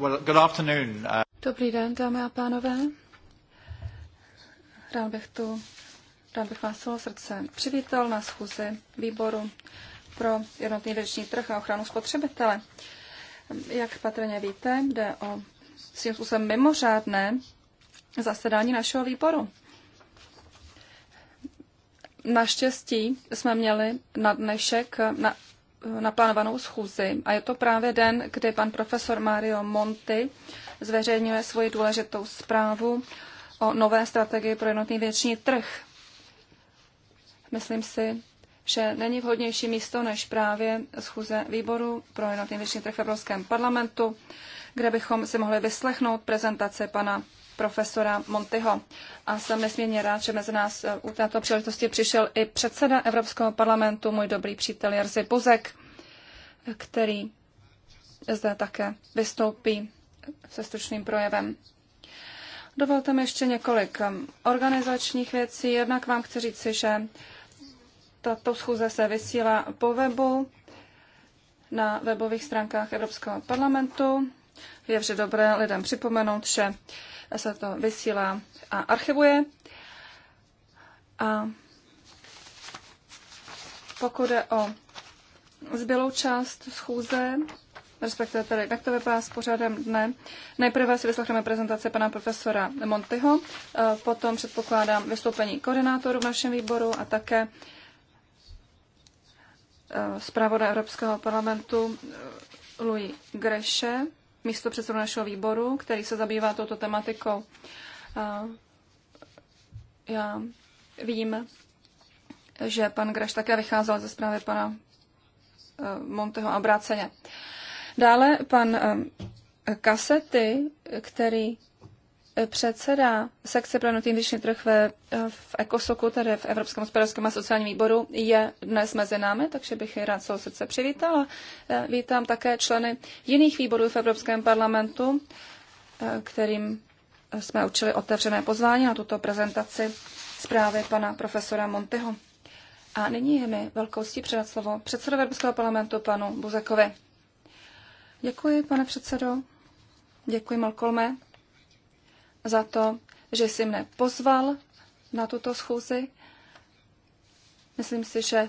Uh, Dobrý den, dámy a pánové. Rád bych tu, rád bych vás celo srdce přivítal na schůzi výboru pro jednotný věční trh a ochranu spotřebitele. Jak patrně víte, jde o svým způsobem mimořádné zasedání našeho výboru. Naštěstí jsme měli na dnešek, na, naplánovanou schůzi. A je to právě den, kdy pan profesor Mario Monti zveřejňuje svoji důležitou zprávu o nové strategii pro jednotný věční trh. Myslím si, že není vhodnější místo než právě schůze výboru pro jednotný věční trh v Evropském parlamentu, kde bychom si mohli vyslechnout prezentaci pana profesora Montyho. A jsem nesmírně rád, že mezi nás eh, u této příležitosti přišel i předseda Evropského parlamentu, můj dobrý přítel Jerzy Buzek, který zde také vystoupí se stručným projevem. Dovolte mi ještě několik eh, organizačních věcí. Jednak vám chci říci, že tato schůze se vysílá po webu na webových stránkách Evropského parlamentu. Je vždy dobré lidem připomenout, že se to vysílá a archivuje. A pokud jde o zbylou část schůze, respektive tedy, jak to vypadá s pořádem dne. Nejprve si vyslechneme prezentaci pana profesora Montyho, e, potom předpokládám vystoupení koordinátorů v našem výboru a také e, zpravoda Evropského parlamentu e, Louis Greše místo předsedu našeho výboru, který se zabývá touto tematikou. Já vím, že pan Graš také vycházel ze zprávy pana eh, Monteho a Bráceně. Dále pan eh, Kasety, který předseda sekce pro nutriční trh ve, v Ekosoku, tedy v Evropském hospodářském a sociálním výboru, je dnes mezi námi, takže bych rád celou srdce přivítala. E, vítám také členy jiných výborů v Evropském parlamentu, e, kterým jsme učili otevřené pozvání na tuto prezentaci zprávy pana profesora Monteho. A nyní je mi velkou ctí předat slovo předsedovi Evropského parlamentu panu Buzekovi. Děkuji, pane předsedo. Děkuji, Malcolme za to, že jsi mne pozval na tuto schůzi. Myslím si, že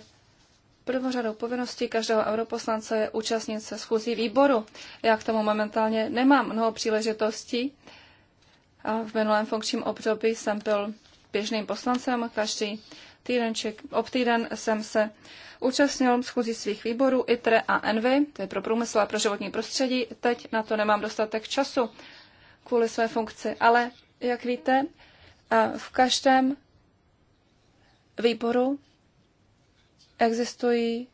prvořadou povinností každého europoslance je účastnit se schůzí výboru. Já k tomu momentálně nemám mnoho příležitostí. A v minulém funkčním období jsem byl běžným poslancem, každý týden či ob týden jsem se účastnil schůzí svých výborů ITRE a ENVY, to je pro průmysl a pro životní prostředí. Teď na to nemám dostatek času kvůli své funkci. Ale, jak víte, v každém výboru existují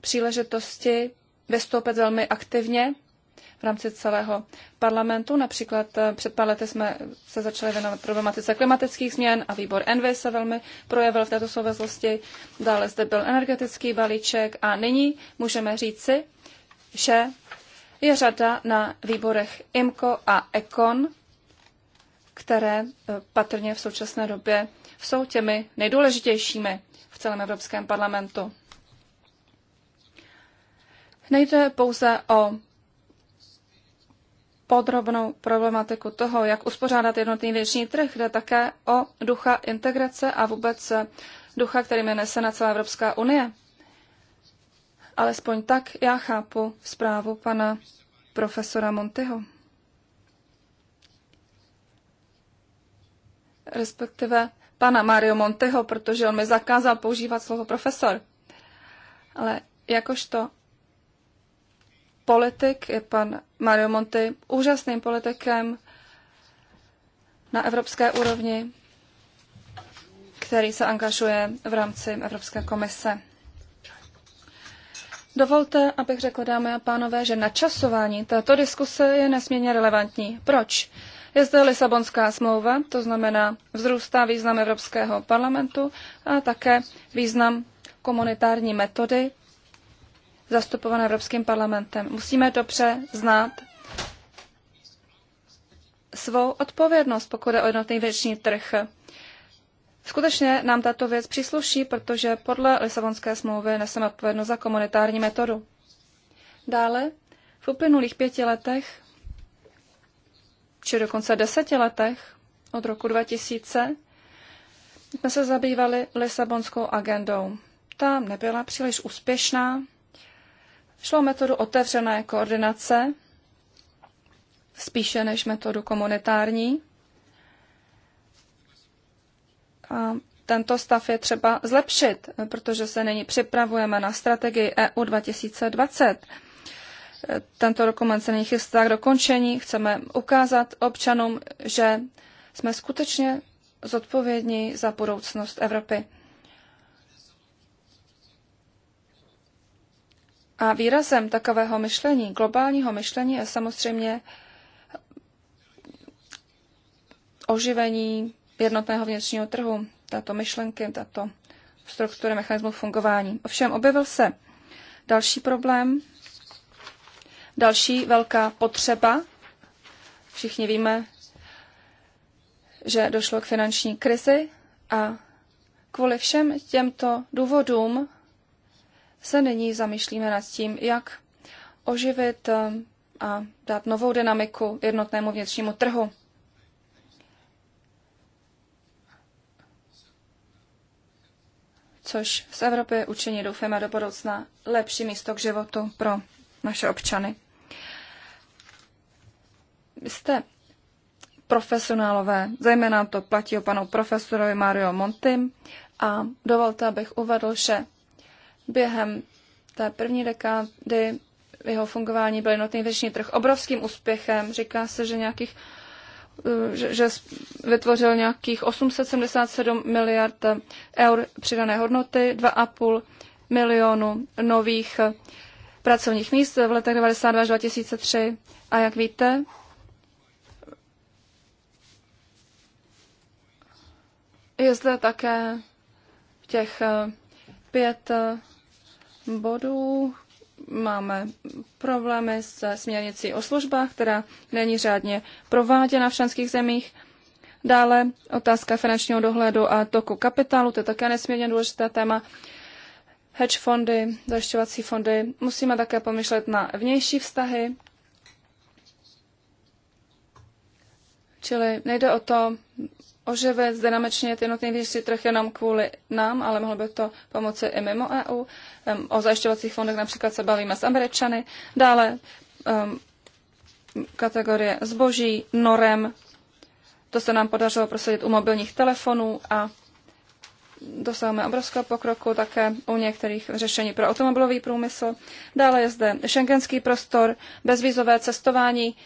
příležitosti vystoupit velmi aktivně v rámci celého parlamentu. Například eh, před pár lety jsme se začali věnovat problematice klimatických změn a výbor Envy se velmi projevil v této souvislosti. Dále zde byl energetický balíček a nyní můžeme říci, že je řada na výborech IMCO a ECON, které e, patrně v současné době jsou těmi nejdůležitějšími v celém Evropském parlamentu. Nejde pouze o podrobnou problematiku toho, jak uspořádat jednotný vnitřní trh, jde také o ducha integrace a vůbec ducha, kterým je nesena celá Evropská unie. Alespoň tak já chápu zprávu pana profesora Monteho. Respektive pana Mario Monteho, protože on mi zakázal používat slovo profesor. Ale jakožto politik je pan Mario Monte úžasným politikem na evropské úrovni, který se angažuje v rámci Evropské komise. Dovolte, abych řekl, dámy a pánové, že načasování této diskuse je nesmírně relevantní. Proč? Je zde Lisabonská smlouva, to znamená vzrůstá význam Evropského parlamentu a také význam komunitární metody zastupované Evropským parlamentem. Musíme dobře znát svou odpovědnost, pokud je o jednotný věční trh. Skutečně nám tato věc přísluší, protože podle Lisabonské smlouvy neseme odpovědnost za komunitární metodu. Dále, v uplynulých pěti letech, či dokonce deseti letech od roku 2000, jsme se zabývali Lisabonskou agendou. Ta nebyla příliš úspěšná. Šlo o metodu otevřené koordinace, spíše než metodu komunitární. A tento stav je třeba zlepšit, protože se nyní připravujeme na strategii EU 2020. Tento dokument se nyní chystá k dokončení. Chceme ukázat občanům, že jsme skutečně zodpovědní za budoucnost Evropy. A výrazem takového myšlení, globálního myšlení, je samozřejmě oživení jednotného vnitřního trhu, tato myšlenky, tato struktury mechanismu fungování. Ovšem objevil se další problém, další velká potřeba. Všichni víme, že došlo k finanční krizi a kvůli všem těmto důvodům se nyní zamýšlíme nad tím, jak oživit eh, a dát novou dynamiku jednotnému vnitřnímu trhu. což z Evropy učení doufáme do budoucna lepší místo k životu pro naše občany. Vy jste profesionálové, zejména to platí o panu profesorovi Mario Montim a dovolte, abych uvedl, že během té první dekády jeho fungování byl jednotný vnitřní trh obrovským úspěchem. Říká se, že nějakých Eh, že, že vytvořil nějakých 877 miliard eur přidané hodnoty, 2,5 milionu nových eh, pracovních míst v letech 92 až 2003. A jak víte, je zde také těch eh, pět bodů, máme problémy s směrnicí o službách, která není řádně prováděna v členských zemích. Dále otázka finančního dohledu a toku kapitálu, to je také nesmírně důležité téma. Hedge fondy, zajišťovací fondy. Musíme také pomyšlet na vnější vztahy, Čili nejde o to oživit dynamičně jednotný věci trh jenom kvůli nám, ale mohlo by to pomoci i mimo EU. O zajišťovacích fondech například se bavíme s Američany. Dále um, kategorie zboží, norem. To se nám podařilo prosadit u mobilních telefonů a dosáhneme obrovského pokroku také u některých řešení pro automobilový průmysl. Dále je zde šengenský prostor, bezvízové cestování,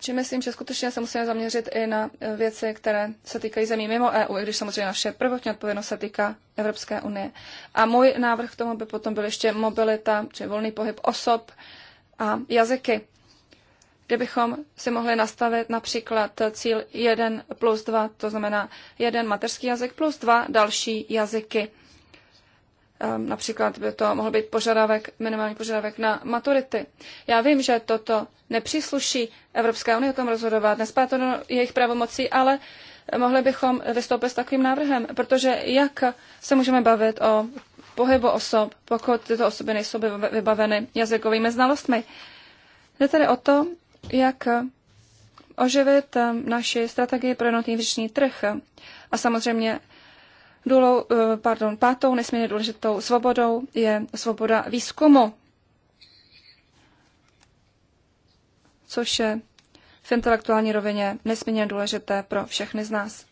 či myslím, že skutečně se musíme zaměřit i na e, věci, které se týkají zemí mimo EU, i když samozřejmě naše prvotní odpovědnost se týká Evropské unie. A můj návrh k tomu by potom byl ještě mobilita, či volný pohyb osob a jazyky. Kdybychom si mohli nastavit například cíl 1 plus 2, to znamená jeden mateřský jazyk plus dva další jazyky Ehm, například by to mohl být požadavek, minimální požadavek na maturity. Já vím, že toto nepřísluší Evropské unii o tom rozhodovat, nespá to jejich pravomocí, ale mohli bychom vystoupit s takovým návrhem, protože jak se můžeme bavit o pohybu osob, pokud tyto osoby nejsou vybaveny jazykovými znalostmi. Jde tedy o to, jak oživit ehm, naši strategii pro jednotný vnitřní trh. A samozřejmě Důlou, eh, pardon, pátou nesmírně důležitou svobodou je svoboda výzkumu, což je v intelektuální rovině nesmírně důležité pro všechny z nás.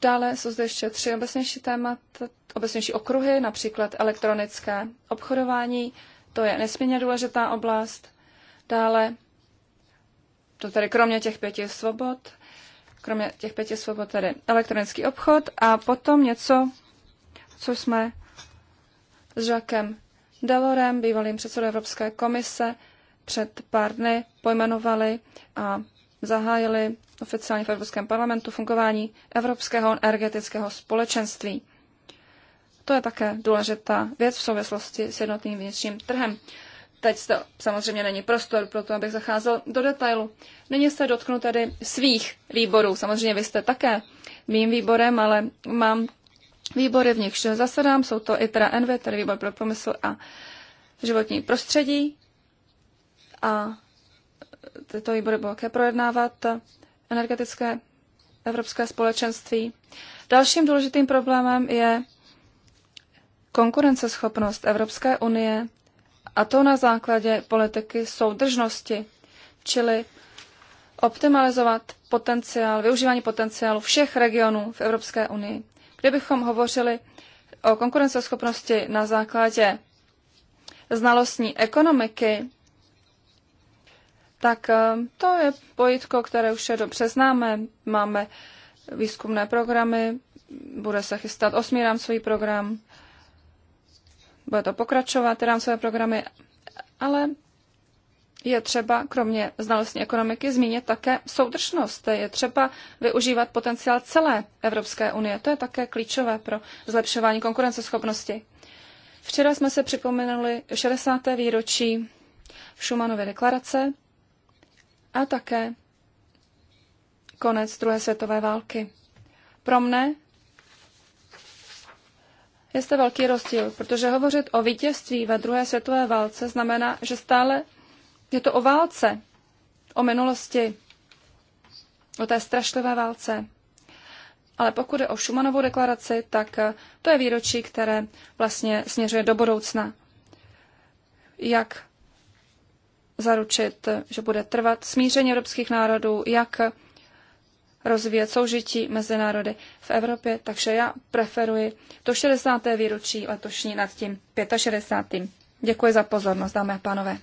Dále jsou zde ještě tři obecnější témat, obecnější okruhy, například elektronické obchodování, to je nesmírně důležitá oblast. Dále, to tedy kromě těch pěti svobod, kromě těch pěti svobod, tedy elektronický obchod a potom něco, co jsme s Jacquem Delorem, bývalým předsedou Evropské komise, před pár dny pojmenovali a zahájili oficiálně v Evropském parlamentu fungování Evropského energetického společenství. To je také důležitá věc v souvislosti s jednotným vnitřním trhem. Teď to samozřejmě není prostor pro to, abych zacházel do detailu. Nyní se dotknu tedy svých výborů. Samozřejmě vy jste také mým výborem, ale mám výbory, v nichž zasedám. Jsou to teda NV, tedy výbor pro promysl a životní prostředí. A tyto výbory bylo také projednávat energetické evropské společenství. Dalším důležitým problémem je konkurenceschopnost Evropské unie a to na základě politiky soudržnosti, čili optimalizovat potenciál, využívání potenciálu všech regionů v Evropské unii. Kdybychom hovořili o konkurenceschopnosti na základě znalostní ekonomiky, tak eh, to je pojitko, které už je dobře známe. Máme výzkumné programy, bude se chystat osmírám svůj program, bude to pokračovat, rámcové programy, ale je třeba, kromě znalostní ekonomiky, zmínit také soudržnost. Je třeba využívat potenciál celé Evropské unie. To je také klíčové pro zlepšování konkurenceschopnosti. Včera jsme se připomenuli 60. výročí Šumanovy deklarace a také konec druhé světové války. Pro mne je zde velký rozdíl, protože hovořit o vítězství ve druhé světové válce znamená, že stále je to o válce, o minulosti, o té strašlivé válce. Ale pokud je o Šumanovou deklaraci, tak to je výročí, které vlastně směřuje do budoucna. Jak zaručit, že bude trvat smíření evropských národů, jak rozvíjet soužití mezi národy v Evropě, takže já preferuji to 60. výročí letošní nad tím 65. Děkuji za pozornost, dámy a pánové.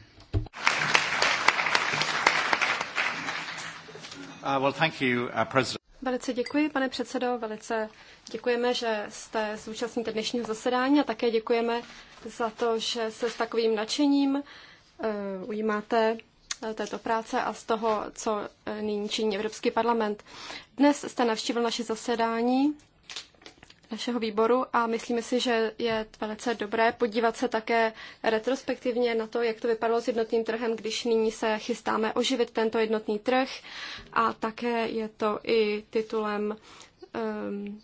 Uh, well, thank you, uh, President. Velice děkuji, pane předsedo, velice děkujeme, že jste zúčastníte dnešního zasedání a také děkujeme za to, že se s takovým nadšením uh, ujímáte této práce a z toho, co e, nyní činí Evropský parlament. Dnes jste navštívil naše zasedání našeho výboru a myslíme si, že je velice dobré podívat se také retrospektivně na to, jak to vypadalo s jednotným trhem, když nyní se chystáme oživit tento jednotný trh a také je to i titulem um,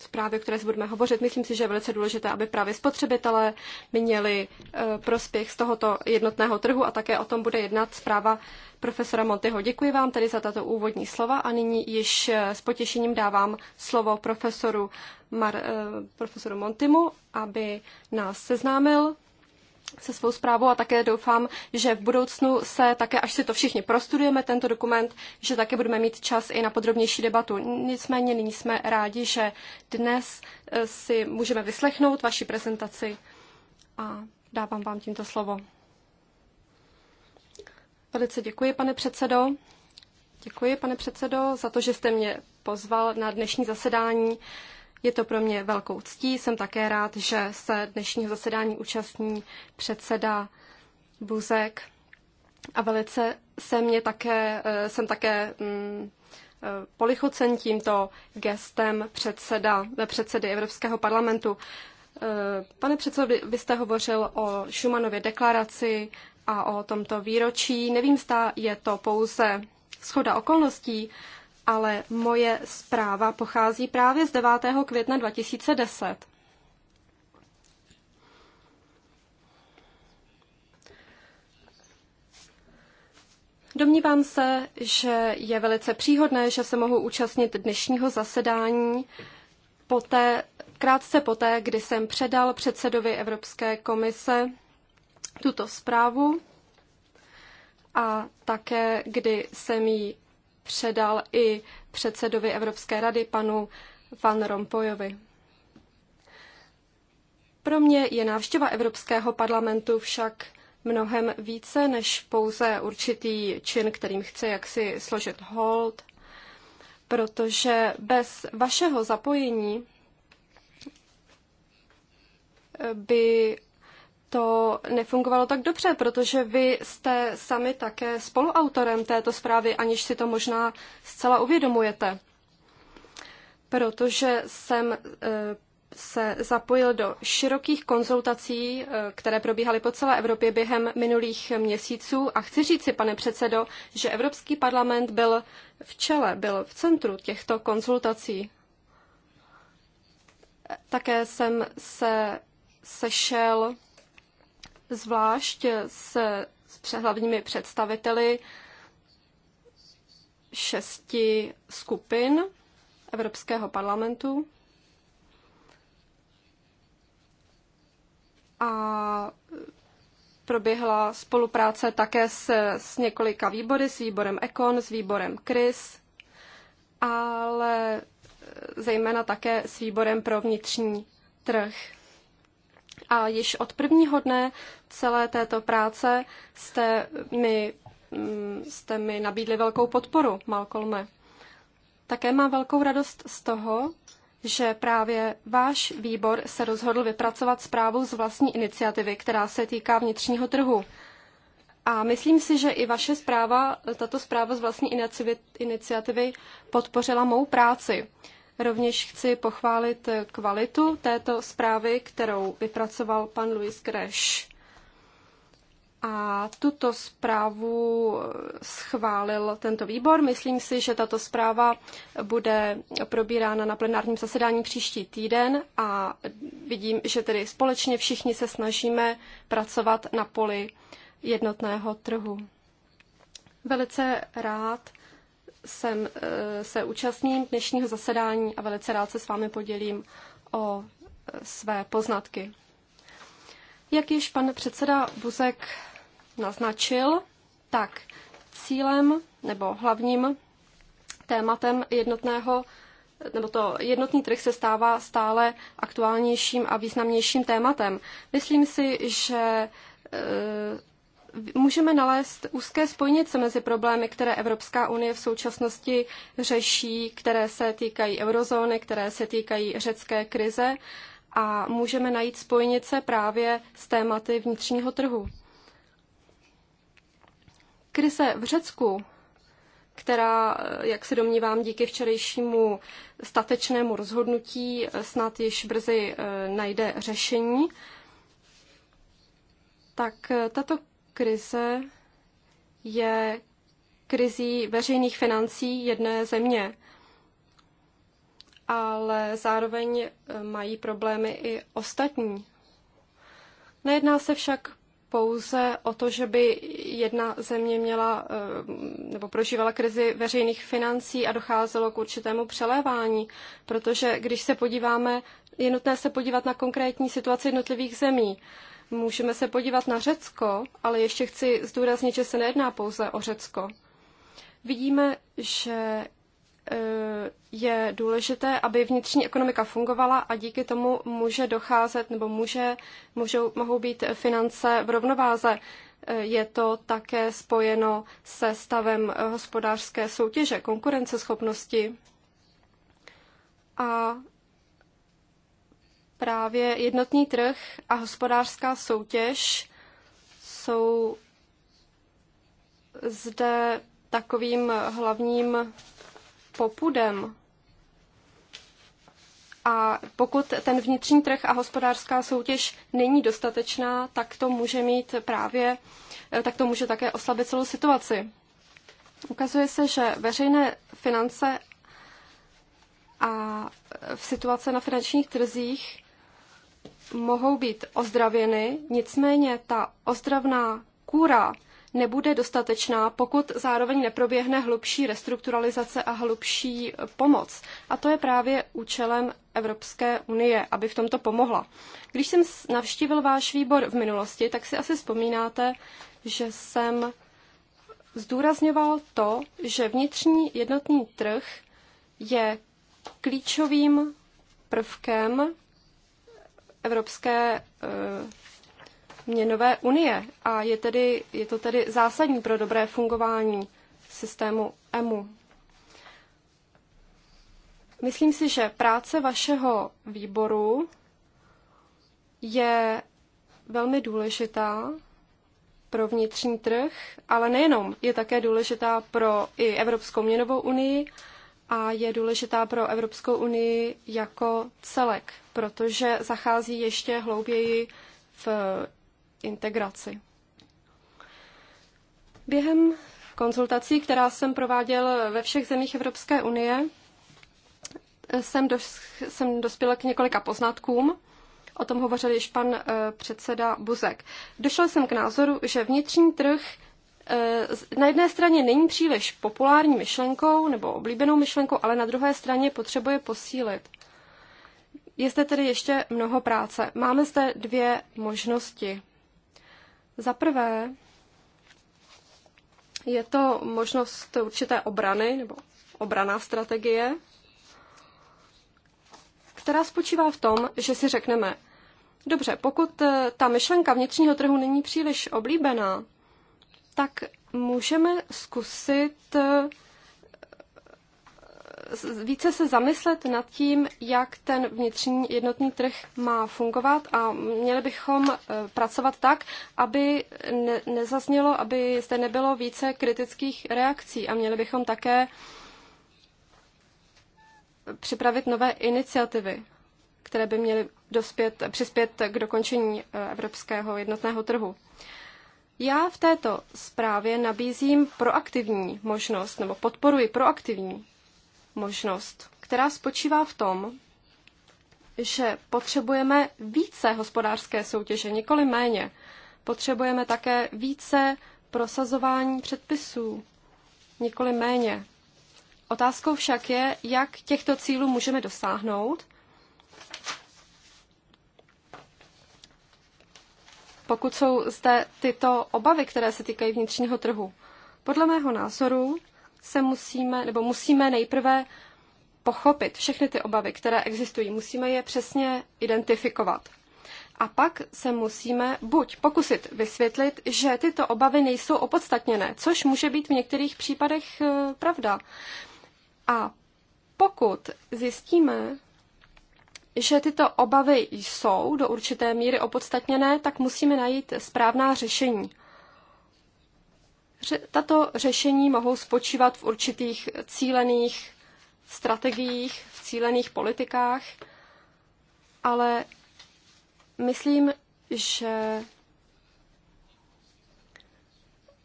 zprávě, o které se budeme hovořit. Myslím si, že je velice důležité, aby právě spotřebitelé měli eh, prospěch z tohoto jednotného trhu a také o tom bude jednat zpráva profesora Montyho. Děkuji vám tedy za tato úvodní slova a nyní již eh, s potěšením dávám slovo profesoru, Mar, eh, profesoru Montimu, aby nás seznámil se svou zprávou a také doufám, že v budoucnu se také, až si to všichni prostudujeme, tento dokument, že také budeme mít čas i na podrobnější debatu. Nicméně nyní jsme rádi, že dnes eh, si můžeme vyslechnout vaši prezentaci a dávám vám tímto slovo. Velice děkuji, pane předsedo. Děkuji, pane předsedo, za to, že jste mě pozval na dnešní zasedání. Je to pro mě velkou ctí. Jsem také rád, že se dnešního zasedání účastní předseda Buzek. A velice se mě také, eh, jsem také mm, eh, polichocen tímto gestem předseda, eh, předsedy Evropského parlamentu. Pane předsedo, vy jste hovořil o Šumanově deklaraci a o tomto výročí. Nevím, zda je to pouze schoda okolností, ale moje zpráva pochází právě z 9. května 2010. Domnívám se, že je velice příhodné, že se mohu účastnit dnešního zasedání poté, krátce poté, kdy jsem předal předsedovi Evropské komise tuto zprávu a také, kdy jsem ji předal i předsedovi Evropské rady panu Van Rompuyovi. Pro mě je návštěva Evropského parlamentu však mnohem více než pouze určitý čin, kterým chci jaksi složit hold, protože bez vašeho zapojení by to nefungovalo tak dobře, protože vy jste sami také spoluautorem této zprávy, aniž si to možná zcela uvědomujete. Protože jsem eh, se zapojil do širokých konzultací, eh, které probíhaly po celé Evropě během minulých měsíců a chci si, pane předsedo, že Evropský parlament byl v čele, byl v centru těchto konzultací. Také jsem se sešel zvlášť se s hlavními představiteli šesti skupin Evropského parlamentu. A proběhla spolupráce také s, s několika výbory, s výborem Econ, s výborem CRIS, ale zejména také s výborem pro vnitřní trh. A již od prvního dne celé této práce jste mi, mm, jste mi nabídli velkou podporu, Malcolme. Také mám velkou radost z toho, že právě váš výbor se rozhodl vypracovat zprávu z vlastní iniciativy, která se týká vnitřního trhu. A myslím si, že i vaše zpráva, tato zpráva z vlastní iniciativy podpořila mou práci. Rovněž chci pochválit kvalitu této zprávy, kterou vypracoval pan Luis Greš. A tuto zprávu schválil tento výbor. Myslím si, že tato zpráva bude probírána na plenárním zasedání příští týden a vidím, že tedy společně všichni se snažíme pracovat na poli jednotného trhu. Velice rád jsem, eh, se účastním dnešního zasedání a velice rád se s vámi podělím o eh, své poznatky. Jak již pan předseda Buzek naznačil, tak cílem nebo hlavním tématem jednotného nebo to jednotný trh se stává stále aktuálnějším a významnějším tématem. Myslím si, že eh, můžeme nalézt úzké spojnice mezi problémy, které Evropská unie v současnosti řeší, které se týkají eurozóny, které se týkají řecké krize a můžeme najít spojnice právě s tématy vnitřního trhu. Krize v Řecku, která, jak se domnívám, díky včerejšímu statečnému rozhodnutí snad již brzy eh, najde řešení, tak eh, tato krize je krizí veřejných financí jedné země, ale zároveň eh, mají problémy i ostatní. Nejedná se však pouze o to, že by jedna země měla eh, nebo prožívala krizi veřejných financí a docházelo k určitému přelévání, protože když se podíváme, je nutné se podívat na konkrétní situaci jednotlivých zemí. Můžeme se podívat na Řecko, ale ještě chci zdůraznit, že se nejedná pouze o Řecko. Vidíme, že e, je důležité, aby vnitřní ekonomika fungovala a díky tomu může docházet nebo může, můžou, mohou být finance v rovnováze. E, je to také spojeno se stavem hospodářské soutěže, konkurenceschopnosti. A právě jednotný trh a hospodářská soutěž jsou zde takovým hlavním popudem. A pokud ten vnitřní trh a hospodářská soutěž není dostatečná, tak to může mít právě, tak to může také oslabit celou situaci. Ukazuje se, že veřejné finance a v situace na finančních trzích mohou být ozdravěny, nicméně ta ozdravná kůra nebude dostatečná, pokud zároveň neproběhne hlubší restrukturalizace a hlubší pomoc. A to je právě účelem Evropské unie, aby v tomto pomohla. Když jsem navštívil váš výbor v minulosti, tak si asi vzpomínáte, že jsem zdůrazňoval to, že vnitřní jednotný trh je klíčovým prvkem Evropské eh, měnové unie a je, tedy, je to tedy zásadní pro dobré fungování systému EMU. Myslím si, že práce vašeho výboru je velmi důležitá pro vnitřní trh, ale nejenom, je také důležitá pro i Evropskou měnovou unii a je důležitá pro Evropskou unii jako celek, protože zachází ještě hlouběji v integraci. Během konzultací, která jsem prováděl ve všech zemích Evropské unie, jsem, dos, jsem dospěla k několika poznatkům. O tom hovořil již pan eh, předseda Buzek. Došel jsem k názoru, že vnitřní trh Eh, na jedné straně není příliš populární myšlenkou nebo oblíbenou myšlenkou, ale na druhé straně potřebuje posílit. Je zde tedy ještě mnoho práce. Máme zde dvě možnosti. Za prvé je to možnost určité obrany nebo obraná strategie, která spočívá v tom, že si řekneme, dobře, pokud eh, ta myšlenka vnitřního trhu není příliš oblíbená, tak můžeme zkusit eh, více se zamyslet nad tím, jak ten vnitřní jednotný trh má fungovat a měli bychom eh, pracovat tak, aby ne, nezaznělo, aby zde nebylo více kritických reakcí a měli bychom také připravit nové iniciativy, které by měly dospět, přispět k dokončení eh, evropského jednotného trhu. Já v této zprávě nabízím proaktivní možnost, nebo podporuji proaktivní možnost, která spočívá v tom, že potřebujeme více hospodářské soutěže, nikoli méně. Potřebujeme také více prosazování předpisů, nikoli méně. Otázkou však je, jak těchto cílů můžeme dosáhnout pokud jsou zde tyto obavy, které se týkají vnitřního trhu. Podle mého názoru se musíme, nebo musíme nejprve pochopit všechny ty obavy, které existují. Musíme je přesně identifikovat. A pak se musíme buď pokusit vysvětlit, že tyto obavy nejsou opodstatněné, což může být v některých případech eh, pravda. A pokud zjistíme, že tyto obavy jsou do určité míry opodstatněné, tak musíme najít správná řešení. Tato řešení mohou spočívat v určitých cílených strategiích, v cílených politikách, ale myslím, že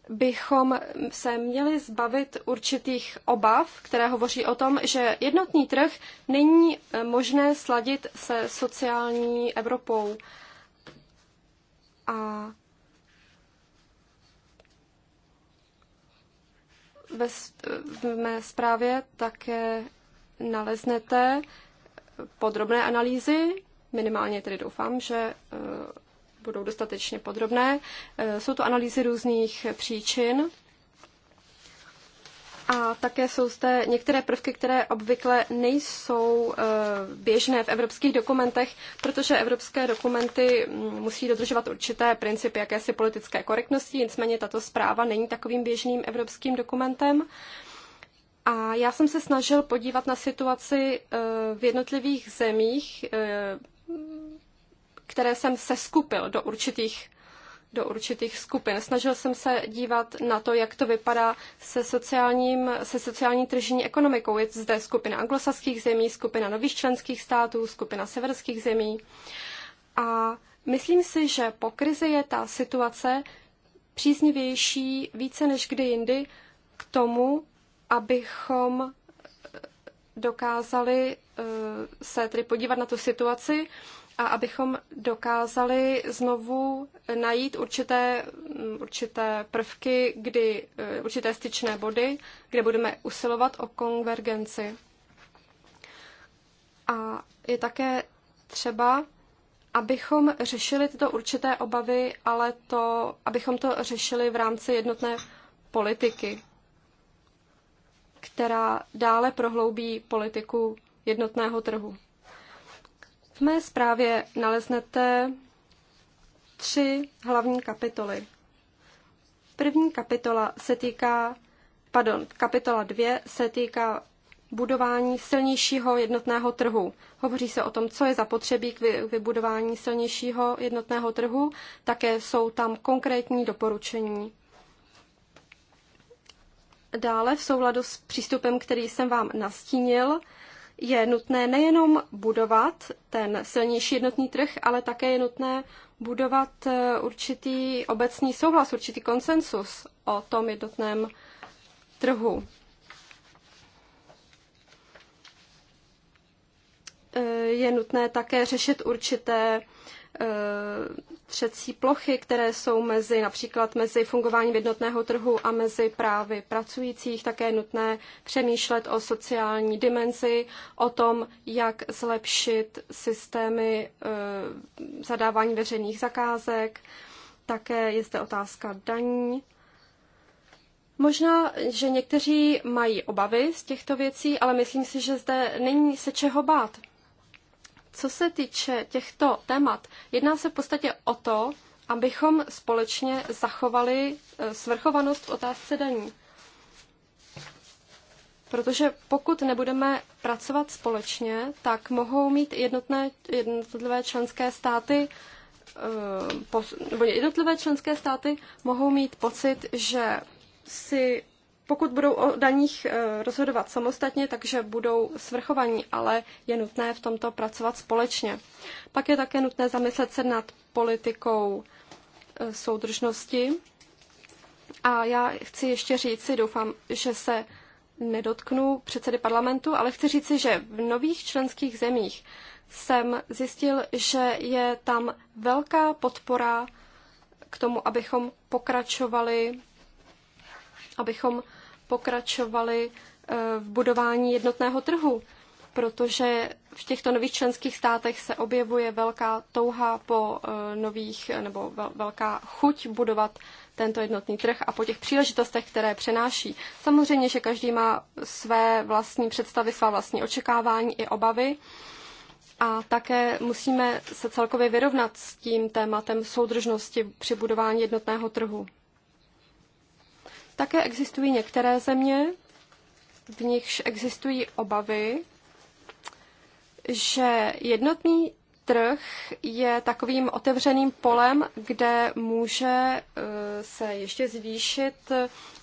bychom se měli zbavit určitých obav, které hovoří o tom, že jednotný trh není eh, možné sladit se sociální Evropou. A ve, v mé zprávě také naleznete podrobné analýzy, minimálně tedy doufám, že eh, budou dostatečně podrobné. Eh, jsou to analýzy různých příčin a také jsou zde některé prvky, které obvykle nejsou eh, běžné v evropských dokumentech, protože evropské dokumenty mm, musí dodržovat určité principy jakési politické korektnosti, nicméně tato zpráva není takovým běžným evropským dokumentem. A já jsem se snažil podívat na situaci eh, v jednotlivých zemích, které jsem seskupil do určitých do určitých skupin. Snažil jsem se dívat na to, jak to vypadá se, sociálním, se sociální tržní ekonomikou. Je zde skupina anglosaských zemí, skupina nových členských států, skupina severských zemí. A myslím si, že po krizi je ta situace příznivější více než kdy jindy k tomu, abychom eh, dokázali eh, se tedy podívat na tu situaci a abychom dokázali znovu najít určité, určité prvky, kdy, eh, určité styčné body, kde budeme usilovat o konvergenci. A je také třeba, abychom řešili tyto určité obavy, ale to, abychom to řešili v rámci jednotné politiky, která dále prohloubí politiku jednotného trhu. V mé zprávě naleznete tři hlavní kapitoly. První kapitola se týká, pardon, kapitola dvě se týká budování silnějšího jednotného trhu. Hovoří se o tom, co je zapotřebí k vybudování silnějšího jednotného trhu, také jsou tam konkrétní doporučení. Dále v souladu s přístupem, který jsem vám nastínil, je nutné nejenom budovat ten silnější jednotný trh, ale také je nutné budovat eh, určitý obecný souhlas, určitý konsensus o tom jednotném trhu. Eh, je nutné také řešit určité Eh, třecí plochy, které jsou mezi například mezi fungováním jednotného trhu a mezi právy pracujících, také je nutné přemýšlet o sociální dimenzi, o tom, jak zlepšit systémy eh, zadávání veřejných zakázek, také je zde otázka daní. Možná, že někteří mají obavy z těchto věcí, ale myslím si, že zde není se čeho bát. Co se týče těchto témat, jedná se v podstatě o to, abychom společně zachovali eh, svrchovanost v otázce daní. Protože pokud nebudeme pracovat společně, tak mohou mít jednotné, jednotlivé členské státy eh, nebo jednotlivé členské státy mohou mít pocit, že si pokud budou o daních eh, rozhodovat samostatně, takže budou svrchovaní, ale je nutné v tomto pracovat společně. Pak je také nutné zamyslet se nad politikou eh, soudržnosti. A já chci ještě říci, doufám, že se nedotknu předsedy parlamentu, ale chci říci, že v nových členských zemích jsem zjistil, že je tam velká podpora k tomu, abychom pokračovali, abychom pokračovali eh, v budování jednotného trhu, protože v těchto nových členských státech se objevuje velká touha po eh, nových, eh, nebo velká chuť budovat tento jednotný trh a po těch příležitostech, které přenáší. Samozřejmě, že každý má své vlastní představy, svá vlastní očekávání i obavy. A také musíme se celkově vyrovnat s tím tématem soudržnosti při budování jednotného trhu. Také existují některé země, v nichž existují obavy, že jednotný trh je takovým otevřeným polem, kde může eh, se ještě zvýšit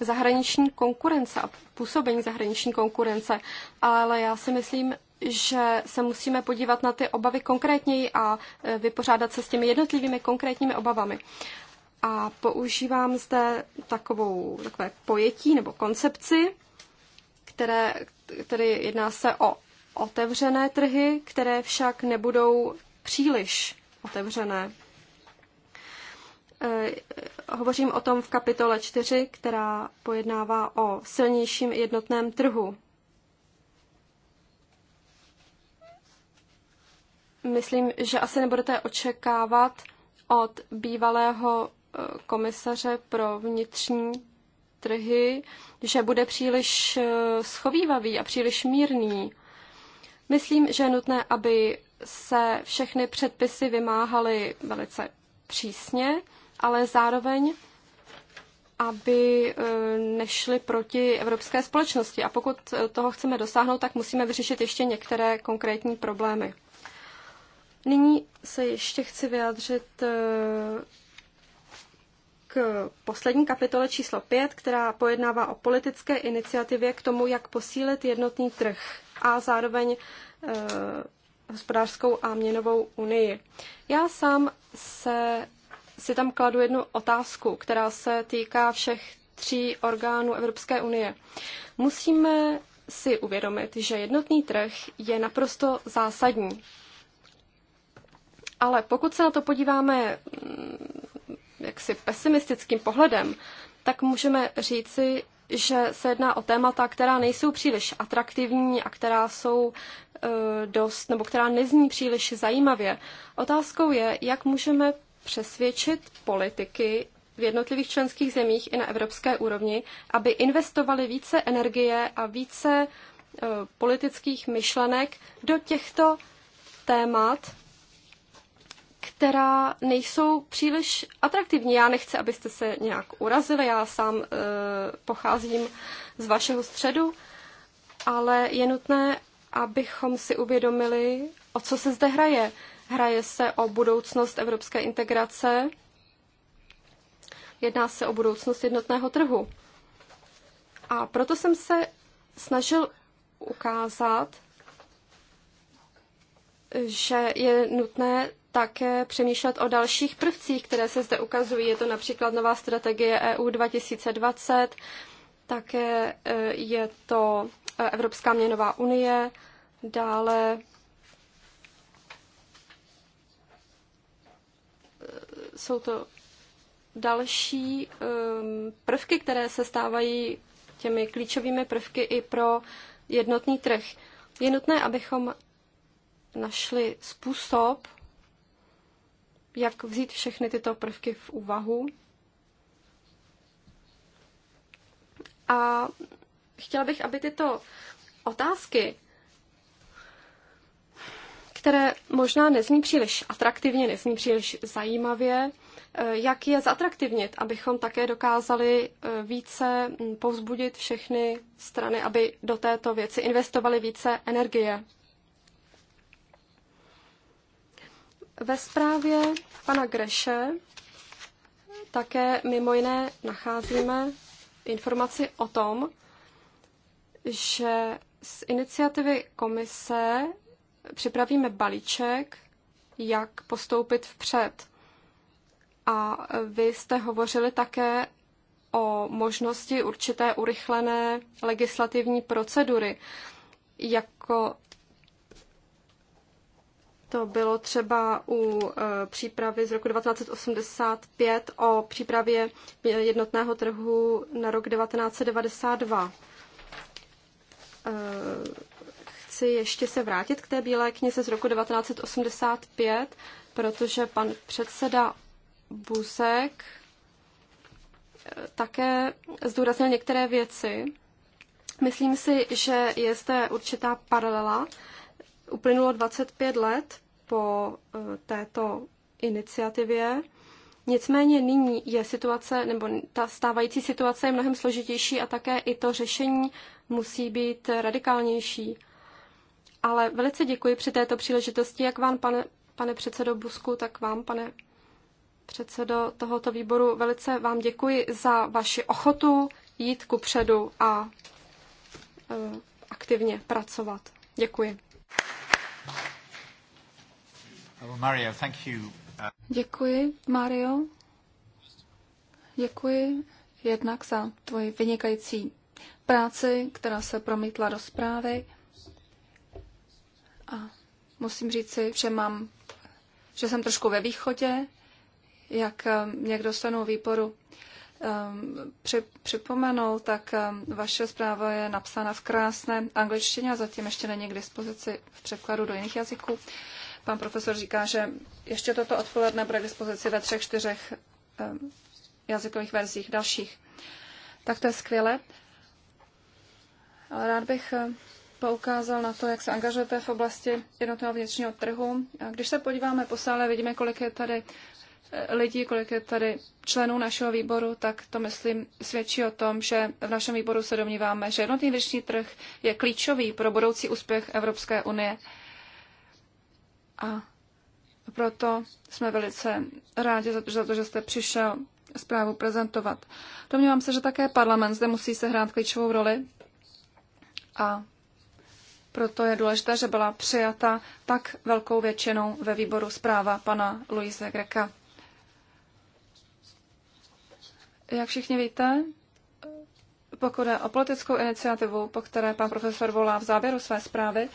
zahraniční konkurence a působení zahraniční konkurence. Ale já si myslím, že se musíme podívat na ty obavy konkrétněji a eh, vypořádat se s těmi jednotlivými konkrétními obavami a používám zde takovou, takové pojetí nebo koncepci, které, tedy jedná se o otevřené trhy, které však nebudou příliš otevřené. E, hovořím o tom v kapitole 4, která pojednává o silnějším jednotném trhu. Myslím, že asi nebudete očekávat od bývalého komisaře pro vnitřní trhy, že bude příliš eh, schovývavý a příliš mírný. Myslím, že je nutné, aby se všechny předpisy vymáhaly velice přísně, ale zároveň, aby eh, nešly proti evropské společnosti. A pokud eh, toho chceme dosáhnout, tak musíme vyřešit ještě některé konkrétní problémy. Nyní se ještě chci vyjádřit k poslední kapitole číslo 5, která pojednává o politické iniciativě k tomu, jak posílit jednotný trh a zároveň eh, hospodářskou a měnovou unii. Já sám se, si tam kladu jednu otázku, která se týká všech tří orgánů Evropské unie. Musíme si uvědomit, že jednotný trh je naprosto zásadní. Ale pokud se na to podíváme jaksi pesimistickým pohledem, tak můžeme říci, že se jedná o témata, která nejsou příliš atraktivní a která jsou eh, dost, nebo která nezní příliš zajímavě. Otázkou je, jak můžeme přesvědčit politiky v jednotlivých členských zemích i na evropské úrovni, aby investovali více energie a více eh, politických myšlenek do těchto témat, která nejsou příliš atraktivní. Já nechci, abyste se nějak urazili, já sám e, pocházím z vašeho středu, ale je nutné, abychom si uvědomili, o co se zde hraje. Hraje se o budoucnost evropské integrace, jedná se o budoucnost jednotného trhu. A proto jsem se snažil ukázat, že je nutné také přemýšlet o dalších prvcích, které se zde ukazují. Je to například nová strategie EU 2020, také e, je to e, Evropská měnová unie, dále e, jsou to další prvky, které se stávají těmi klíčovými prvky i pro jednotný trh. Je nutné, abychom našli způsob, jak vzít všechny tyto prvky v úvahu. A chtěla bych, aby tyto otázky, které možná nezní příliš atraktivně, nezní příliš zajímavě, eh, jak je zatraktivnit, abychom také dokázali eh, více mm, povzbudit všechny strany, aby do této věci investovali více energie. Ve zprávě pana Greše také mimo jiné nacházíme informaci o tom, že z iniciativy komise připravíme balíček, jak postoupit vpřed. A vy jste hovořili také o možnosti určité urychlené legislativní procedury. Jako to bylo třeba u e, přípravy z roku 1985 o přípravě jednotného trhu na rok 1992. E, chci ještě se vrátit k té bílé knize z roku 1985, protože pan předseda Busek e, také zdůraznil některé věci. Myslím si, že je zde určitá paralela Uplynulo 25 let po eh, této iniciativě. Nicméně nyní je situace, nebo ta stávající situace je mnohem složitější a také i to řešení musí být radikálnější. Ale velice děkuji při této příležitosti, jak vám, pane, pane předsedo Busku, tak vám, pane předsedo tohoto výboru, velice vám děkuji za vaši ochotu jít ku předu a e, aktivně pracovat. Děkuji. Uh, Děkuji, Mario. Děkuji jednak za tvoji vynikající práci, která se promítla do zprávy. A musím říci, že mám, že jsem trošku ve východě, jak někdo z členů výboru um, připomenul, tak um, vaše zpráva je napsána v krásné angličtině a zatím ještě není k dispozici v překladu do jiných jazyků. Pan profesor říká, že ještě toto odpoledne bude k dispozici ve třech, čtyřech jazykových verzích dalších. Tak to je skvělé. Ale rád bych poukázal na to, jak se angažujete v oblasti jednotného vnitřního trhu. A když se podíváme po sále, vidíme, kolik je tady e, lidí, kolik je tady členů našeho výboru, tak to, myslím, svědčí o tom, že v našem výboru se domníváme, že jednotný vnitřní trh je klíčový pro budoucí úspěch Evropské unie a proto jsme velice rádi za to, že jste přišel zprávu prezentovat. Domnívám se, že také parlament zde musí sehrát klíčovou roli a proto je důležité, že byla přijata tak velkou většinou ve výboru zpráva pana Luise Greka. Jak všichni víte, pokud je o politickou iniciativu, po které pan profesor volá v závěru své zprávy,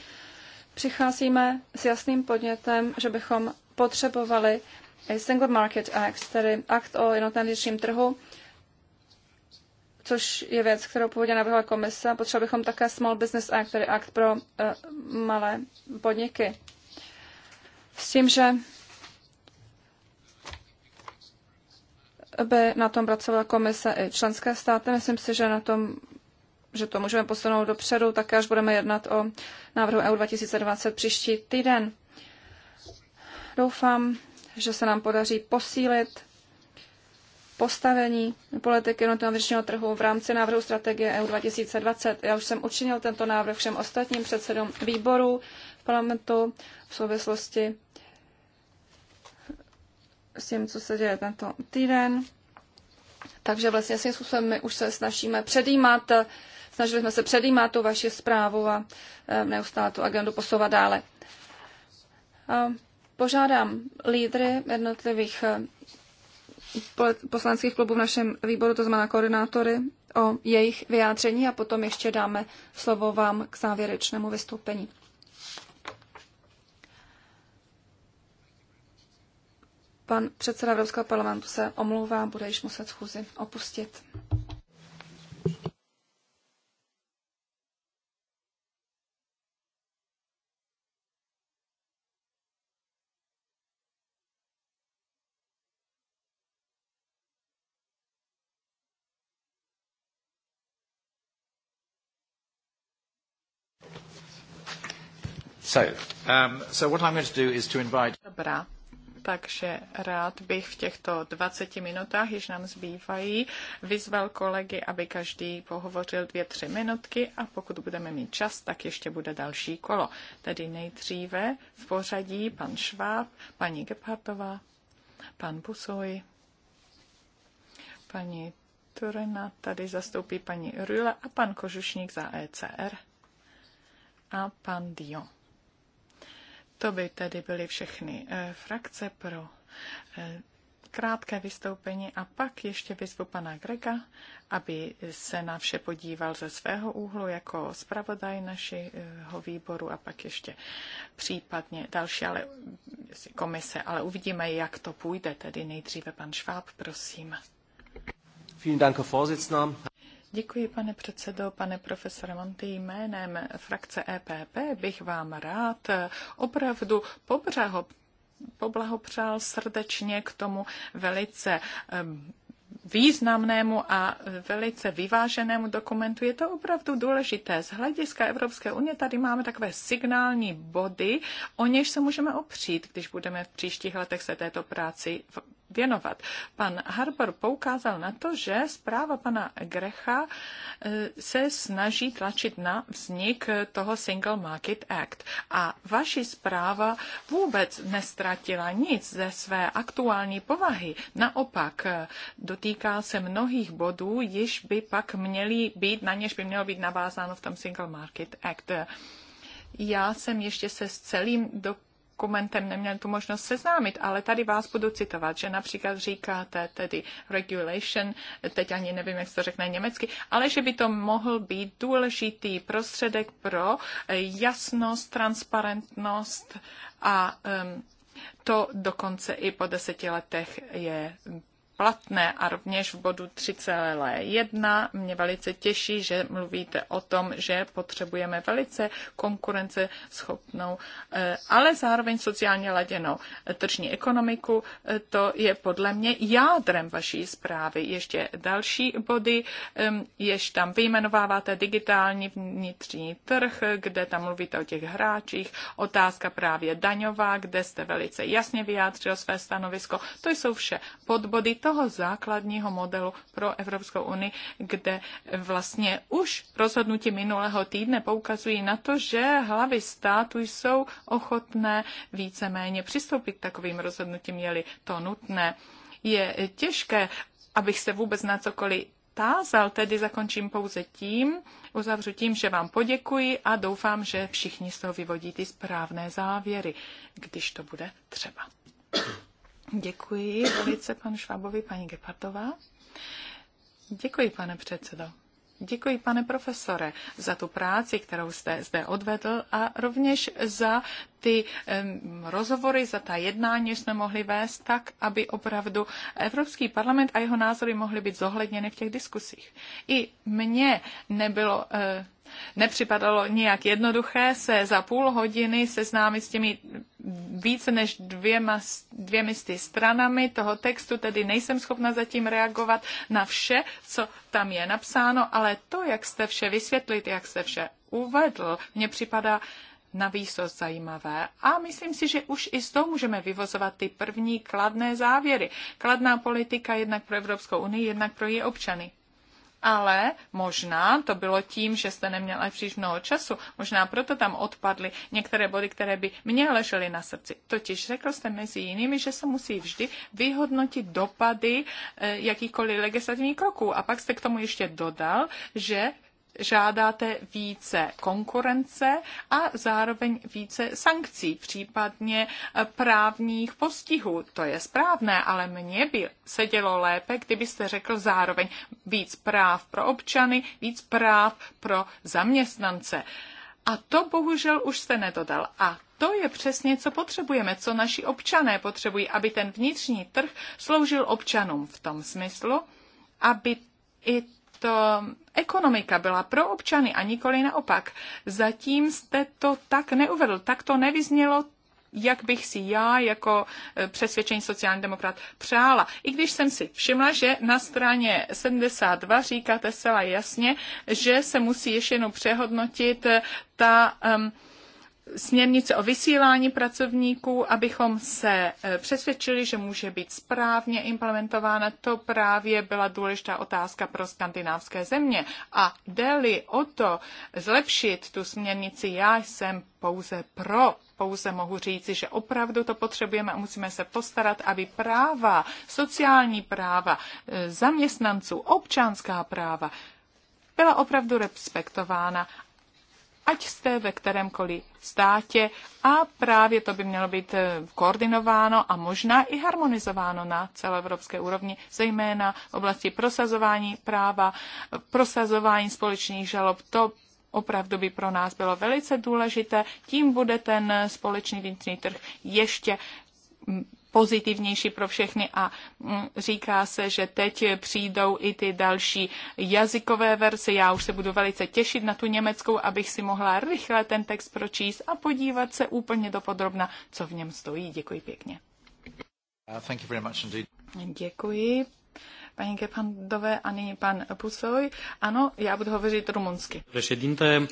přicházíme s jasným podnětem, že bychom potřebovali Single Market Act, tedy akt o jednotném vnitřním trhu, což je věc, kterou původně navrhla komise. Potřebovali bychom také Small Business Act, tedy akt pro uh, malé podniky. S tím, že by na tom pracovala komise i členské státy. Myslím si, že na tom že to můžeme posunout dopředu, také až budeme jednat o návrhu EU 2020 příští týden. Doufám, že se nám podaří posílit postavení politiky jednotného vnitřního trhu v rámci návrhu strategie EU 2020. Já už jsem učinil tento návrh všem ostatním předsedům výborů v parlamentu v souvislosti s tím, co se děje tento týden. Takže vlastně svým způsobem my už se snažíme předjímat Snažili jsme se předjímat tu vaši zprávu a eh, neustále tu agendu posouvat dále. Požádám lídry jednotlivých eh, poslaneckých klubů v našem výboru, to znamená koordinátory, o jejich vyjádření a potom ještě dáme slovo vám k závěrečnému vystoupení. Pan předseda Evropského parlamentu se omlouvá, bude již muset schůzi opustit. So, um, so what I'm going to do is to invite... Dobrá, takže rád bych v těchto 20 minutách, již nám zbývají, vyzval kolegy, aby každý pohovořil dvě, tři minutky a pokud budeme mít čas, tak ještě bude další kolo. Tedy nejdříve v pořadí pan Šváb, paní Gebhardová, pan Busoj, paní Turena, tady zastoupí paní Rüle a pan Kožušník za ECR a pan Dion. To by tedy byly všechny eh, frakce pro eh, krátké vystoupení a pak ještě vyzvu pana Grega, aby se na vše podíval ze svého úhlu jako zpravodaj našeho výboru a pak ještě případně další ale, komise. Ale uvidíme, jak to půjde. Tedy nejdříve pan Šváb, prosím. Vielen Dank, Herr Vorsitzender. Děkuji, pane předsedo, pane profesore Monty. Jménem frakce EPP bych vám rád eh, opravdu pobřeho, poblahopřál srdečně k tomu velice ehm, významnému a velice vyváženému dokumentu. Je to opravdu důležité. Z hlediska Evropské unie tady máme takové signální body, o něž se můžeme opřít, když budeme v příštích letech se této práci věnovat. Pan Harbour poukázal na to, že zpráva pana Grecha e, se snaží tlačit na vznik toho Single Market Act. A vaši zpráva vůbec nestratila nic ze své aktuální povahy. Naopak e, dotýká se mnohých bodů, již by pak měly být, na něž by mělo být navázáno v tom Single Market Act. Já jsem ještě se s celým do dokumentem neměl tu možnost seznámit, ale tady vás budu citovat, že například říkáte tedy regulation, teď ani nevím, jak se to řekne německy, ale že by to mohl být důležitý prostředek pro eh, jasnost, transparentnost a um, to dokonce i po deseti letech je platné a rovněž v bodu 3,1 mě velice těší, že mluvíte o tom, že potřebujeme velice konkurenceschopnou, eh, ale zároveň sociálně laděnou eh, tržní ekonomiku. Eh, to je podle mě jádrem vaší zprávy. Ještě další body, ehm, jež tam vyjmenováváte digitální vnitřní trh, kde tam mluvíte o těch hráčích, otázka právě daňová, kde jste velice jasně vyjádřil své stanovisko. To jsou vše podbody toho základního modelu pro Evropskou unii, kde vlastně už rozhodnutí minulého týdne poukazují na to, že hlavy státu jsou ochotné víceméně přistoupit k takovým rozhodnutím, je to nutné. Je těžké, abych se vůbec na cokoliv tázal, tedy zakončím pouze tím, uzavřu tím, že vám poděkuji a doufám, že všichni z toho vyvodí ty správné závěry, když to bude třeba. Děkuji velice panu Švábovi, paní Gepardová. Děkuji, pane předsedo. Děkuji, pane profesore, za tu práci, kterou jste zde odvedl a rovněž za ty um, rozhovory, za ta jednání jsme mohli vést tak, aby opravdu Evropský parlament a jeho názory mohly být zohledněny v těch diskusích. I mně nebylo. Uh, nepřipadalo nějak jednoduché se za půl hodiny seznámit s těmi více než dvěma, dvěmi sty stranami toho textu, tedy nejsem schopna zatím reagovat na vše, co tam je napsáno, ale to, jak jste vše vysvětlit, jak jste vše uvedl, mně připadá na výsost zajímavé a myslím si, že už i z toho můžeme vyvozovat ty první kladné závěry. Kladná politika jednak pro Evropskou unii, jednak pro její občany. Ale možná to bylo tím, že jste neměl až příliš mnoho času, možná proto tam odpadly některé body, které by mě ležely na srdci. Totiž řekl jste mezi jinými, že se musí vždy vyhodnotit dopady eh, jakýkoliv legislativních kroků. A pak jste k tomu ještě dodal, že žádáte více konkurence a zároveň více sankcí, případně eh, právních postihů. To je správné, ale mně by se dělo lépe, kdybyste řekl zároveň víc práv pro občany, víc práv pro zaměstnance. A to bohužel už jste nedodal. A to je přesně, co potřebujeme, co naši občané potřebují, aby ten vnitřní trh sloužil občanům v tom smyslu, aby i to ekonomika byla pro občany a nikoli naopak. Zatím jste to tak neuvedl, tak to nevyznělo jak bych si já jako e, přesvědčený sociální demokrat přála. I když jsem si všimla, že na straně 72 říkáte zcela jasně, že se musí ještě jednou přehodnotit e, ta um, směrnice o vysílání pracovníků, abychom se e, přesvědčili, že může být správně implementována. To právě byla důležitá otázka pro skandinávské země. A deli o to zlepšit tu směrnici, já jsem pouze pro. Pouze mohu říci, že opravdu to potřebujeme a musíme se postarat, aby práva, sociální práva, e, zaměstnanců, občanská práva byla opravdu respektována ať jste ve kterémkoliv státě a právě to by mělo být eh, koordinováno a možná i harmonizováno na celoevropské úrovni, zejména v oblasti prosazování práva, prosazování společných žalob. To opravdu by pro nás bylo velice důležité. Tím bude ten společný vnitřní trh ještě mm, pozitivnější pro všechny a mm, říká se, že teď přijdou i ty další jazykové verze. Já už se budu velice těšit na tu německou, abych si mohla rychle ten text pročíst a podívat se úplně dopodrobna, co v něm stojí. Děkuji pěkně. Uh, thank you very much indeed. Děkuji. Paní Gepandové a nyní pan Pusoj. Ano, já budu hovořit rumunsky. Președinte,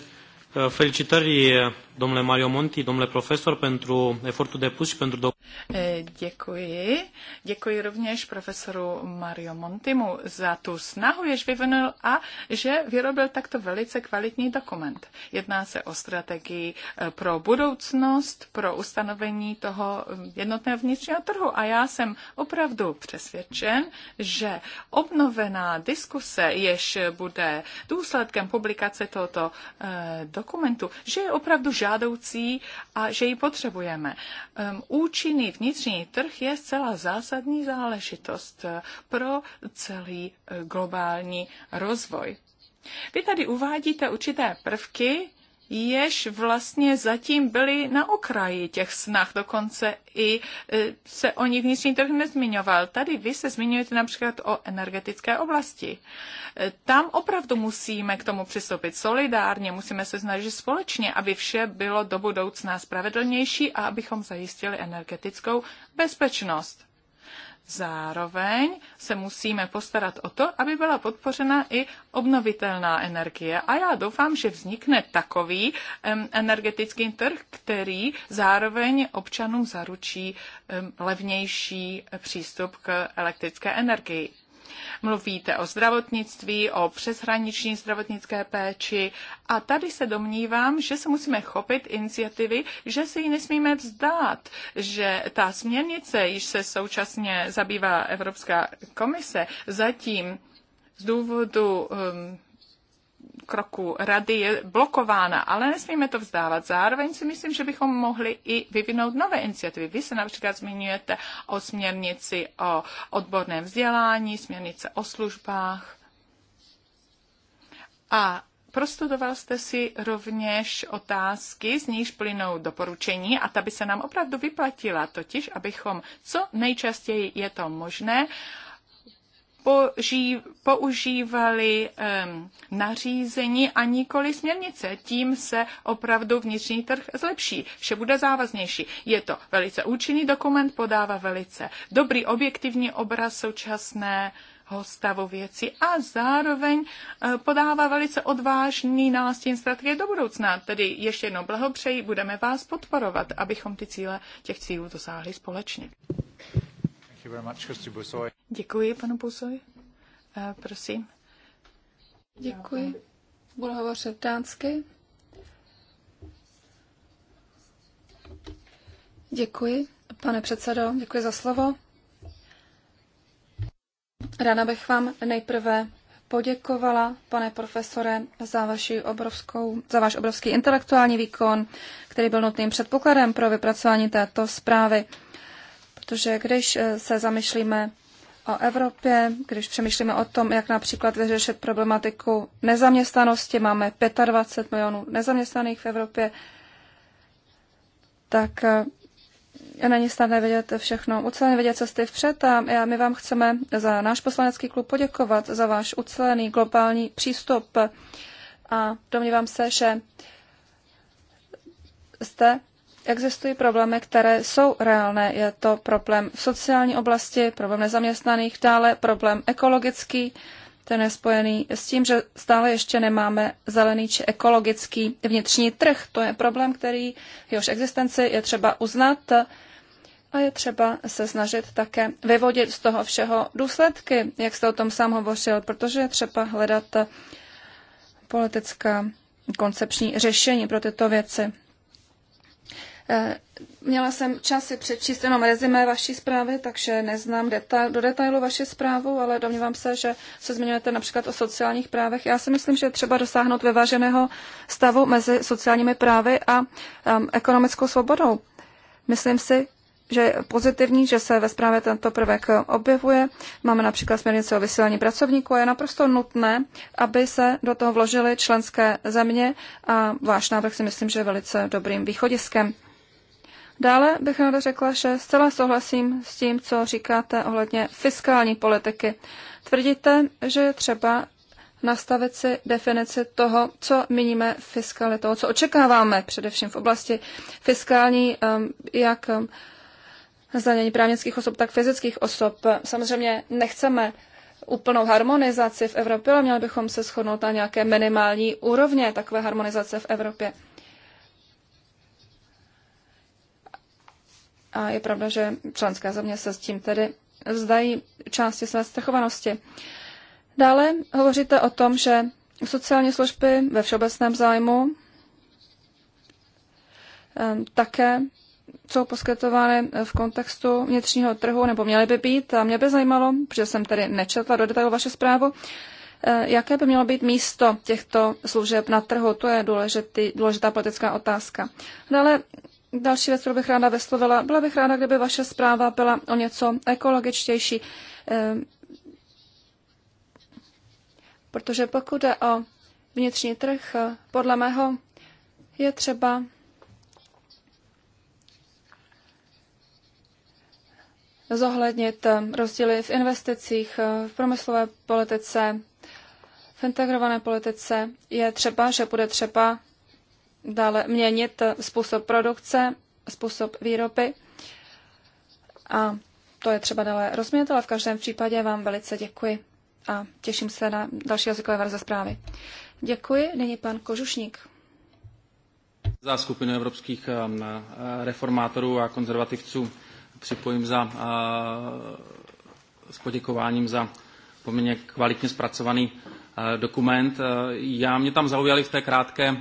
Eh, felicitări, eh, domnule Mario Monti, domnule profesor, pentru efortul depus și pentru... Eh, děkuji. Děkuji rovněž profesoru Mario Montimu za tu snahu, jež vyvinul a že vyrobil takto velice kvalitní dokument. Jedná se o strategii pro budoucnost, pro ustanovení toho jednotného vnitřního trhu. A já jsem opravdu přesvědčen, že obnovená diskuse, jež bude důsledkem publikace tohoto dokumentu, dokumentu, že je opravdu žádoucí a že ji potřebujeme. Ehm, účinný vnitřní trh je zcela zásadní záležitost eh, pro celý eh, globální rozvoj. Vy tady uvádíte určité prvky, jež vlastně zatím byli na okraji těch snah, dokonce i e, se o nich vnitřní trh nezmiňoval. Tady vy se zmiňujete například o energetické oblasti. E, tam opravdu musíme k tomu přistoupit solidárně, musíme se snažit společně, aby vše bylo do budoucna spravedlnější a abychom zajistili energetickou bezpečnost. Zároveň se musíme postarat o to, aby byla podpořena i obnovitelná energie. A já doufám, že vznikne takový um, energetický trh, který zároveň občanům zaručí um, levnější přístup k elektrické energii. Mluvíte o zdravotnictví, o přeshraniční zdravotnické péči a tady se domnívám, že se musíme chopit iniciativy, že se ji nesmíme vzdát, že ta směrnice, již se současně zabývá Evropská komise, zatím z důvodu um, kroku rady je blokována, ale nesmíme to vzdávat. Zároveň si myslím, že bychom mohli i vyvinout nové iniciativy. Vy se například zmiňujete o směrnici o odborném vzdělání, směrnice o službách. A prostudoval jste si rovněž otázky, z níž plynou doporučení a ta by se nám opravdu vyplatila, totiž abychom co nejčastěji je to možné, uh, používali um, nařízení a nikoli směrnice. Tím se opravdu vnitřní trh zlepší, vše bude závaznější. Je to velice účinný dokument, podává velice dobrý objektivní obraz současné stavu věci a zároveň eh, podává velice odvážný nástin strategie do budoucna. Tedy ještě jednou blahopřeji, budeme vás podporovat, abychom ty cíle těch cílů dosáhli společně. Děkuji panu Uh, Prosím. Děkuji. Budu hovořit dánsky. Děkuji, pane předsedo, děkuji za slovo. Ráda bych vám nejprve poděkovala, pane profesore, za, vaši obrovskou, za váš obrovský intelektuální výkon, který byl nutným předpokladem pro vypracování této zprávy protože když eh, se zamyslíme o Evropě, když přemýšlíme o tom, jak například vyřešit problematiku nezaměstnanosti, máme 25 milionů nezaměstnaných v Evropě, tak eh, není snadné vidět všechno, uceleně vidět cesty vpřed a já, my vám chceme za náš poslanecký klub poděkovat za váš ucelený globální přístup a domnívám se, že jste existují problémy, které jsou reálné. Je to problém v sociální oblasti, problém nezaměstnaných, dále problém ekologický, ten je spojený s tím, že stále ještě nemáme zelený či ekologický vnitřní trh. To je problém, který jehož existenci je třeba uznat a je třeba se snažit také vyvodit z toho všeho důsledky, jak jste o tom sám hovořil, protože je třeba hledat politická koncepční řešení pro tyto věci. Eh, měla jsem čas si přečíst jenom rezime vaší zprávy, takže neznám detail, do detailu vaši zprávu, ale domnívám se, že se zmiňujete například o sociálních právech. Já si myslím, že třeba dosáhnout vyváženého stavu mezi sociálními právy a um, ekonomickou svobodou. Myslím si, že je pozitivní, že se ve zprávě tento prvek objevuje. Máme například směrnici o vysílání pracovníků a je naprosto nutné, aby se do toho vložily členské země a váš návrh si myslím, že je velice dobrým východiskem. Dále bych ráda řekla, že zcela souhlasím s tím, co říkáte ohledně fiskální politiky. Tvrdíte, že je třeba nastavit si definici toho, co míníme fiskalitou, co očekáváme především v oblasti fiskální, um, jak um, zdanění právnických osob, tak fyzických osob. Samozřejmě nechceme úplnou harmonizaci v Evropě, ale měli bychom se shodnout na nějaké minimální úrovně takové harmonizace v Evropě. A je pravda, že členské země se s tím tedy vzdají části své strachovanosti. Dále hovoříte o tom, že sociální služby ve všeobecném zájmu ehm, také jsou poskytovány v kontextu vnitřního trhu, nebo měly by být. A mě by zajímalo, protože jsem tady nečetla do detailu vaše zprávu, ehm, jaké by mělo být místo těchto služeb na trhu. To je důležitý, důležitá politická otázka. Dále Další věc, kterou bych ráda vyslovila, byla bych ráda, kdyby vaše zpráva byla o něco ekologičtější. Ehm, protože pokud jde o vnitřní trh, podle mého je třeba zohlednit ehm, rozdíly v investicích, ehm, v promyslové politice, v integrované politice. Je třeba, že bude třeba dále měnit způsob produkce, způsob výroby. A to je třeba dále rozmět, ale v každém případě vám velice děkuji a těším se na další jazykové verze zprávy. Děkuji. Nyní pan Kožušník. Za skupinu evropských um, reformátorů a konzervativců připojím za, uh, s poděkováním za poměrně kvalitně zpracovaný uh, dokument. Uh, já mě tam zaujali v té krátké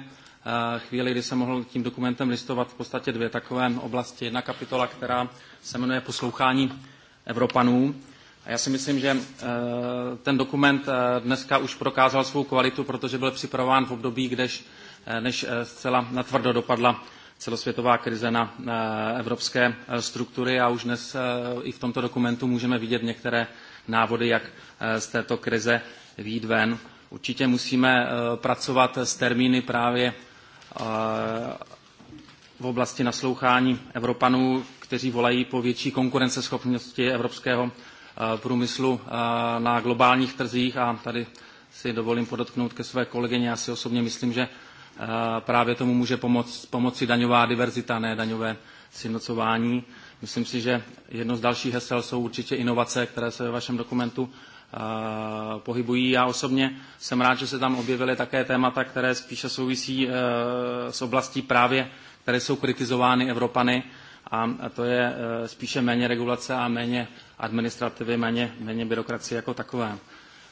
Eh, chvíli, kdy jsem mohl tím dokumentem listovat v podstatě dvě takové oblasti. Jedna kapitola, která se jmenuje Poslouchání Evropanů. A já si myslím, že eh, ten dokument eh, dneska už prokázal svou kvalitu, protože byl připravován v období, kdež, než zcela natvrdo dopadla celosvětová krize na evropské struktury a už dnes i v tomto dokumentu můžeme vidět některé návody, jak z této krize výjít ven. Určitě musíme pracovat s termíny právě Eh, v oblasti naslouchání Evropanů, kteří volají po větší konkurenceschopnosti evropského eh, průmyslu eh, na globálních trzích a tady si dovolím podotknout ke své kolegyně. Já si osobně myslím, že právě tomu může pomoct, pomoci daňová diverzita, ne daňové sjednocování. Myslím si, že jedno z dalších hesel jsou určitě inovace, které se ve vašem dokumentu Eh, pohybují. Já osobně jsem rád, že se tam objevily také témata, které spíše souvisí eh, s oblastí právě, které jsou kritizovány Evropany, a to je eh, spíše méně regulace a méně administrativy, méně, méně byrokracie jako takové.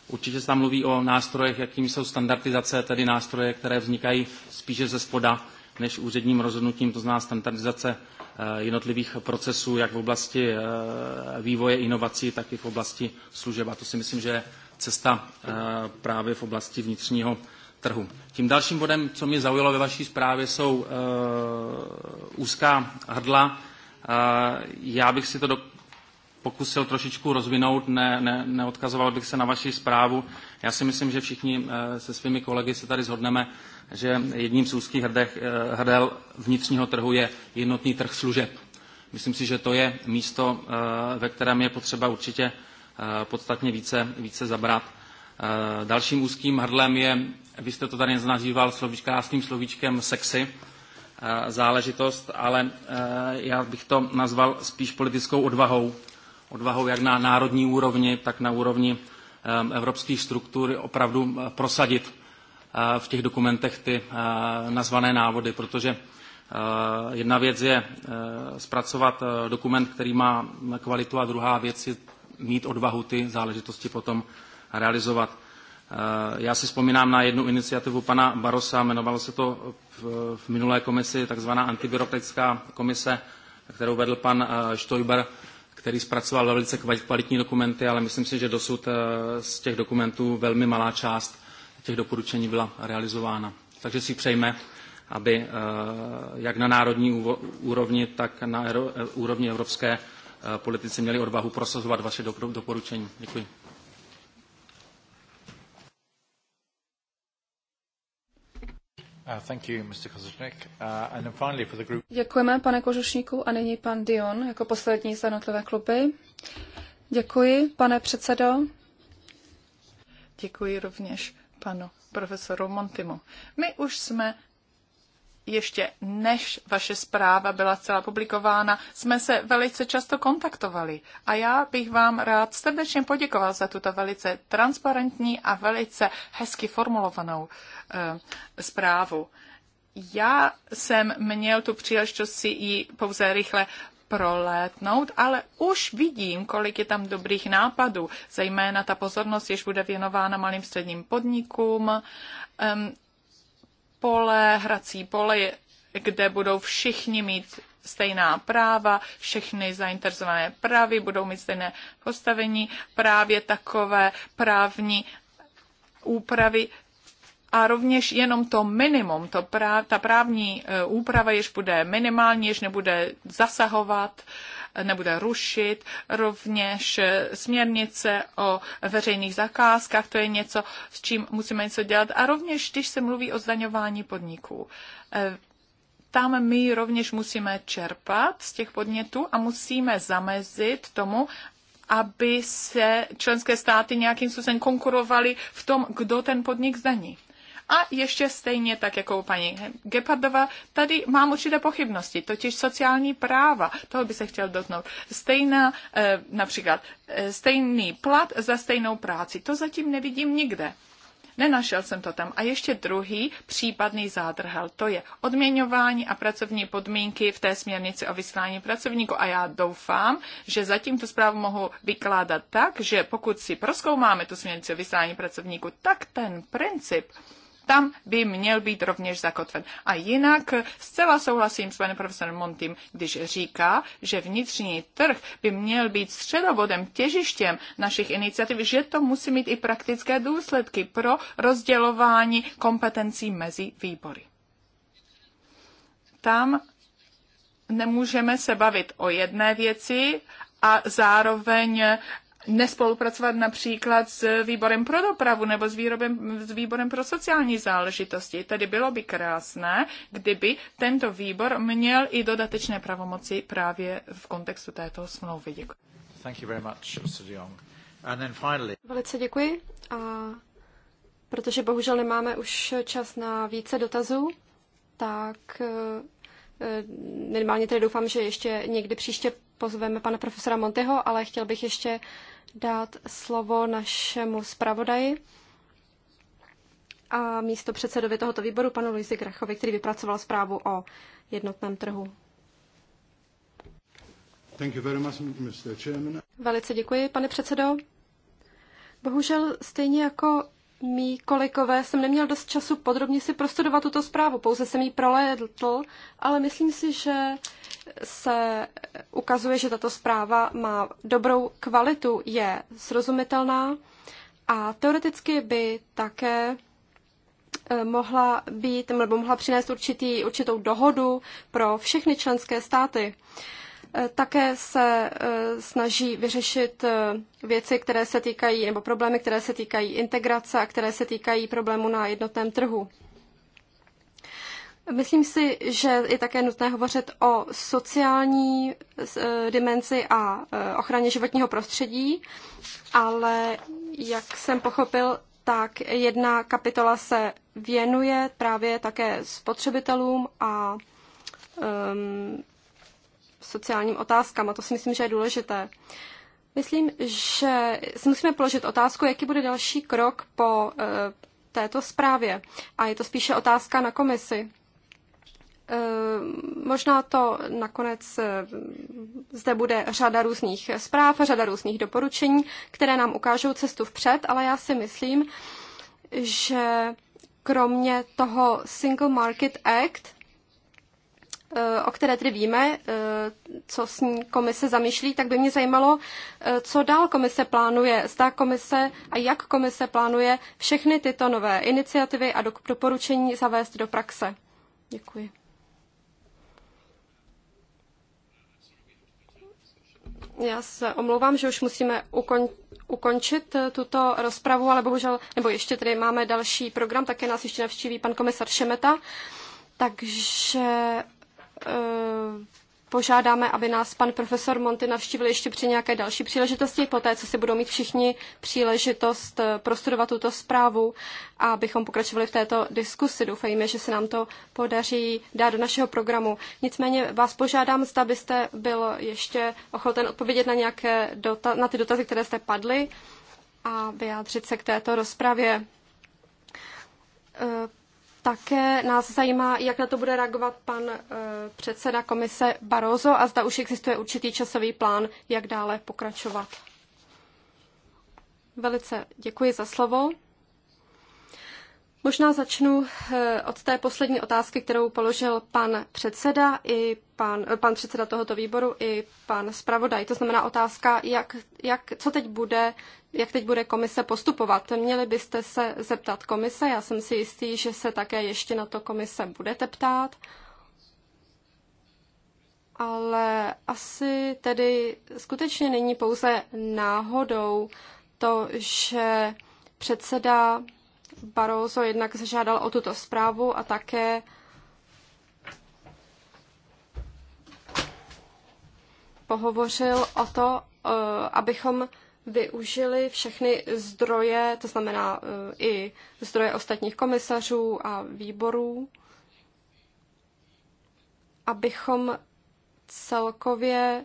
Určitě se tam mluví o nástrojech, jakými jsou standardizace, tedy nástroje, které vznikají spíše ze spoda než úředním rozhodnutím, to znamená standardizace Eh, jednotlivých procesů, jak v oblasti eh, vývoje inovací, tak i v oblasti služeb. A to si myslím, že je cesta eh, právě v oblasti vnitřního trhu. Tím dalším bodem, co mě zaujalo ve vaší zprávě, jsou úzká hrdla. Já bych si to do pokusil trošičku rozvinout, ne, ne, neodkazoval bych se na vaši zprávu. Já si myslím, že všichni eh, se svými kolegy se tady zhodneme, že jedním z úzkých hrdech, eh, hrdel vnitřního trhu je jednotný trh služeb. Myslím si, že to je místo, eh, ve kterém je potřeba určitě podstatně více, více zabrat. Dalším úzkým hrdlem je, vy jste to tady nazýval krásným slovíčkem sexy, záležitost, ale já bych to nazval spíš politickou odvahou, odvahou jak na národní úrovni, tak na úrovni evropských struktur opravdu prosadit v těch dokumentech ty nazvané návody, protože jedna věc je zpracovat dokument, který má kvalitu a druhá věc je mít odvahu ty záležitosti potom realizovat. Já si vzpomínám na jednu iniciativu pana Barosa, jmenovalo se to v minulé komisi takzvaná antibyrokratická komise, kterou vedl pan Štojber, který zpracoval velice kvalitní dokumenty, ale myslím si, že dosud eh, z těch dokumentů velmi malá část těch doporučení byla realizována. Takže si přejme, aby eh, jak na národní úrovni, tak na eh, úrovni evropské politici měli odvahu prosazovat vaše doporučení. Děkuji. Děkujeme, pane Kožušníku, a nyní pan Dion jako poslední z jednotlivé kluby. Děkuji, pane předsedo. Děkuji rovněž panu profesoru Montimu. My už jsme ještě než vaše zpráva byla celá publikována, jsme se velice často kontaktovali a já bych vám rád srdečně poděkoval za tuto velice transparentní a velice hezky formulovanou eh, zprávu. Já jsem měl tu příležitost si ji pouze rychle prolétnout, ale už vidím, kolik je tam dobrých nápadů. Zejména ta pozornost, jež bude věnována malým středním podnikům, um, pole, hrací pole, kde budou všichni mít stejná práva, všechny zainteresované právy budou mít stejné postavení, právě takové právní úpravy a rovněž jenom to minimum, to práv, ta právní eh, úprava, jež bude minimální, jež nebude zasahovat uh, nebude rušit. Rovněž směrnice o veřejných zakázkách, to je něco, s čím musíme něco dělat. A rovněž, když se mluví o zdaňování podniků, eh, tam my rovněž musíme čerpat z těch podnětů a musíme zamezit tomu, aby se členské státy nějakým způsobem konkurovaly v tom, kdo ten podnik zdaní. A ještě stejně tak jako u paní Gepardova, tady mám určité pochybnosti, totiž sociální práva, toho by se chtěl dotknout. Stejná, eh, například eh, stejný plat za stejnou práci, to zatím nevidím nikde. Nenašel jsem to tam. A ještě druhý případný zádrhel, to je odměňování a pracovní podmínky v té směrnici o vyslání pracovníku. A já doufám, že zatím tu zprávu mohu vykládat tak, že pokud si proskoumáme tu směrnici o vyslání pracovníku, tak ten princip tam by měl být rovněž zakotven. A jinak zcela souhlasím s panem profesorem Montym, když říká, že vnitřní trh by měl být středovodem, těžištěm našich iniciativ, že to musí mít i praktické důsledky pro rozdělování kompetencí mezi výbory. Tam nemůžeme se bavit o jedné věci a zároveň nespolupracovat například s výborem pro dopravu nebo s, výrobem, s výborem pro sociální záležitosti. Tedy bylo by krásné, kdyby tento výbor měl i dodatečné pravomoci právě v kontextu této smlouvy. Děkuji. Thank you very much, And then finally... Velice děkuji. A protože bohužel nemáme už čas na více dotazů, tak eh, minimálně tedy doufám, že ještě někdy příště pozveme pana profesora Monteho, ale chtěl bych ještě dát slovo našemu zpravodaji a místo předsedovi tohoto výboru panu Luisi Grachovi, který vypracoval zprávu o jednotném trhu. Thank you very much, Mr. Velice děkuji, pane předsedo. Bohužel stejně jako Mí kolegové jsem neměl dost času podrobně si prostudovat tuto zprávu, pouze jsem ji prolédl, ale myslím si, že se ukazuje, že tato zpráva má dobrou kvalitu, je srozumitelná a teoreticky by také eh, mohla být, nebo mohla přinést určitý, určitou dohodu pro všechny členské státy. Uh, Eh, také se eh, snaží vyřešit eh, věci, které se týkají, nebo problémy, které se týkají integrace a které se týkají problému na jednotném trhu. Myslím si, že je také nutné hovořit o sociální dimenzi a ochraně životního prostředí, ale jak jsem pochopil, tak jedna kapitola se věnuje právě také spotřebitelům a um, sociálním otázkám a to si myslím, že je důležité. Myslím, že si musíme položit otázku, jaký bude další krok po eh, této zprávě. A je to spíše otázka na komisi. Eh, možná to nakonec eh, zde bude řada různých zpráv, řada různých doporučení, které nám ukážou cestu vpřed, ale já si myslím, že kromě toho Single Market Act Eh, o které tedy víme, eh, co s ní komise zamýšlí, tak by mě zajímalo, eh, co dál komise plánuje, zda komise a jak komise plánuje všechny tyto nové iniciativy a doporučení zavést do praxe. Děkuji. Já se omlouvám, že už musíme ukon, ukončit tuto rozpravu, ale bohužel, nebo ještě tady máme další program, také nás ještě navštíví pan komisar Šemeta. Takže Eh, požádáme, aby nás pan profesor Monty navštívil ještě při nějaké další příležitosti, poté co si budou mít všichni příležitost eh, prostudovat tuto zprávu a abychom pokračovali v této diskusi. Doufejme, že se nám to podaří dát do našeho programu. Nicméně vás požádám, zda byste byl ještě ochoten odpovědět na, nějaké dota- na ty dotazy, které jste padly a vyjádřit se k této rozpravě eh, také nás zajímá, jak na to bude reagovat pan eh, předseda komise Barroso a zda už existuje určitý časový plán, jak dále pokračovat. Velice děkuji za slovo. Možná začnu eh, od té poslední otázky, kterou položil pan předseda i pan, eh, pan předseda tohoto výboru i pan zpravodaj. To znamená otázka, jak, jak, co teď bude jak teď bude komise postupovat. Měli byste se zeptat komise, já jsem si jistý, že se také ještě na to komise budete ptát, ale asi tedy skutečně není pouze náhodou to, že předseda Barroso jednak zažádal o tuto zprávu a také pohovořil o to, eh, abychom využili všechny zdroje, to znamená e, i zdroje ostatních komisařů a výborů, abychom celkově e,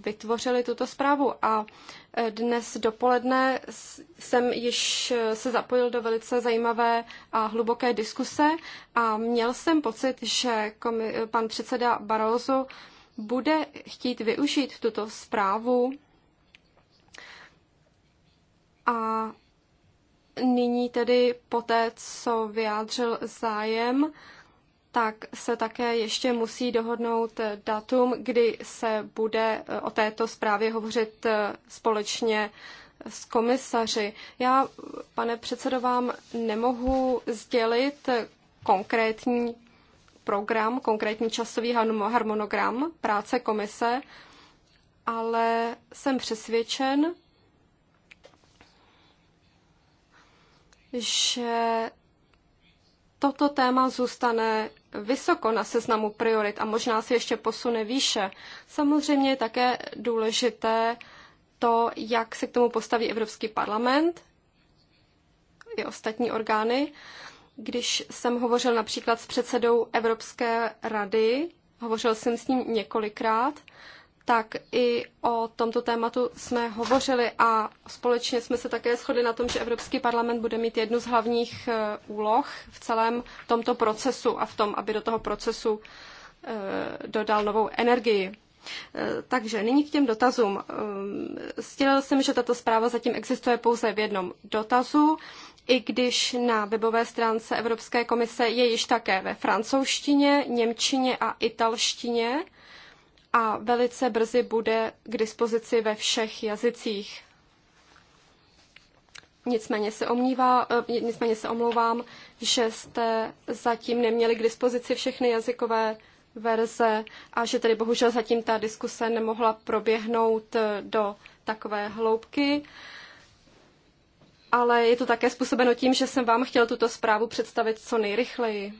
vytvořili tuto zprávu. A e, dnes dopoledne jsem již se zapojil do velice zajímavé a hluboké diskuse a měl jsem pocit, že pan předseda Barroso bude chtít využít tuto zprávu a nyní tedy poté, co vyjádřil zájem, tak se také ještě musí dohodnout datum, kdy se bude eh, o této zprávě hovořit eh, společně eh, s komisaři. Já, pane předsedo, vám nemohu sdělit konkrétní program, konkrétní časový harmonogram práce komise, ale jsem přesvědčen, že toto téma zůstane vysoko na seznamu priorit a možná se ještě posune výše. Samozřejmě je také důležité to, jak se k tomu postaví Evropský parlament i ostatní orgány. Když jsem hovořil například s předsedou Evropské rady, hovořil jsem s ním několikrát, tak i o tomto tématu jsme hovořili a společně jsme se také shodli na tom, že Evropský parlament bude mít jednu z hlavních eh, úloh v celém tomto procesu a v tom, aby do toho procesu eh, dodal novou energii. Eh, takže nyní k těm dotazům. Stělil jsem, že tato zpráva zatím existuje pouze v jednom dotazu, i když na webové stránce Evropské komise je již také ve francouzštině, němčině a italštině a velice brzy bude k dispozici ve všech jazycích. Nicméně se, omnívá, eh, nicméně se omlouvám, že jste zatím neměli k dispozici všechny jazykové verze a že tedy bohužel zatím ta diskuse nemohla proběhnout eh, do takové hloubky. Ale je to také způsobeno tím, že jsem vám chtěl tuto zprávu představit co nejrychleji.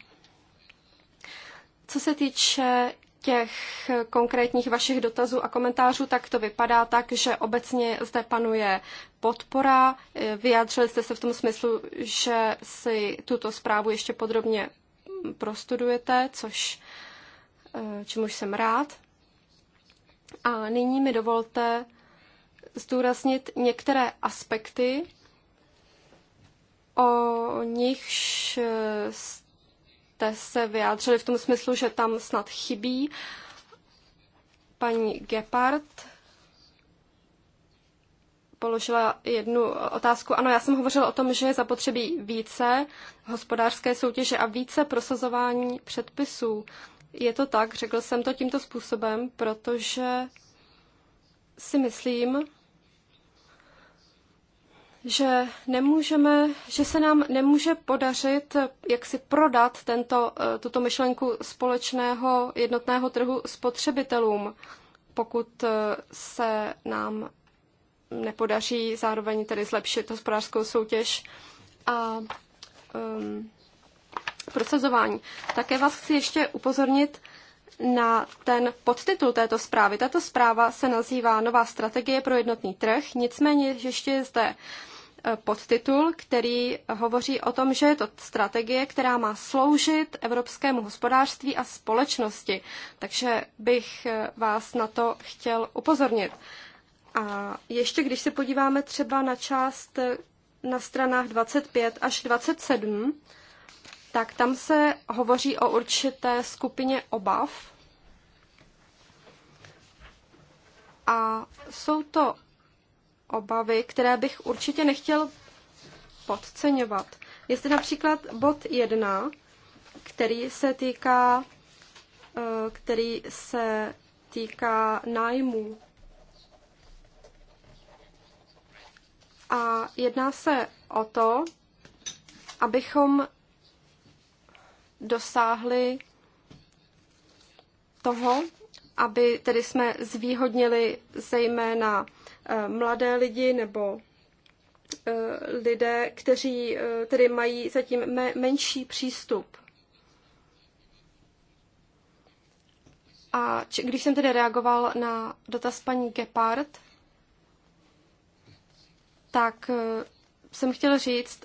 Co se týče těch konkrétních vašich dotazů a komentářů, tak to vypadá tak, že obecně zde panuje podpora. Vyjádřili jste se v tom smyslu, že si tuto zprávu ještě podrobně prostudujete, což eh, čemuž jsem rád. A nyní mi dovolte zdůraznit některé aspekty, o nichž eh, jste se vyjádřili v tom smyslu, že tam snad chybí paní Gepard položila jednu otázku. Ano, já jsem hovořila o tom, že je zapotřebí více hospodářské soutěže a více prosazování předpisů. Je to tak, řekl jsem to tímto způsobem, protože si myslím, že, nemůžeme, že se nám nemůže podařit jak si prodat tento, eh, tuto myšlenku společného jednotného trhu spotřebitelům, pokud eh, se nám nepodaří zároveň tedy zlepšit hospodářskou soutěž a um, ehm, prosazování. Také vás chci ještě upozornit na ten podtitul této zprávy. Tato zpráva se nazývá Nová strategie pro jednotný trh, nicméně ještě je zde Eh, podtitul, který hovoří o tom, že je to strategie, která má sloužit evropskému hospodářství a společnosti. Takže bych eh, vás na to chtěl upozornit. A ještě když se podíváme třeba na část eh, na stranách 25 až 27, tak tam se hovoří o určité skupině obav. A jsou to obavy, které bych určitě nechtěl podceňovat. Je zde například bod 1, který se týká, eh, který se týká nájmu. A jedná se o to, abychom dosáhli toho, aby tedy jsme zvýhodnili zejména Eh, mladé lidi nebo eh, lidé, kteří eh, tedy mají zatím menší přístup. A když jsem tedy reagoval na dotaz paní Gepard, tak jsem chtěl říct,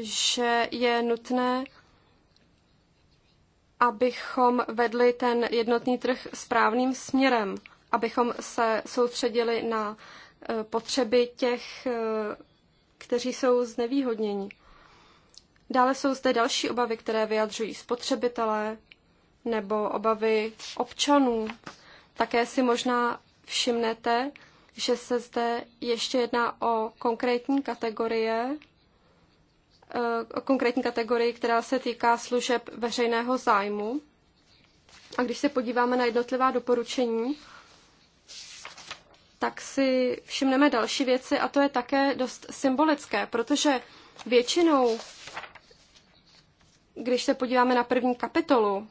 že je nutné, abychom vedli ten jednotný trh správným směrem abychom se soustředili na e, potřeby těch, e, kteří jsou znevýhodněni. Dále jsou zde další obavy, které vyjadřují spotřebitelé nebo obavy občanů. Také si možná všimnete, že se zde ještě jedná o konkrétní kategorie, e, o konkrétní kategorii, která se týká služeb veřejného zájmu. A když se podíváme na jednotlivá doporučení, tak si všimneme další věci a to je také dost symbolické, protože většinou, když se podíváme na první kapitolu,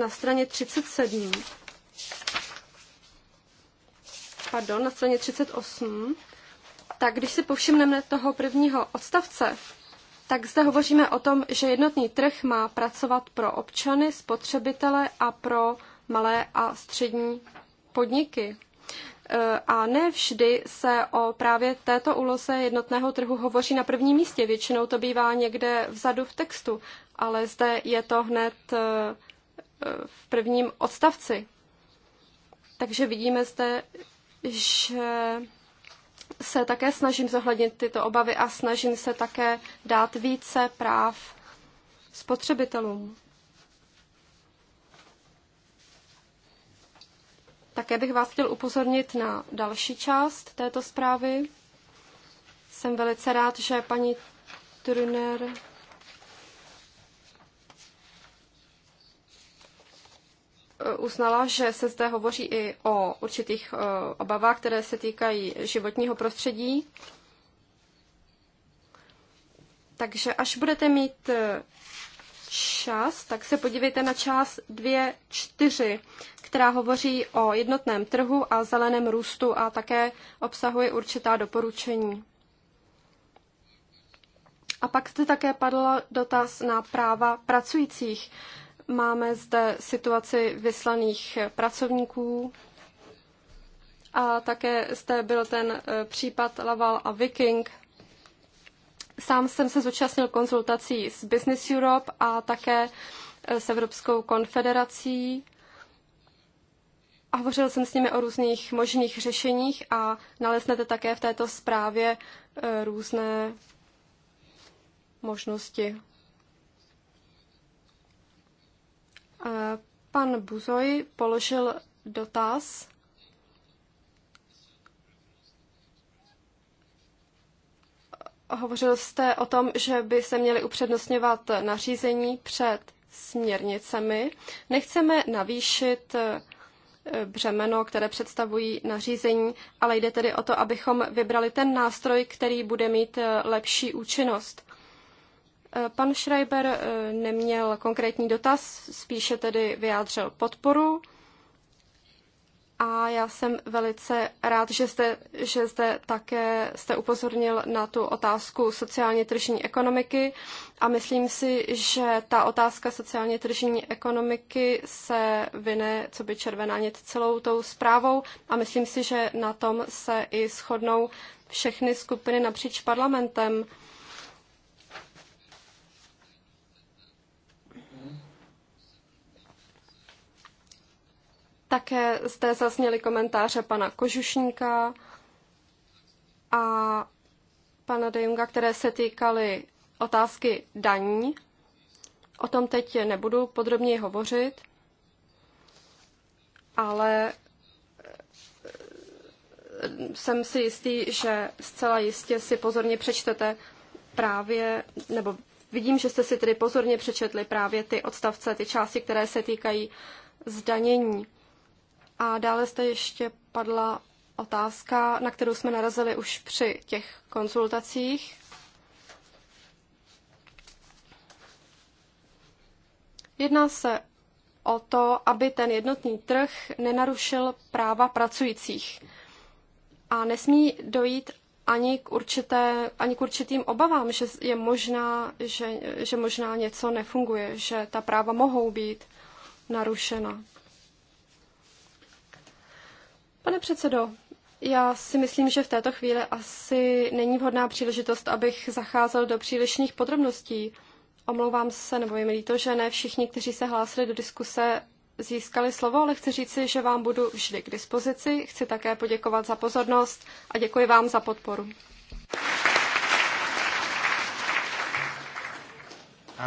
na straně 37, pardon, na straně 38, tak když si povšimneme toho prvního odstavce, tak zde hovoříme o tom, že jednotný trh má pracovat pro občany, spotřebitele a pro malé a střední podniky a ne vždy se o právě této úloze jednotného trhu hovoří na prvním místě. Většinou to bývá někde vzadu v textu, ale zde je to hned eh, v prvním odstavci. Takže vidíme zde, že se také snažím zohlednit tyto obavy a snažím se také dát více práv spotřebitelům. Také bych vás chtěl upozornit na další část této zprávy. Jsem velice rád, že paní Turner uznala, že se zde hovoří i o určitých eh, obavách, které se týkají životního prostředí. Takže až budete mít eh, čas, tak se podívejte na část 2.4, která hovoří o jednotném trhu a zeleném růstu a také obsahuje určitá doporučení. A pak zde také padl dotaz na práva pracujících. Máme zde situaci vyslaných pracovníků a také zde byl ten e, případ Laval a Viking, Sám jsem se zúčastnil konzultací s Business Europe a také e, s Evropskou konfederací. A hovořil jsem s nimi o různých možných řešeních a naleznete také v této zprávě e, různé možnosti. E, pan Buzoj položil dotaz Hovořil jste o tom, že by se měly upřednostňovat nařízení před směrnicemi. Nechceme navýšit eh, břemeno, které představují nařízení, ale jde tedy o to, abychom vybrali ten nástroj, který bude mít eh, lepší účinnost. Eh, pan Schreiber neměl konkrétní dotaz, spíše tedy vyjádřil podporu a já jsem velice rád, že jste, že jste také jste upozornil na tu otázku sociálně tržní ekonomiky a myslím si, že ta otázka sociálně tržní ekonomiky se vyne, co by červená nit celou tou zprávou a myslím si, že na tom se i shodnou všechny skupiny napříč parlamentem. Také zde zazněly komentáře pana Kožušníka a pana Dejunga, které se týkaly otázky daní. O tom teď nebudu podrobněji hovořit, ale eh, jsem si jistý, že zcela jistě si pozorně přečtete právě, nebo vidím, že jste si tedy pozorně přečetli právě ty odstavce, ty části, které se týkají zdanění. A dále jste ještě padla otázka, na kterou jsme narazili už při těch konzultacích. Jedná se o to, aby ten jednotný trh nenarušil práva pracujících. A nesmí dojít ani k, určité, ani k určitým obavám, že je možná, že, že možná něco nefunguje, že ta práva mohou být narušena. Pane předsedo, já si myslím, že v této chvíli asi není vhodná příležitost, abych zacházel do přílišných podrobností. Omlouvám se, nebo je mi líto, že ne všichni, kteří se hlásili do diskuse, získali slovo, ale chci říci, že vám budu vždy k dispozici. Chci také poděkovat za pozornost a děkuji vám za podporu. Uh,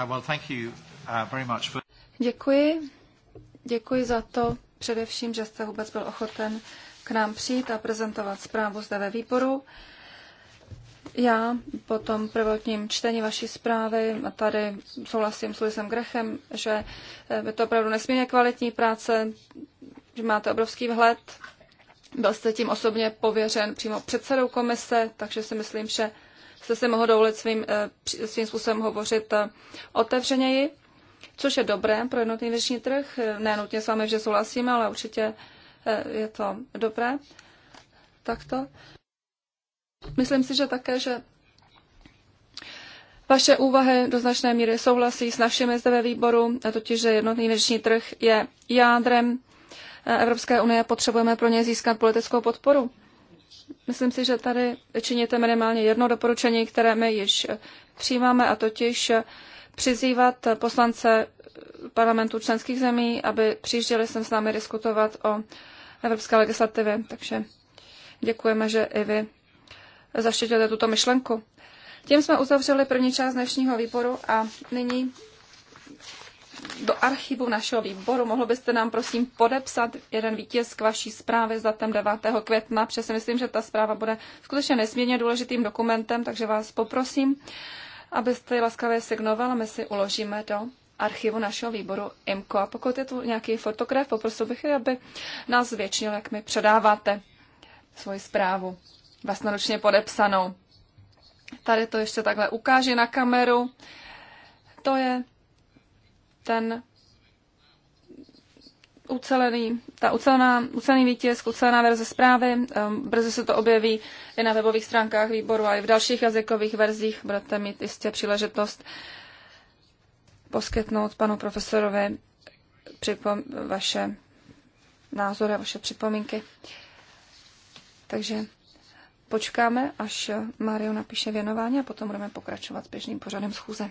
well, thank you, uh, very much for... Děkuji. Děkuji za to především, že jste vůbec byl ochoten k nám přijít a prezentovat zprávu zde ve výboru. Já po tom prvotním čtení vaší zprávy, a tady souhlasím s Luisem Grechem, že eh, je to opravdu nesmírně kvalitní práce, že máte obrovský vhled. Byl jste tím osobně pověřen přímo předsedou komise, takže si myslím, že jste si mohl dovolit svým, eh, svým způsobem hovořit eh, otevřeněji, což je dobré pro jednotný vnitřní trh. nenutně s vámi, že souhlasíme, ale určitě Eh, je to dobré takto. Myslím si, že také, že vaše úvahy do značné míry souhlasí s našimi zde ve výboru, a totiž, že jednotný vnitřní trh je jádrem eh, Evropské unie, potřebujeme pro ně získat politickou podporu. Myslím si, že tady činíte minimálně jedno doporučení, které my již eh, přijímáme, a totiž přizývat poslance parlamentu členských zemí, aby přijížděli sem s námi diskutovat o evropské legislativy. Takže děkujeme, že i vy zaštitujete tuto myšlenku. Tím jsme uzavřeli první část dnešního výboru a nyní do archivu našeho výboru. Mohlo byste nám prosím podepsat jeden vítěz k vaší zprávy za ten 9. května, protože si myslím, že ta zpráva bude skutečně nesmírně důležitým dokumentem, takže vás poprosím, abyste ji laskavě signoval a my si uložíme do archivu našeho výboru IMCO. A pokud je tu nějaký fotograf, poprosil bych, aby nás zvětšnil, jak mi předáváte svoji zprávu vlastnoručně podepsanou. Tady to ještě takhle ukáže na kameru. To je ten ucelený, ta ucelená, ucelený výtisk, ucelená verze zprávy. Um, brzy se to objeví i na webových stránkách výboru a i v dalších jazykových verzích. Budete mít jistě příležitost poskytnout panu profesorovi připom- vaše názory a vaše připomínky. Takže počkáme, až Mario napíše věnování a potom budeme pokračovat s běžným pořadem schůze.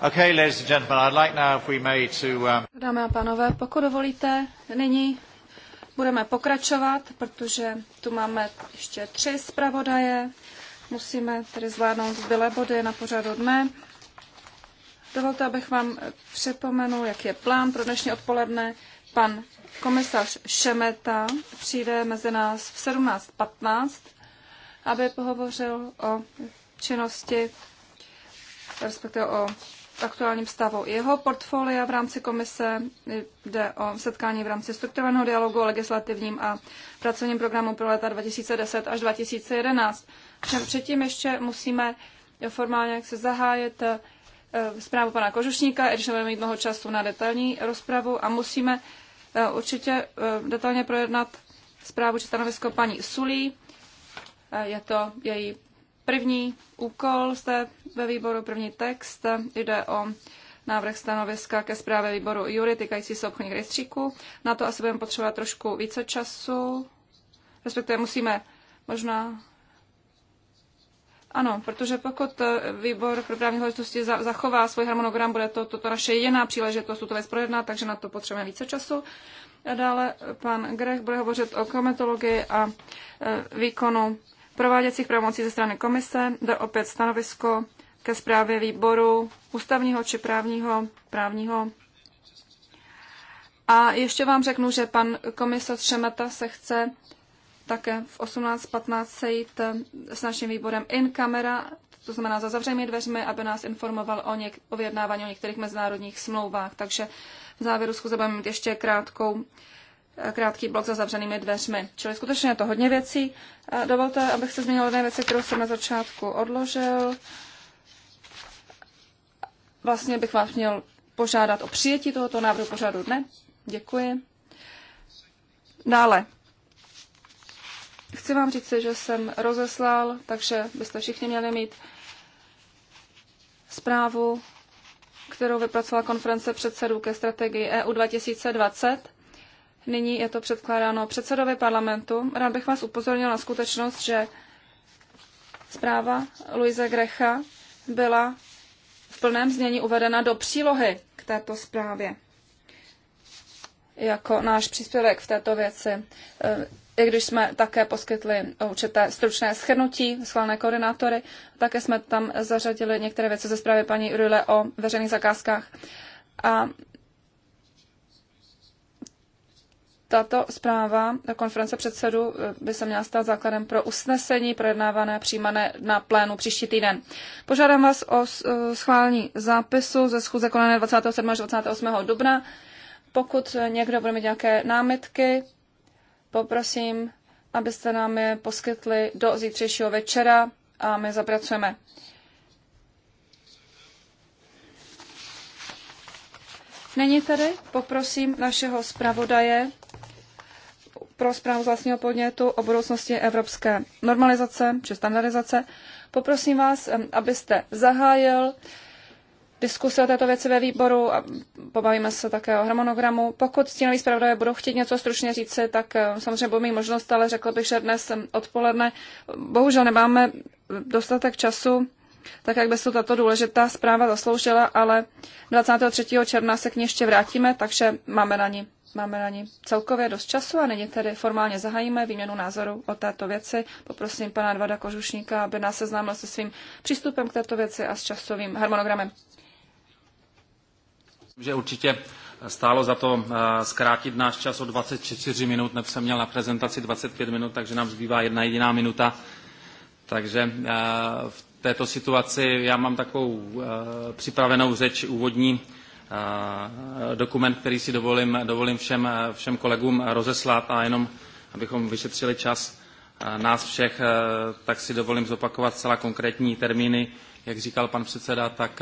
Okay, ladies and gentlemen, I'd like now if we may to, um... Dámy a pánové, pokud dovolíte, nyní budeme pokračovat, protože tu máme ještě tři zpravodaje. Musíme tedy zvládnout zbylé body na pořadu dne. Dovolte, abych vám připomenul, jak je plán pro dnešní odpoledne. Pan komisař Šemeta přijde mezi nás v 17.15, aby pohovořil o činnosti, respektive o aktuálním stavu jeho portfolia v rámci komise. Jde o setkání v rámci strukturovaného dialogu o legislativním a pracovním programu pro leta 2010 až 2011. Všem předtím ještě musíme formálně jak se zahájit eh, zprávu pana Kožušníka, i když nebudeme mít mnoho času na detailní rozpravu a musíme eh, určitě eh, detailně projednat zprávu či stanovisko paní Sulí. Je to její První úkol jste ve výboru, první text, jde o návrh stanoviska ke zprávě výboru Jury týkající se obchodních rejstříků. Na to asi budeme potřebovat trošku více času, respektive musíme možná ano, protože pokud výbor pro právní hledosti za, zachová svůj harmonogram, bude to, toto to naše jediná příležitost tuto věc projednat, takže na to potřebujeme více času. A dále pan Grech bude hovořit o kometologii a e, výkonu prováděcích pravomocí ze strany komise. Jde opět stanovisko ke zprávě výboru ústavního či právního, právního. A ještě vám řeknu, že pan komisař Šemeta se chce také v 18.15 sejít eh, s naším výborem in camera, to znamená za zavřenými dveřmi, aby nás informoval o, něk- o vyjednávání o některých mezinárodních smlouvách. Takže v závěru schůze budeme mít ještě krátkou krátký blok za zavřenými dveřmi. Čili skutečně je to hodně věcí. Dovolte, abych se zmínil jedné věci, kterou jsem na začátku odložil. Vlastně bych vás měl požádat o přijetí tohoto návrhu pořadu dne. Děkuji. Dále. Chci vám říct, že jsem rozeslal, takže byste všichni měli mít zprávu, kterou vypracovala konference předsedů ke strategii EU 2020 Nyní je to předkládáno předsedovi parlamentu. Rád bych vás upozornil na skutečnost, že zpráva Luise Grecha byla v plném znění uvedena do přílohy k této zprávě jako náš příspěvek v této věci, e, i když jsme také poskytli určité stručné schrnutí, schválné koordinátory, také jsme tam zařadili některé věci ze zprávy paní Rule o veřejných zakázkách. A Tato zpráva konference předsedů eh, by se měla stát základem pro usnesení projednávané a přijímané na plénu příští týden. Požádám vás o eh, schválení zápisu ze schůze konané 27. až 28. dubna. Pokud někdo bude mít nějaké námitky, poprosím, abyste nám je poskytli do zítřejšího večera a my zapracujeme. Není tady? poprosím našeho zpravodaje, pro zprávu z vlastního podnětu o budoucnosti evropské normalizace či standardizace. Poprosím vás, abyste zahájil diskuse o této věci ve výboru a pobavíme se také o harmonogramu. Pokud stínoví zpravodaje budou chtít něco stručně říci, tak samozřejmě budou mít možnost, ale řekl bych, že dnes odpoledne bohužel nemáme dostatek času, tak jak by se tato důležitá zpráva zasloužila, ale 23. června se k ní ještě vrátíme, takže máme na ní máme na ní celkově dost času a nyní tedy formálně zahájíme výměnu názoru o této věci. Poprosím pana Dvada Kožušníka, aby nás seznámil se svým přístupem k této věci a s časovým harmonogramem. Že určitě stálo za to eh, zkrátit náš čas o 24 minut, nebo jsem měl na prezentaci 25 minut, takže nám zbývá jedna jediná minuta. Takže eh, v této situaci já mám takovou eh, připravenou řeč úvodní, Eh, dokument, který si dovolím, dovolím všem, eh, všem kolegům rozeslat a jenom, abychom vyšetřili čas eh, nás všech, tak si dovolím zopakovat celá konkrétní termíny. Jak říkal pan předseda, tak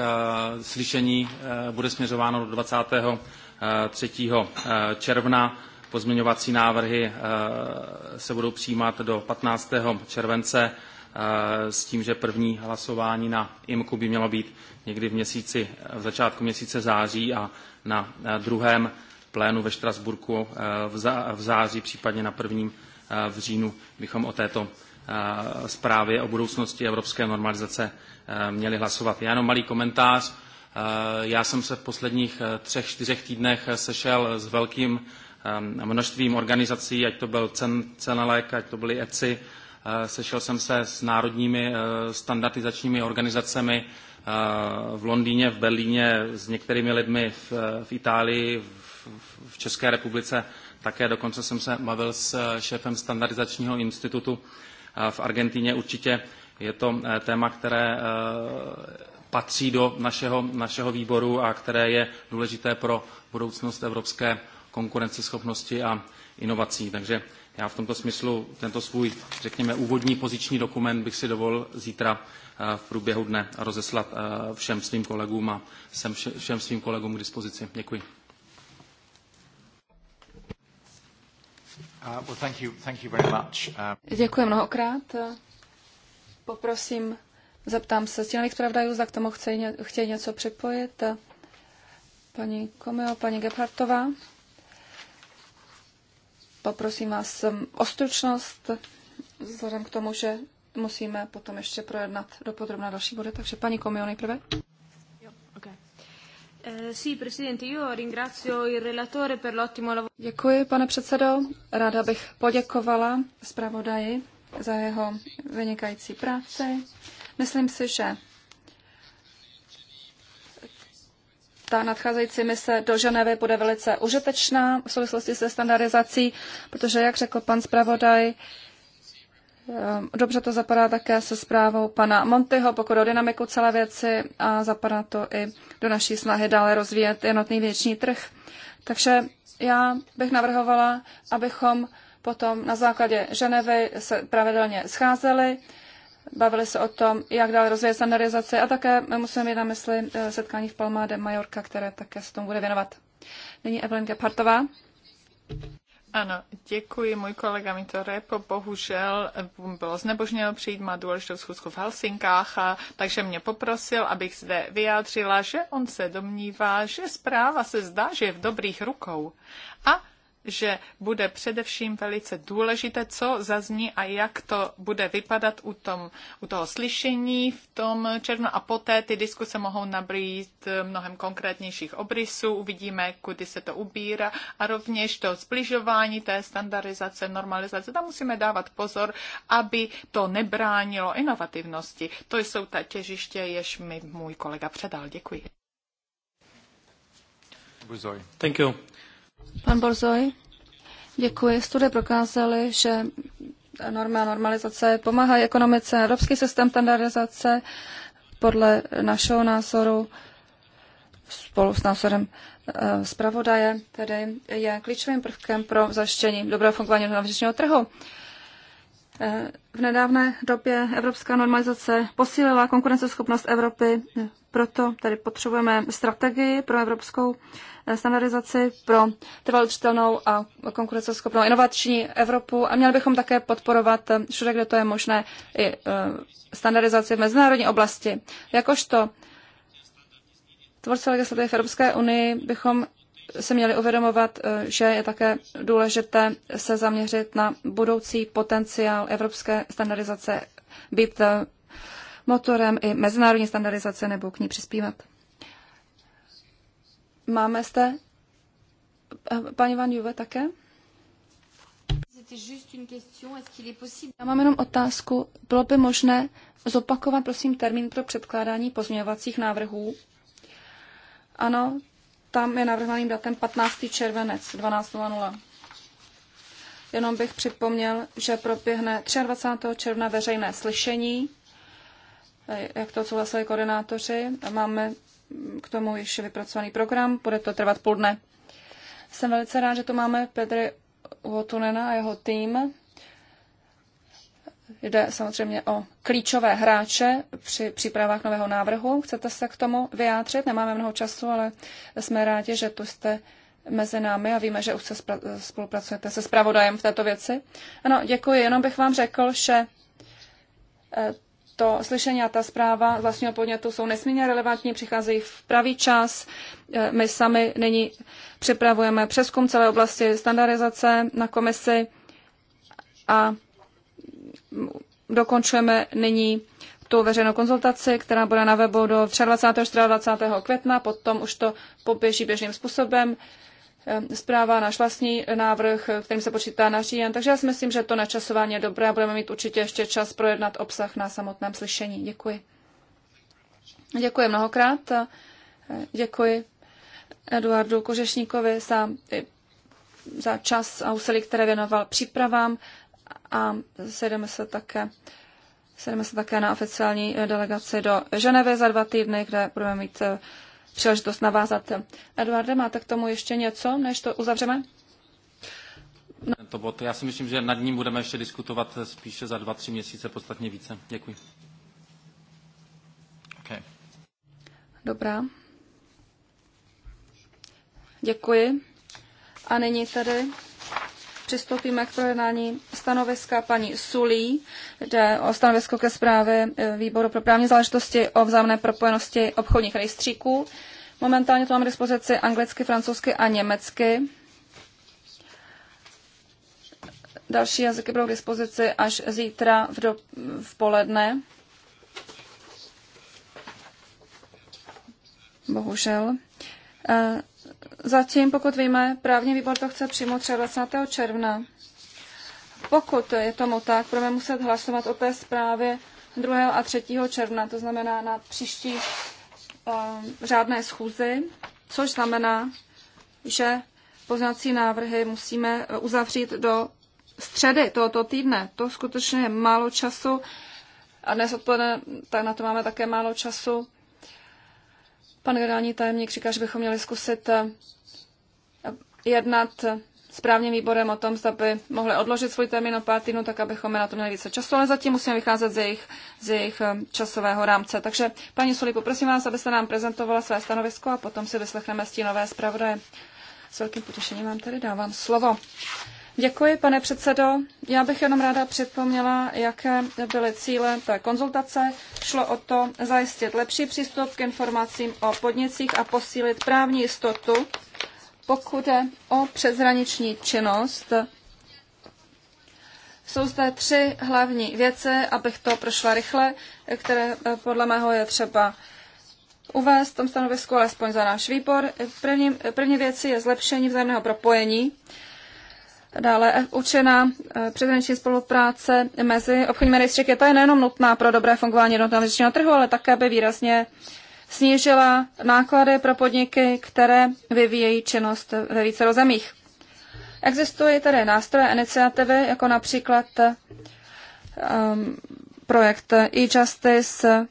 slyšení bude směřováno do 23. června. Pozměňovací návrhy se budou přijímat do 15. července Eh, s tím, že první hlasování na IMKU by mělo být někdy v, měsíci, v začátku měsíce září a na eh, druhém plénu ve Štrasburku eh, v září, případně na prvním v říjnu bychom o této zprávě o budoucnosti evropské normalizace měli hlasovat. Já jenom malý komentář. Já jsem se v posledních třech, čtyřech týdnech sešel s velkým množstvím organizací, ať to byl Cenelek, ať to byly ECI, Eh, sešel jsem se s národními eh, standardizačními organizacemi eh, v Londýně, v Berlíně, s některými lidmi v, v Itálii, v, v České republice. Také dokonce jsem se bavil s šéfem standardizačního institutu v Argentíně. Určitě je to téma, které patří do našeho, našeho výboru a které je důležité pro budoucnost evropské konkurenceschopnosti a inovací. Takže já v tomto smyslu tento svůj, řekněme, úvodní poziční dokument bych si dovolil zítra eh, v průběhu dne rozeslat eh, všem svým kolegům a jsem všem svým kolegům k dispozici. Děkuji. Uh, uh, Děkuji mnohokrát. Poprosím, zeptám se stínových zpravodajů, zda k tomu chtějí, něco připojit. Paní Komio, paní Gebhardtová. Poprosím vás um, o stručnost, vzhledem k tomu, že musíme potom ještě projednat dopodrobná další body, takže paní Komio nejprve. Eh, Děkuji, pane předsedo. Ráda bych poděkovala zpravodaji za jeho vynikající práci. Myslím si, že ta nadcházející mise do Ženevy bude velice užitečná v souvislosti se standardizací, protože, jak řekl pan zpravodaj, eh, dobře to zapadá také se zprávou pana Montyho, pokud o dynamiku celé věci a zapadá to i do naší snahy dále rozvíjet jednotný věční trh. Takže já bych navrhovala, abychom potom na základě Ženevy se pravidelně scházeli, Bavili se o tom, jak dál rozvíjet standardizaci a také musíme mít na mysli eh, setkání v Palma de Mallorca, které také se tomu bude věnovat. Nyní Evelyn Gephartová. Ano, děkuji. Můj kolega mi to repo, bohužel eh, bylo znebožněno přijít, má důležitou schůzku v Helsinkách, a, takže mě poprosil, abych zde vyjádřila, že on se domnívá, že zpráva se zdá, že je v dobrých rukou. A že bude především velice důležité, co zazní a jak to bude vypadat u, tom, u toho slyšení v tom černu A poté ty diskuse mohou nabrýt eh, mnohem konkrétnějších obrysů, uvidíme, kudy se to ubírá a rovněž to zbližování té standardizace, normalizace. Tam musíme dávat pozor, aby to nebránilo inovativnosti. To jsou ta těžiště, jež mi můj kolega předal. Děkuji. Thank you. Pan Borzoj, děkuji. Studie prokázaly, že norma normalizace pomáhá ekonomice. Evropský systém standardizace podle našeho názoru spolu s názorem eh, zpravodaje, tedy je klíčovým prvkem pro zajištění dobrého fungování vnitřního trhu. Eh, v nedávné době evropská normalizace posílila konkurenceschopnost Evropy proto tady potřebujeme strategii pro evropskou eh, standardizaci, pro trvalou a konkurenceschopnou inovační Evropu a měli bychom také podporovat eh, všude, kde to je možné, i eh, standardizaci v mezinárodní oblasti. Jakožto tvorce legislativy v Evropské unii bychom se měli uvědomovat, že je také důležité se zaměřit na budoucí potenciál evropské standardizace, být motorem i mezinárodní standardizace nebo k ní přispívat. Máme zde eh, paní Van Juve také? Já mám jenom otázku. Bylo by možné zopakovat, prosím, termín pro předkládání pozměňovacích návrhů? Ano, tam je navrhovaným datem 15. červenec 12.00. Jenom bych připomněl, že proběhne 23. června veřejné slyšení jak to souhlasili koordinátoři. Máme k tomu již vypracovaný program, bude to trvat půl dne. Jsem velice rád, že tu máme Petry Votunena a jeho tým. Jde samozřejmě o klíčové hráče při přípravách nového návrhu. Chcete se k tomu vyjádřit? Nemáme mnoho času, ale jsme rádi, že tu jste mezi námi a víme, že už se spolupracujete se zpravodajem v této věci. Ano, děkuji. Jenom bych vám řekl, že eh, to slyšení a ta zpráva z vlastního podnětu jsou nesmírně relevantní, přicházejí v pravý čas. Eh, my sami nyní připravujeme přeskum celé oblasti standardizace na komisi a dokončujeme nyní tu veřejnou konzultaci, která bude na webu do 23. 24. května, potom už to poběží běžným způsobem. Eh, zpráva, náš vlastní návrh, eh, kterým se počítá na říjen. Takže já si myslím, že to načasování je dobré a budeme mít určitě ještě čas projednat obsah na samotném slyšení. Děkuji. Děkuji mnohokrát. Eh, děkuji Eduardu Kožešníkovi za, za čas a úsilí, které věnoval přípravám a sejdeme se také Sedeme se také na oficiální delegaci do Ženevy za dva týdny, kde budeme mít příležitost navázat. Eduarde, máte k tomu ještě něco, než to uzavřeme? No. Tento bod, já si myslím, že nad ním budeme ještě diskutovat spíše za dva, tři měsíce, podstatně více. Děkuji. Okay. Dobrá. Děkuji. A nyní tady přistoupíme k projednání stanoviska paní Sulí, jde o stanovisko ke zprávě e, Výboru pro právní záležitosti o vzájemné propojenosti obchodních rejstříků. Momentálně to máme dispozici anglicky, francouzsky a německy. Další jazyky budou k dispozici až zítra v, do, v poledne. Bohužel. Zatím, pokud víme, právní výbor to chce přijmout 23. června. Pokud je tomu tak, budeme muset hlasovat o té zprávě 2. a 3. června, to znamená na příští um, řádné schůzi, což znamená, že poznací návrhy musíme e, uzavřít do středy tohoto týdne. To skutečně je málo času a dnes odpoledne tak na to máme také málo času. Pan generální tajemník říká, že bychom měli zkusit eh, jednat s právním výborem o tom, zda by mohli odložit svůj termín o pár týdnů, tak abychom na to měli více času, ale zatím musíme vycházet z jejich, z jejich eh, časového rámce. Takže, paní Suli, poprosím vás, abyste nám prezentovala své stanovisko a potom si vyslechneme stínové zpravodaje. S velkým potěšením vám tady dávám slovo. Děkuji, pane předsedo. Já bych jenom ráda připomněla, jaké byly cíle té konzultace. Šlo o to zajistit lepší přístup k informacím o podnicích a posílit právní jistotu, pokud je o přeshraniční činnost. Jsou zde tři hlavní věci, abych to prošla rychle, které eh, podle mého je třeba uvést v tom stanovisku, alespoň za náš výbor. Eh, první, první věci je zlepšení vzájemného propojení. Dále účinná e, e, přeshraniční spolupráce mezi obchodními rejstříky, To je nejenom nutná pro dobré fungování jednotného vnitřního trhu, ale také by výrazně snížila náklady pro podniky, které vyvíjejí činnost ve více zemích. Existují tedy nástroje iniciativy, jako například e, um, projekt e-justice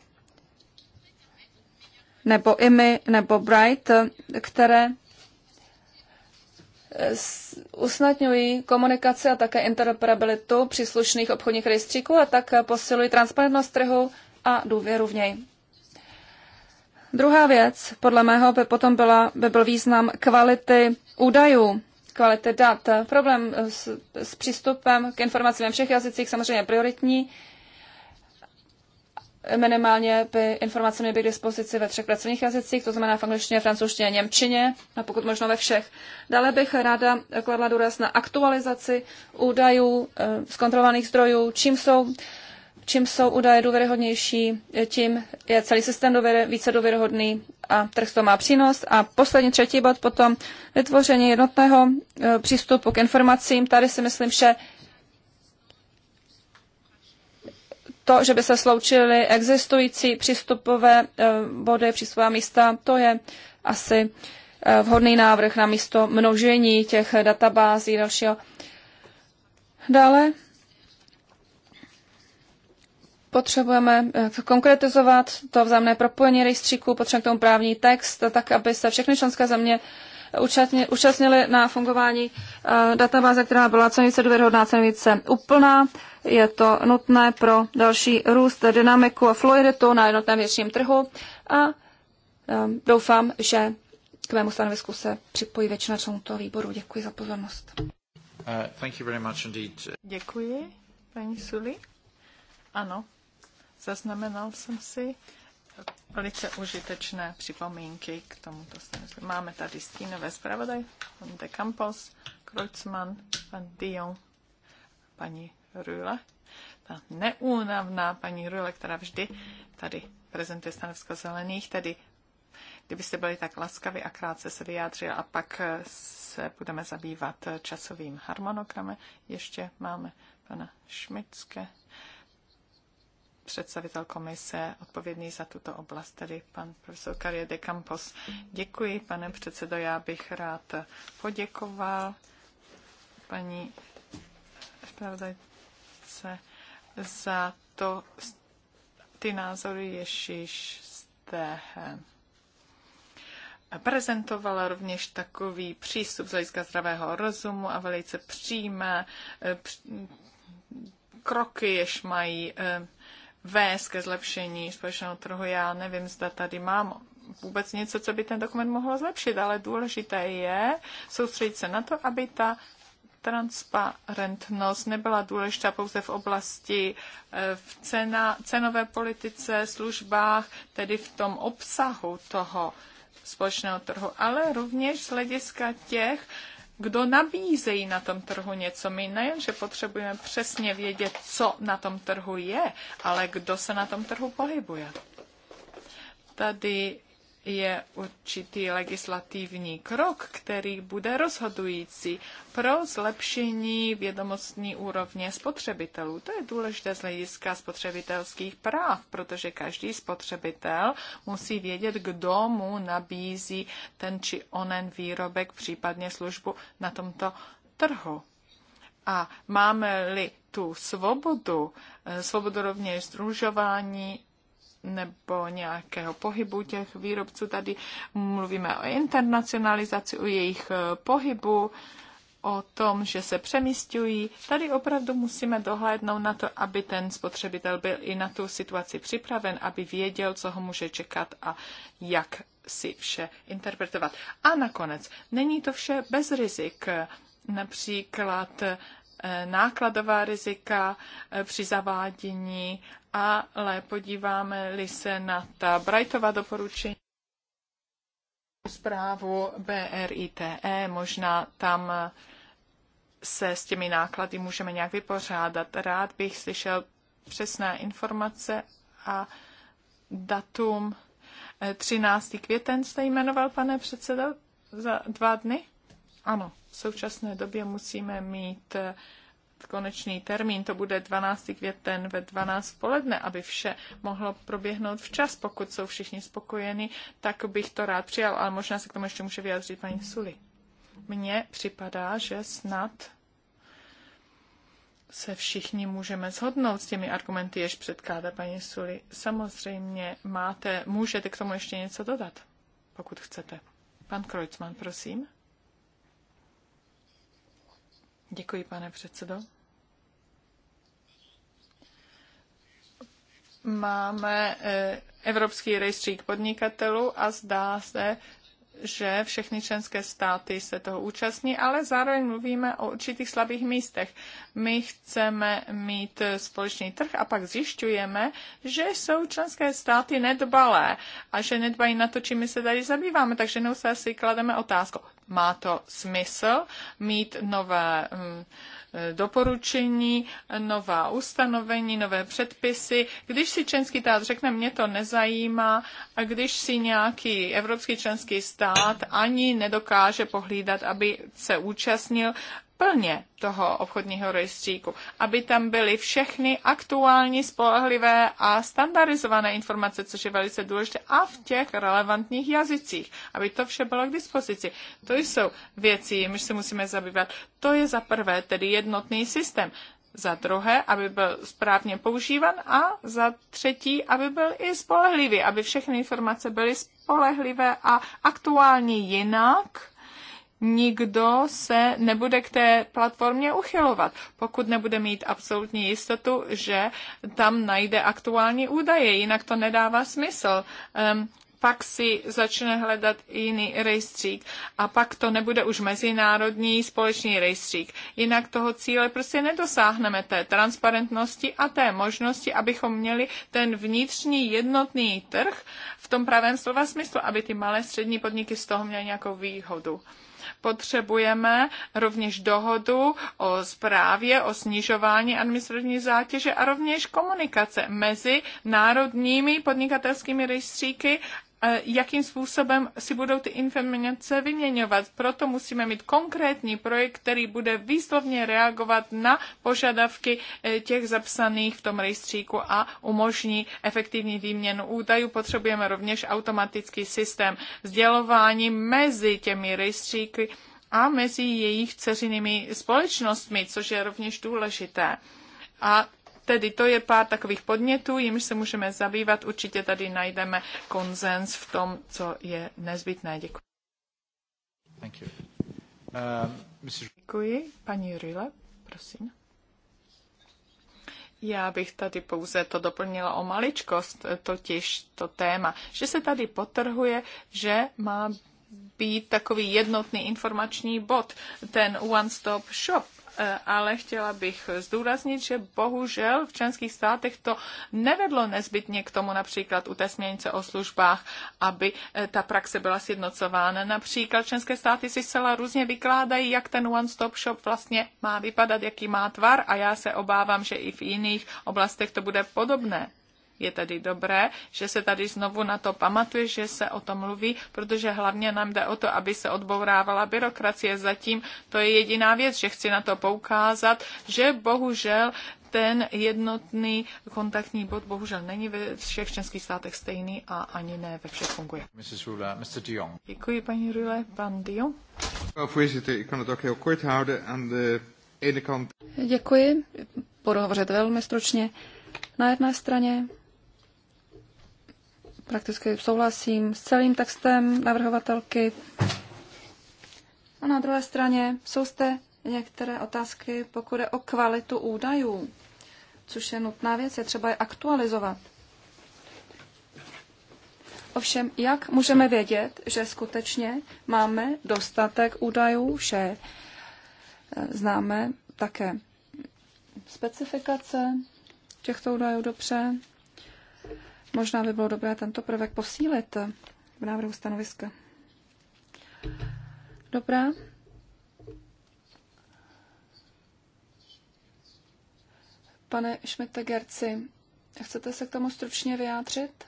nebo IMI nebo Bright, které usnadňují komunikaci a také interoperabilitu příslušných obchodních rejstříků a tak posilují transparentnost trhu a důvěru v něj. Druhá věc, podle mého, by potom byla, by byl význam kvality údajů, kvality dat. Problém s, s přístupem k informacím ve všech jazycích samozřejmě prioritní, minimálně by informace měly být k dispozici ve třech pracovních jazycích, to znamená v angličtině, francouzštině a němčině, a pokud možno ve všech. Dále bych ráda kladla důraz na aktualizaci údajů eh, z kontrolovaných zdrojů, čím jsou Čím jsou údaje důvěryhodnější, eh, tím je celý systém důvěry, více důvěryhodný a trh to má přínos. A poslední třetí bod potom vytvoření jednotného eh, přístupu k informacím. Tady si myslím, že to, že by se sloučily existující přístupové eh, body, přístupová místa, to je asi eh, vhodný návrh na místo množení těch databází dalšího. Dále potřebujeme eh, konkretizovat to vzájemné propojení rejstříků, potřebujeme k tomu právní text, tak aby se všechny členské země účastnili na fungování databáze, která byla co nejvíce důvěrhodná, co nejvíce úplná je to nutné pro další růst, dynamiku a fluiditu na jednotném vnitřním trhu a eh, doufám, že k mému stanovisku se připojí většina členů toho výboru. Děkuji za pozornost. Eh, Děkuji, paní Suli. Ano, zaznamenal jsem si velice užitečné připomínky k tomuto stanovisku. Máme tady stínové zpravodaj, pan de Campos, Kreuzmann, pan Dion, paní Rühle, ta neúnavná paní Rühle, která vždy tady prezentuje stanovisko zelených, tedy kdybyste byli tak laskavi a krátce se vyjádřili a pak se budeme zabývat časovým harmonogramem. Ještě máme pana Šmicke, představitel komise odpovědný za tuto oblast, tedy pan profesor Karie de Campos. Děkuji, pane předsedo, já bych rád poděkoval paní zpravodajce se za to, ty názory, jež jste eh, prezentovala rovněž takový přístup z hlediska zdravého rozumu a velice přímé eh, kroky, jež mají eh, vést ke zlepšení společného trhu. Já nevím, zda tady mám vůbec něco, co by ten dokument mohlo zlepšit, ale důležité je soustředit se na to, aby ta transparentnost nebyla důležitá pouze v oblasti eh, v cena, cenové politice, službách, tedy v tom obsahu toho společného trhu, ale rovněž z hlediska těch, kdo nabízejí na tom trhu něco. My nejenže potřebujeme přesně vědět, co na tom trhu je, ale kdo se na tom trhu pohybuje. Tady je určitý legislativní krok, který bude rozhodující pro zlepšení vědomostní úrovně spotřebitelů. To je důležité z hlediska spotřebitelských práv, protože každý spotřebitel musí vědět, kdo mu nabízí ten či onen výrobek, případně službu na tomto trhu. A máme-li tu svobodu, eh, svobodu rovněž združování nebo nějakého pohybu těch výrobců. Tady mluvíme o internacionalizaci, o jejich e, pohybu, o tom, že se přemístují. Tady opravdu musíme dohlédnout na to, aby ten spotřebitel byl i na tu situaci připraven, aby věděl, co ho může čekat a jak si vše interpretovat. A nakonec, není to vše bez rizik. Například e, nákladová rizika e, při zavádění ale podíváme-li se na ta Brightova doporučení, zprávu BRITE, možná tam se s těmi náklady můžeme nějak vypořádat. Rád bych slyšel přesné informace a datum 13. květen jste jmenoval, pane předsedo, za dva dny? Ano, v současné době musíme mít konečný termín, to bude 12. květen ve 12 poledne, aby vše mohlo proběhnout včas, pokud jsou všichni spokojeni, tak bych to rád přijal, ale možná se k tomu ještě může vyjádřit paní Suli. Mně připadá, že snad se všichni můžeme shodnout s těmi argumenty, jež předkládá paní Suli. Samozřejmě máte, můžete k tomu ještě něco dodat, pokud chcete. Pan Kreutzmann, prosím. Děkuji, pane předsedo. Máme e, Evropský rejstřík podnikatelů a zdá se, že všechny členské státy se toho účastní, ale zároveň mluvíme o určitých slabých místech. My chceme mít společný trh a pak zjišťujeme, že jsou členské státy nedbalé a že nedbají na to, čím my se tady zabýváme, takže neustále si klademe otázku. Má to smysl mít nové mm, e, doporučení, nová ustanovení, nové předpisy. Když si členský stát řekne, mě to nezajímá, a když si nějaký evropský členský stát ani nedokáže pohlídat, aby se účastnil plně toho obchodního rejstříku, aby tam byly všechny aktuální, spolehlivé a standardizované informace, což je velice důležité, a v těch relevantních jazycích, aby to vše bylo k dispozici. To jsou věci, jimž se musíme zabývat. To je za prvé tedy jednotný systém za druhé, aby byl správně používan a za třetí, aby byl i spolehlivý, aby všechny informace byly spolehlivé a aktuální jinak nikdo se nebude k té platformě uchylovat, pokud nebude mít absolutní jistotu, že tam najde aktuální údaje, jinak to nedává smysl. Um, pak si začne hledat jiný rejstřík a pak to nebude už mezinárodní společný rejstřík. Jinak toho cíle prostě nedosáhneme té transparentnosti a té možnosti, abychom měli ten vnitřní jednotný trh v tom pravém slova smyslu, aby ty malé střední podniky z toho měly nějakou výhodu. Potřebujeme rovněž dohodu o zprávě, o snižování administrativní zátěže a rovněž komunikace mezi národními podnikatelskými rejstříky E, jakým způsobem si budou ty informace vyměňovat. Proto musíme mít konkrétní projekt, který bude výslovně reagovat na požadavky e, těch zapsaných v tom rejstříku a umožní efektivní výměnu údajů. Potřebujeme rovněž automatický systém sdělování mezi těmi rejstříky a mezi jejich ceřinými společnostmi, což je rovněž důležité. A Tedy to je pár takových podnětů, jimž se můžeme zabývat. Určitě tady najdeme konzens v tom, co je nezbytné. Děkuji. Thank you. Uh, Mr. Děkuji. Paní Rile, prosím. Já bych tady pouze to doplnila o maličkost, totiž to téma, že se tady potrhuje, že má být takový jednotný informační bod, ten one-stop shop Eh, ale chtěla bych zdůraznit, že bohužel v členských státech to nevedlo nezbytně k tomu například u té směnice o službách, aby eh, ta praxe byla sjednocována. Například členské státy si zcela různě vykládají, jak ten one-stop shop vlastně má vypadat, jaký má tvar a já se obávám, že i v jiných oblastech to bude podobné. Je tedy dobré, že se tady znovu na to pamatuje, že se o tom mluví, protože hlavně nám jde o to, aby se odbourávala byrokracie. Zatím to je jediná věc, že chci na to poukázat, že bohužel ten jednotný kontaktní bod bohužel není ve všech členských státech stejný a ani ne ve všech funguje. Mrs. Rula, Mr. De Děkuji, paní Rule. Pan Dion. Uh, Děkuji. Budu hovořit velmi stručně. Na jedné straně prakticky souhlasím s celým textem navrhovatelky. A na druhé straně jsou zde některé otázky, pokud je o kvalitu údajů, což je nutná věc, je třeba je aktualizovat. Ovšem, jak můžeme vědět, že skutečně máme dostatek údajů, že eh, známe také specifikace těchto údajů dobře, Možná by bylo dobré tento prvek posílit v návrhu stanoviska. Dobrá. Pane Gerci, chcete se k tomu stručně vyjádřit?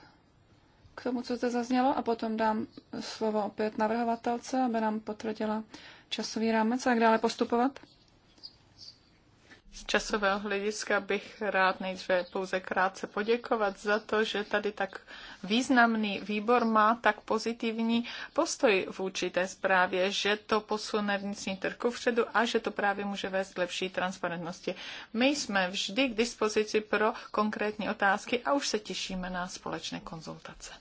K tomu, co zde zaznělo? A potom dám slovo opět navrhovatelce, aby nám potvrdila časový rámec a jak dále postupovat. Z časového hlediska bych rád nejdříve pouze krátce poděkovat za to, že tady tak významný výbor má tak pozitivní postoj vůči té zprávě, že to posune vnitřní trh vředu a že to právě může vést k lepší transparentnosti. My jsme vždy k dispozici pro konkrétní otázky a už se těšíme na společné konzultace.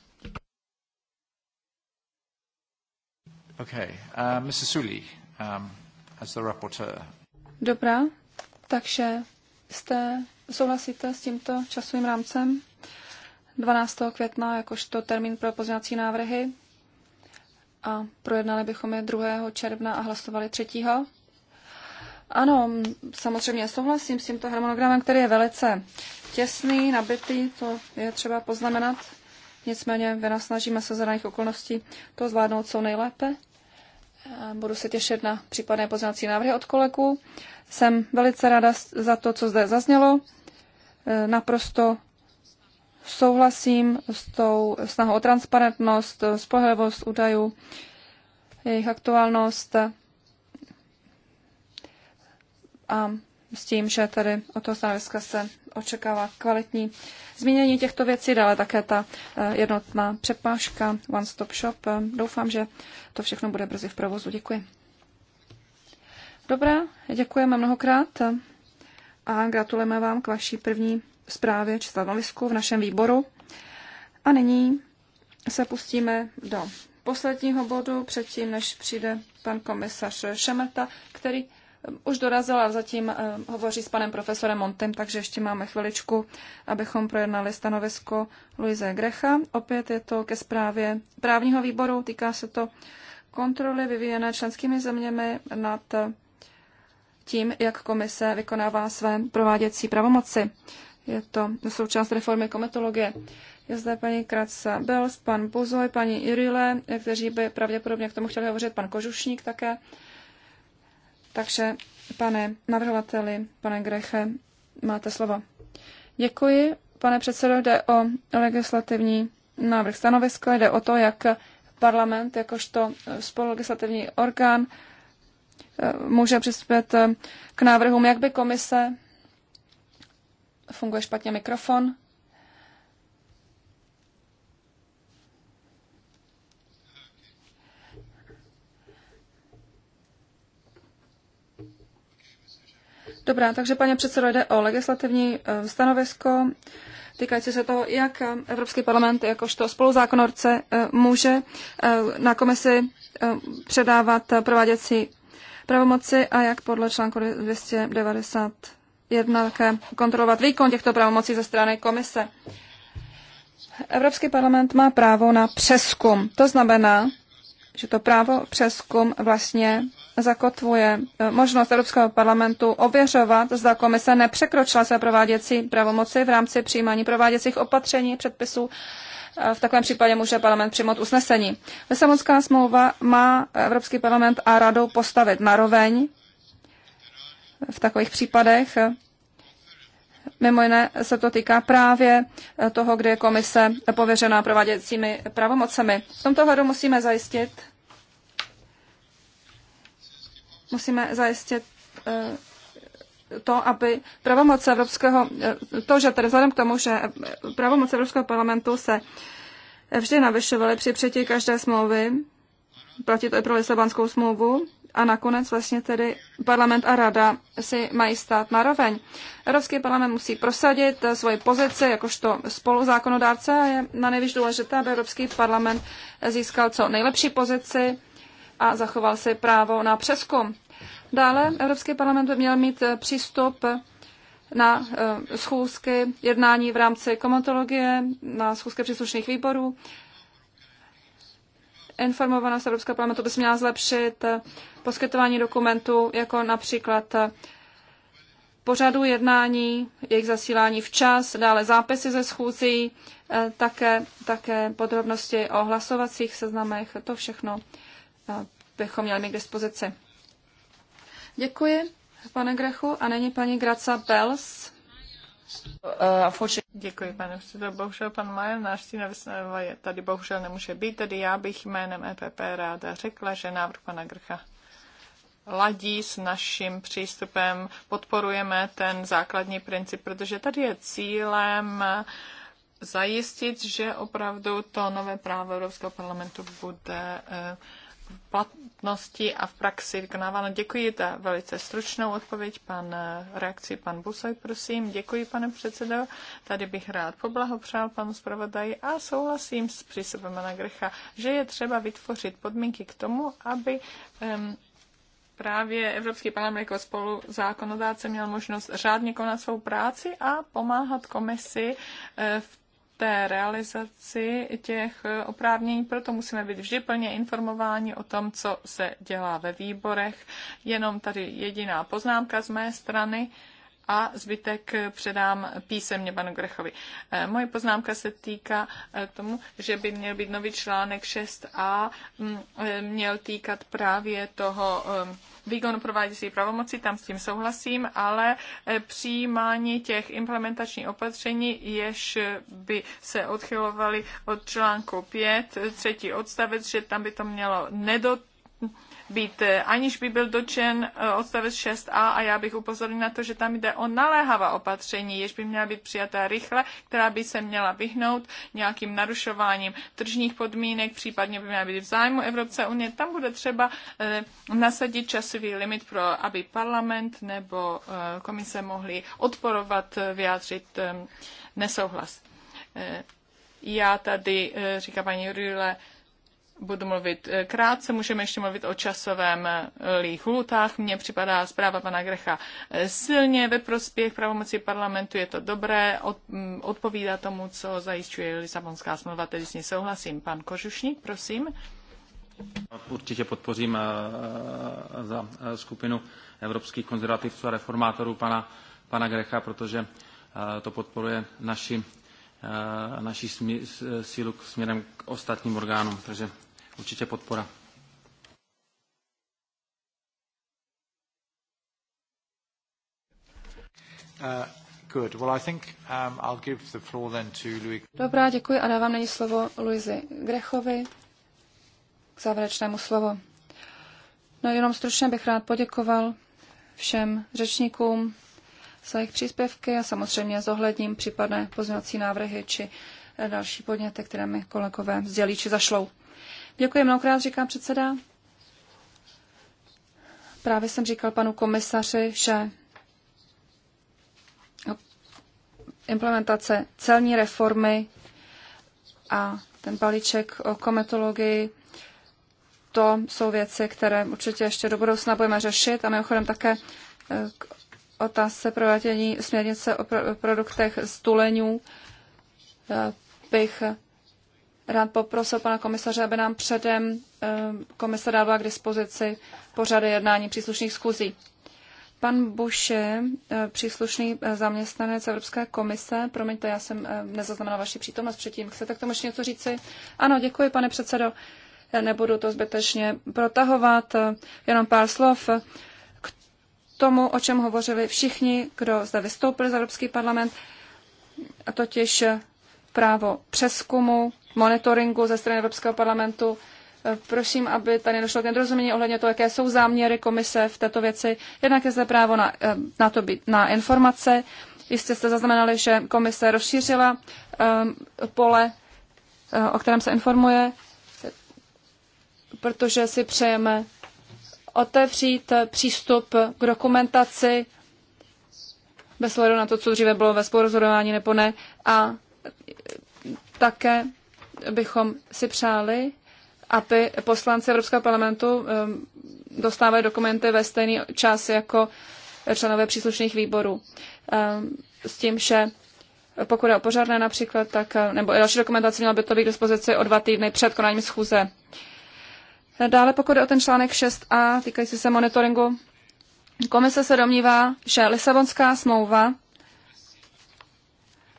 Okay. Uh, Mrs. Sully, um, as the rapporteur. Dobrá, takže jste, souhlasíte s tímto časovým rámcem? 12. května jakožto termín pro pozměňovací návrhy a projednali bychom je 2. června a hlasovali 3. Ano, samozřejmě souhlasím s tímto harmonogramem, který je velice těsný, nabitý, to je třeba poznamenat. Nicméně snažíme se za daných okolností to zvládnout co nejlépe. Eh, budu se těšit na případné poznací návrhy od kolegů. Jsem velice ráda za to, co zde zaznělo. Eh, naprosto souhlasím s tou snahou o transparentnost, spolehlivost údajů, jejich aktuálnost a s tím, že tady od toho stanoviska se očekává kvalitní zmínění těchto věcí, dále také ta eh, jednotná přepážka One Stop Shop. Eh, doufám, že to všechno bude brzy v provozu. Děkuji. Dobrá, děkujeme mnohokrát eh, a gratulujeme vám k vaší první zprávě či stanovisku v našem výboru. A nyní se pustíme do posledního bodu, předtím, než přijde pan komisař Šemrta, který už dorazila, zatím eh, hovoří s panem profesorem Montem, takže ještě máme chviličku, abychom projednali stanovisko Luise Grecha. Opět je to ke zprávě právního výboru, týká se to kontroly vyvíjené členskými zeměmi nad eh, tím, jak komise vykonává své prováděcí pravomoci. Je to součást reformy kometologie. Je zde paní Kratsa Bels, pan Buzoj, paní Irile, kteří by pravděpodobně k tomu chtěli hovořit, pan Kožušník také. Takže, pane navrhovateli, pane Greche, máte slovo. Děkuji, pane předsedo, jde o legislativní návrh stanoviska, jde o to, jak parlament jakožto spolulegislativní orgán eh, může přispět eh, k návrhům, jak by komise funguje špatně mikrofon. Dobrá, takže paní předsedo, jde o legislativní e, stanovisko týkající se toho, jak Evropský parlament jakožto spoluzákonorce e, může e, na komisi předávat prováděcí pravomoci a jak podle článku 291 také kontrolovat výkon těchto pravomocí ze strany komise. Evropský parlament má právo na přeskum. To znamená, že to právo přeskum vlastně zakotvuje eh, možnost Evropského parlamentu ověřovat, zda komise nepřekročila své prováděcí pravomoci v rámci přijímání prováděcích opatření, předpisů. Eh, v takovém případě může parlament přijmout usnesení. Lisabonská smlouva má Evropský parlament a radu postavit naroveň v takových případech. Eh, mimo jiné se to týká právě toho, kde je komise pověřená prováděcími pravomocemi. V tomto hledu musíme zajistit, Musíme zajistit eh, to, aby pravomoc Evropského, eh, to, že tedy vzhledem k tomu, že eh, pravomoc Evropského parlamentu se vždy navyšovaly při přijetí každé smlouvy, platí to i pro Lisabonskou smlouvu, a nakonec vlastně tedy parlament a rada si mají stát na roveň. Evropský parlament musí prosadit svoji pozici jakožto spoluzákonodárce a je na nejvíc důležité, aby Evropský parlament získal co nejlepší pozici a zachoval si právo na přeskum. Dále Evropský parlament by měl mít eh, přístup na eh, schůzky, jednání v rámci komatologie, na schůzky příslušných výborů. Informovanost Evropského parlamentu by se měla zlepšit eh, poskytování dokumentů, jako například pořadu jednání, jejich zasílání včas, dále zápisy ze schůzí, také, také podrobnosti o hlasovacích seznamech, to všechno bychom měli mít k dispozici. Děkuji, pane Grechu. A není paní Graca Pels. Děkuji, pane předsedo. Bohužel pan Majer, náš stínový je tady bohužel nemůže být, tedy já bych jménem EPP ráda řekla, že návrh pana Grcha ladí s naším přístupem, podporujeme ten základní princip, protože tady je cílem zajistit, že opravdu to nové právo Evropského parlamentu bude eh, platnosti a v praxi vykonávána. Děkuji za velice stručnou odpověď. Pan eh, reakci pan Busoj, prosím. Děkuji, pane předsedo. Tady bych rád poblahopřál panu zpravodaji a souhlasím s přístupem pana Grecha, že je třeba vytvořit podmínky k tomu, aby um, právě Evropský parlament jako spolu zákonodáce měl možnost řádně konat svou práci a pomáhat komisi eh, v té realizaci těch eh, oprávnění, proto musíme být vždy plně informováni o tom, co se dělá ve výborech. Jenom tady jediná poznámka z mé strany a zbytek eh, předám písemně panu Grechovi. Eh, moje poznámka se týká tomu, že by měl být nový článek 6a, mm, měl týkat právě toho výkonu prováděcí pravomoci, tam s tím souhlasím, ale eh, přijímání těch implementačních opatření, jež by se odchylovaly od článku 5, třetí odstavec, že tam by to mělo nedot být, eh, aniž by byl dočen eh, odstavec 6a a já bych upozornila na to, že tam jde o naléhavá opatření, jež by měla být přijatá rychle, která by se měla vyhnout nějakým narušováním tržních podmínek, případně by měla být v zájmu Evropské unie. Tam bude třeba eh, nasadit časový limit pro, aby parlament nebo komise mohli odporovat, vyjádřit nesouhlas. Já tady, říká paní Jurile, budu mluvit eh, krátce, můžeme ještě mluvit o časovém eh, lhůtách. Mně připadá zpráva pana Grecha eh, silně ve prospěch pravomocí parlamentu, je to dobré, mm, odpovídá tomu, co zajišťuje Lisabonská smlouva, tedy s ní souhlasím. Pan Kožušník, prosím. Určitě podpořím za skupinu evropských konzervativců a reformátorů pana, pana Grecha, protože to podporuje naši naší sílu směrem k ostatním orgánům. Takže určitě podpora. Uh, um, Dobrá, děkuji a dávám nyní slovo Luizi Grechovi k závěrečnému slovu. No jenom stručně bych rád poděkoval všem řečníkům za jejich příspěvky a samozřejmě zohledním případné pozměňovací návrhy či další podněty, které mi kolegové vzdělí či zašlou. Děkuji mnohokrát, říká předseda. Právě jsem říkal panu komisaři, že implementace celní reformy a ten balíček o kometologii, to jsou věci, které určitě ještě do budoucna budeme řešit a mimochodem také eh, k otázce provádění směrnice o produktech z tuleňů eh, bych rád poprosil pana komisaře, aby nám předem eh, komise dávala k dispozici pořady jednání příslušných schůzí. Pan Buše, eh, příslušný eh, zaměstnanec Evropské komise, promiňte, já jsem nezaznamenala vaši přítomnost předtím. Chcete k tomu ještě něco říci? Ano, děkuji, pane předsedo. Nebudu to zbytečně protahovat, jenom pár slov k tomu, o čem hovořili všichni, kdo zde vystoupili z Evropský parlament, a totiž právo přeskumu monitoringu ze strany Evropského parlamentu. Eh, prosím, aby tady došlo k nedorozumění ohledně toho, jaké jsou záměry komise v této věci. Jednak je zde právo na, eh, na, to být, na informace. Jistě jste zaznamenali, že komise rozšířila um, pole, o kterém se informuje, protože si přejeme otevřít přístup k dokumentaci bez ohledu na to, co dříve bylo ve spolurozhodování nebo ne, a také bychom si přáli, aby poslanci Evropského parlamentu um, dostávali dokumenty ve stejný čas jako členové příslušných výborů. Um, s tím, že pokud je o požárné například, tak, uh, nebo další dokumentace měla by to být k dispozici o dva týdny před konáním schůze. Dále pokud je o ten článek 6a týkající se monitoringu, komise se domnívá, že Lisabonská smlouva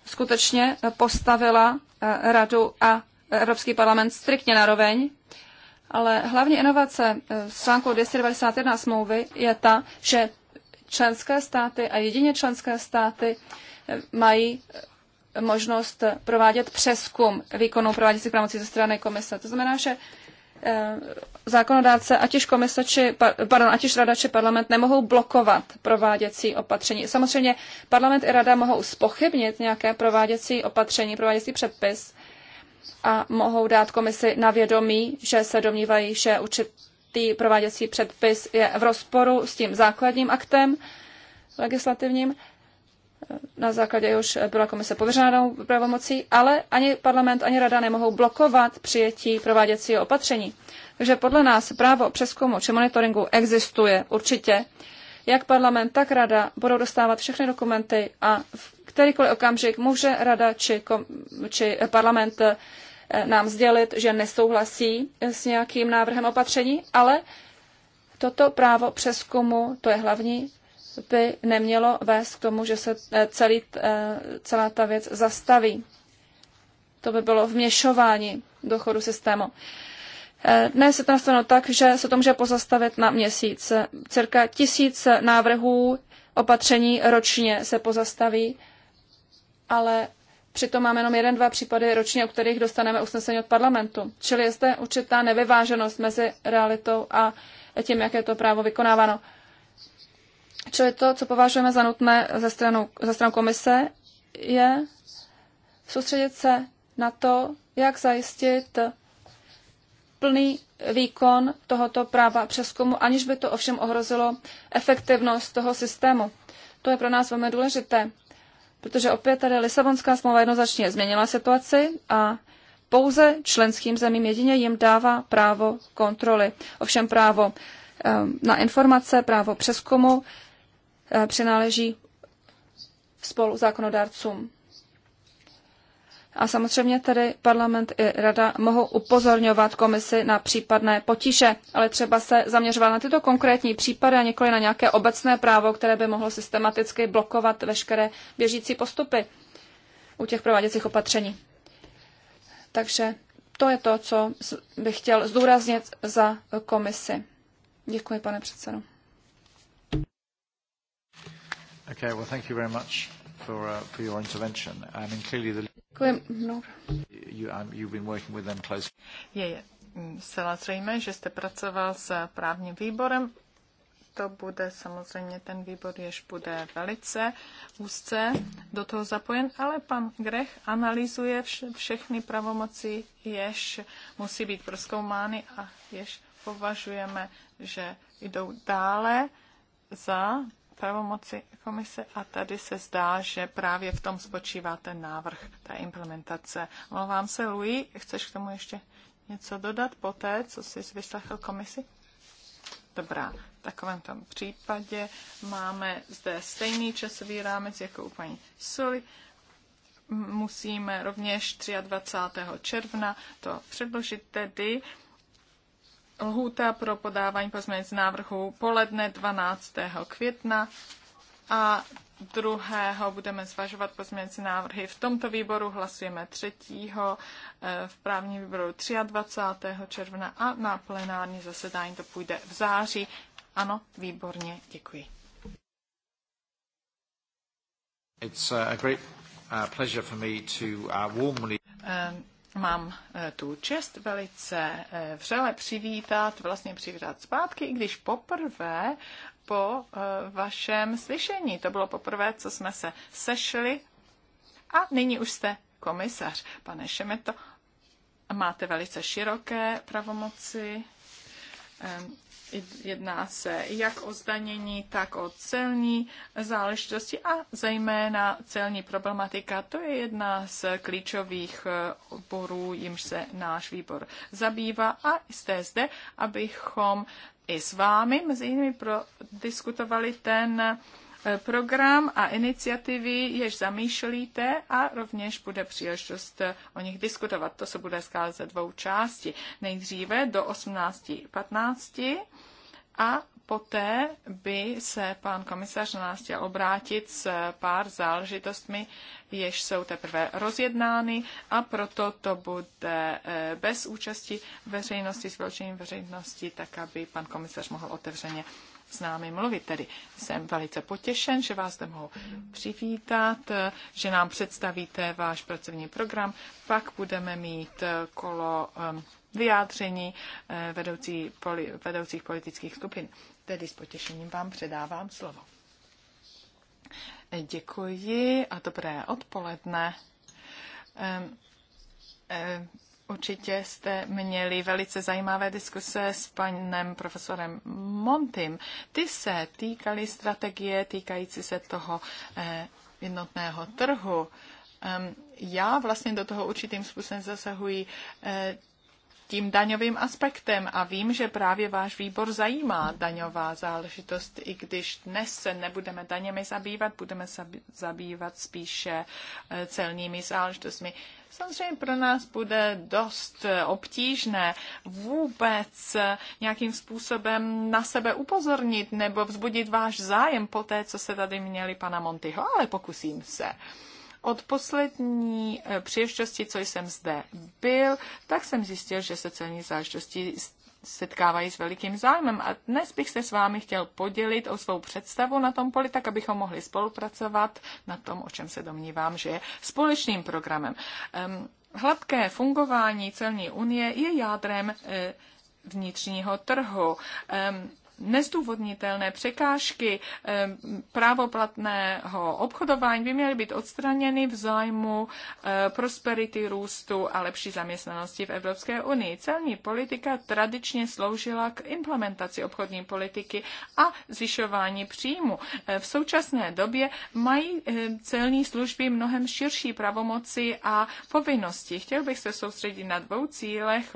skutečně postavila uh, radu a Evropský parlament striktně naroveň, ale hlavní inovace v eh, článku 291 smlouvy je ta, že členské státy a jedině členské státy eh, mají eh, možnost provádět přeskum výkonu prováděcích pravomocí ze strany komise. To znamená, že zákonodáce, ať již, komise, či, pardon, ať již rada či parlament nemohou blokovat prováděcí opatření. Samozřejmě parlament i rada mohou spochybnit nějaké prováděcí opatření, prováděcí předpis, a mohou dát komisi na vědomí, že se domnívají, že určitý prováděcí předpis je v rozporu s tím základním aktem legislativním, na základě jehož byla komise pověřenou pravomocí, ale ani parlament, ani rada nemohou blokovat přijetí prováděcího opatření. Takže podle nás právo přeskumu či monitoringu existuje určitě. Jak parlament, tak rada budou dostávat všechny dokumenty a kterýkoliv okamžik může rada či, kom, či parlament eh, nám sdělit, že nesouhlasí s nějakým návrhem opatření, ale toto právo přeskumu, to je hlavní, by nemělo vést k tomu, že se eh, celý, eh, celá ta věc zastaví. To by bylo vměšování do chodu systému. Dnes je to nastaveno tak, že se to může pozastavit na měsíc. Cirka tisíc návrhů opatření ročně se pozastaví ale přitom máme jenom jeden, dva případy ročně, u kterých dostaneme usnesení od parlamentu. Čili je zde určitá nevyváženost mezi realitou a tím, jak je to právo vykonáváno. Čili to, co považujeme za nutné ze stranu, ze stranu komise, je soustředit se na to, jak zajistit plný výkon tohoto práva přeskumu, aniž by to ovšem ohrozilo efektivnost toho systému. To je pro nás velmi důležité. Protože opět tady Lisabonská smlouva jednoznačně změnila situaci a pouze členským zemím jedině jim dává právo kontroly. Ovšem právo ehm, na informace, právo přeskumu eh, přináleží spolu zákonodárcům. A samozřejmě tedy parlament i rada mohou upozorňovat komisi na případné potíže, ale třeba se zaměřovat na tyto konkrétní případy a nikoli na nějaké obecné právo, které by mohlo systematicky blokovat veškeré běžící postupy u těch prováděcích opatření. Takže to je to, co bych chtěl zdůraznit za komisi. Děkuji, pane předsedo. Okay, well, thank you very much for, uh, for your intervention. I mean, clearly the... Děkuji. No. You, um, you've been working with them closely. Je, je mm, zcela zřejmé, že jste pracoval s právním výborem. To bude samozřejmě ten výbor, jež bude velice úzce do toho zapojen, ale pan Grech analyzuje vše, všechny pravomoci, jež musí být proskoumány a jež považujeme, že jdou dále za pravomoci komise a tady se zdá, že právě v tom spočívá ten návrh, ta implementace. Mluvám se, Louis, chceš k tomu ještě něco dodat po té, co jsi vyslechl komisi? Dobrá, v takovém tom případě máme zde stejný časový rámec jako u paní Sully. Musíme rovněž 23. června to předložit tedy Lhůta pro podávání pozměnic návrhu poledne 12. května a druhého budeme zvažovat pozměňující návrhy. V tomto výboru hlasujeme 3. Eh, v právním výboru 23. června a na plenární zasedání to půjde v září. Ano, výborně, děkuji. It's eh, a great eh, pleasure for me to warmly mám eh, tu čest velice eh, vřele přivítat, vlastně přivítat zpátky, i když poprvé po eh, vašem slyšení. To bylo poprvé, co jsme se sešli a nyní už jste komisař. Pane Šemeto, máte velice široké pravomoci Jedná se jak o zdanění, tak o celní záležitosti a zejména celní problematika. To je jedna z klíčových oborů, jimž se náš výbor zabývá a jste zde, abychom i s vámi mezi jinými prodiskutovali ten Eh, program a iniciativy, jež zamýšlíte a rovněž bude příležitost eh, o nich diskutovat. To se bude skázat ze dvou části. Nejdříve do 18.15 a poté by se pan komisař na nás chtěl obrátit s eh, pár záležitostmi, jež jsou teprve rozjednány a proto to bude bez účasti veřejnosti, s veřejnosti, tak aby pan komisař mohl otevřeně s námi mluvit. Tedy jsem velice potěšen, že vás zde mohu přivítat, že nám představíte váš pracovní program. Pak budeme mít eh, kolo eh, vyjádření eh, vedoucí, poli, vedoucích politických skupin. Tedy s potěšením vám předávám slovo. Děkuji a dobré odpoledne Určitě jste měli velice zajímavé diskuse s panem profesorem Montym. Ty se týkaly strategie týkající se toho eh, jednotného trhu. Um, já vlastně do toho určitým způsobem zasahuji eh, tím daňovým aspektem a vím, že právě váš výbor zajímá daňová záležitost, i když dnes se nebudeme daněmi zabývat, budeme se zabývat spíše eh, celními záležitostmi. Samozřejmě pro nás bude dost eh, obtížné vůbec eh, nějakým způsobem na sebe upozornit nebo vzbudit váš zájem po té, co se tady měli pana Montyho, ale pokusím se. Uh, od poslední eh, příležitosti, co jsem zde byl, tak jsem zjistil, že se celní záležitosti setkávají s velikým zájmem. A dnes bych se s vámi chtěl podělit o svou představu na tom poli, tak abychom mohli spolupracovat na tom, o čem se domnívám, že je společným programem. Ehm, hladké fungování celní unie je jádrem eh, vnitřního trhu. Ehm, nezdůvodnitelné překážky eh, právoplatného obchodování by měly být odstraněny v zájmu eh, prosperity, růstu a lepší zaměstnanosti v Evropské unii. Celní politika tradičně sloužila k implementaci obchodní politiky a zvyšování příjmu. Eh, v současné době mají celní služby mnohem širší pravomoci a povinnosti. Chtěl bych se soustředit na dvou cílech,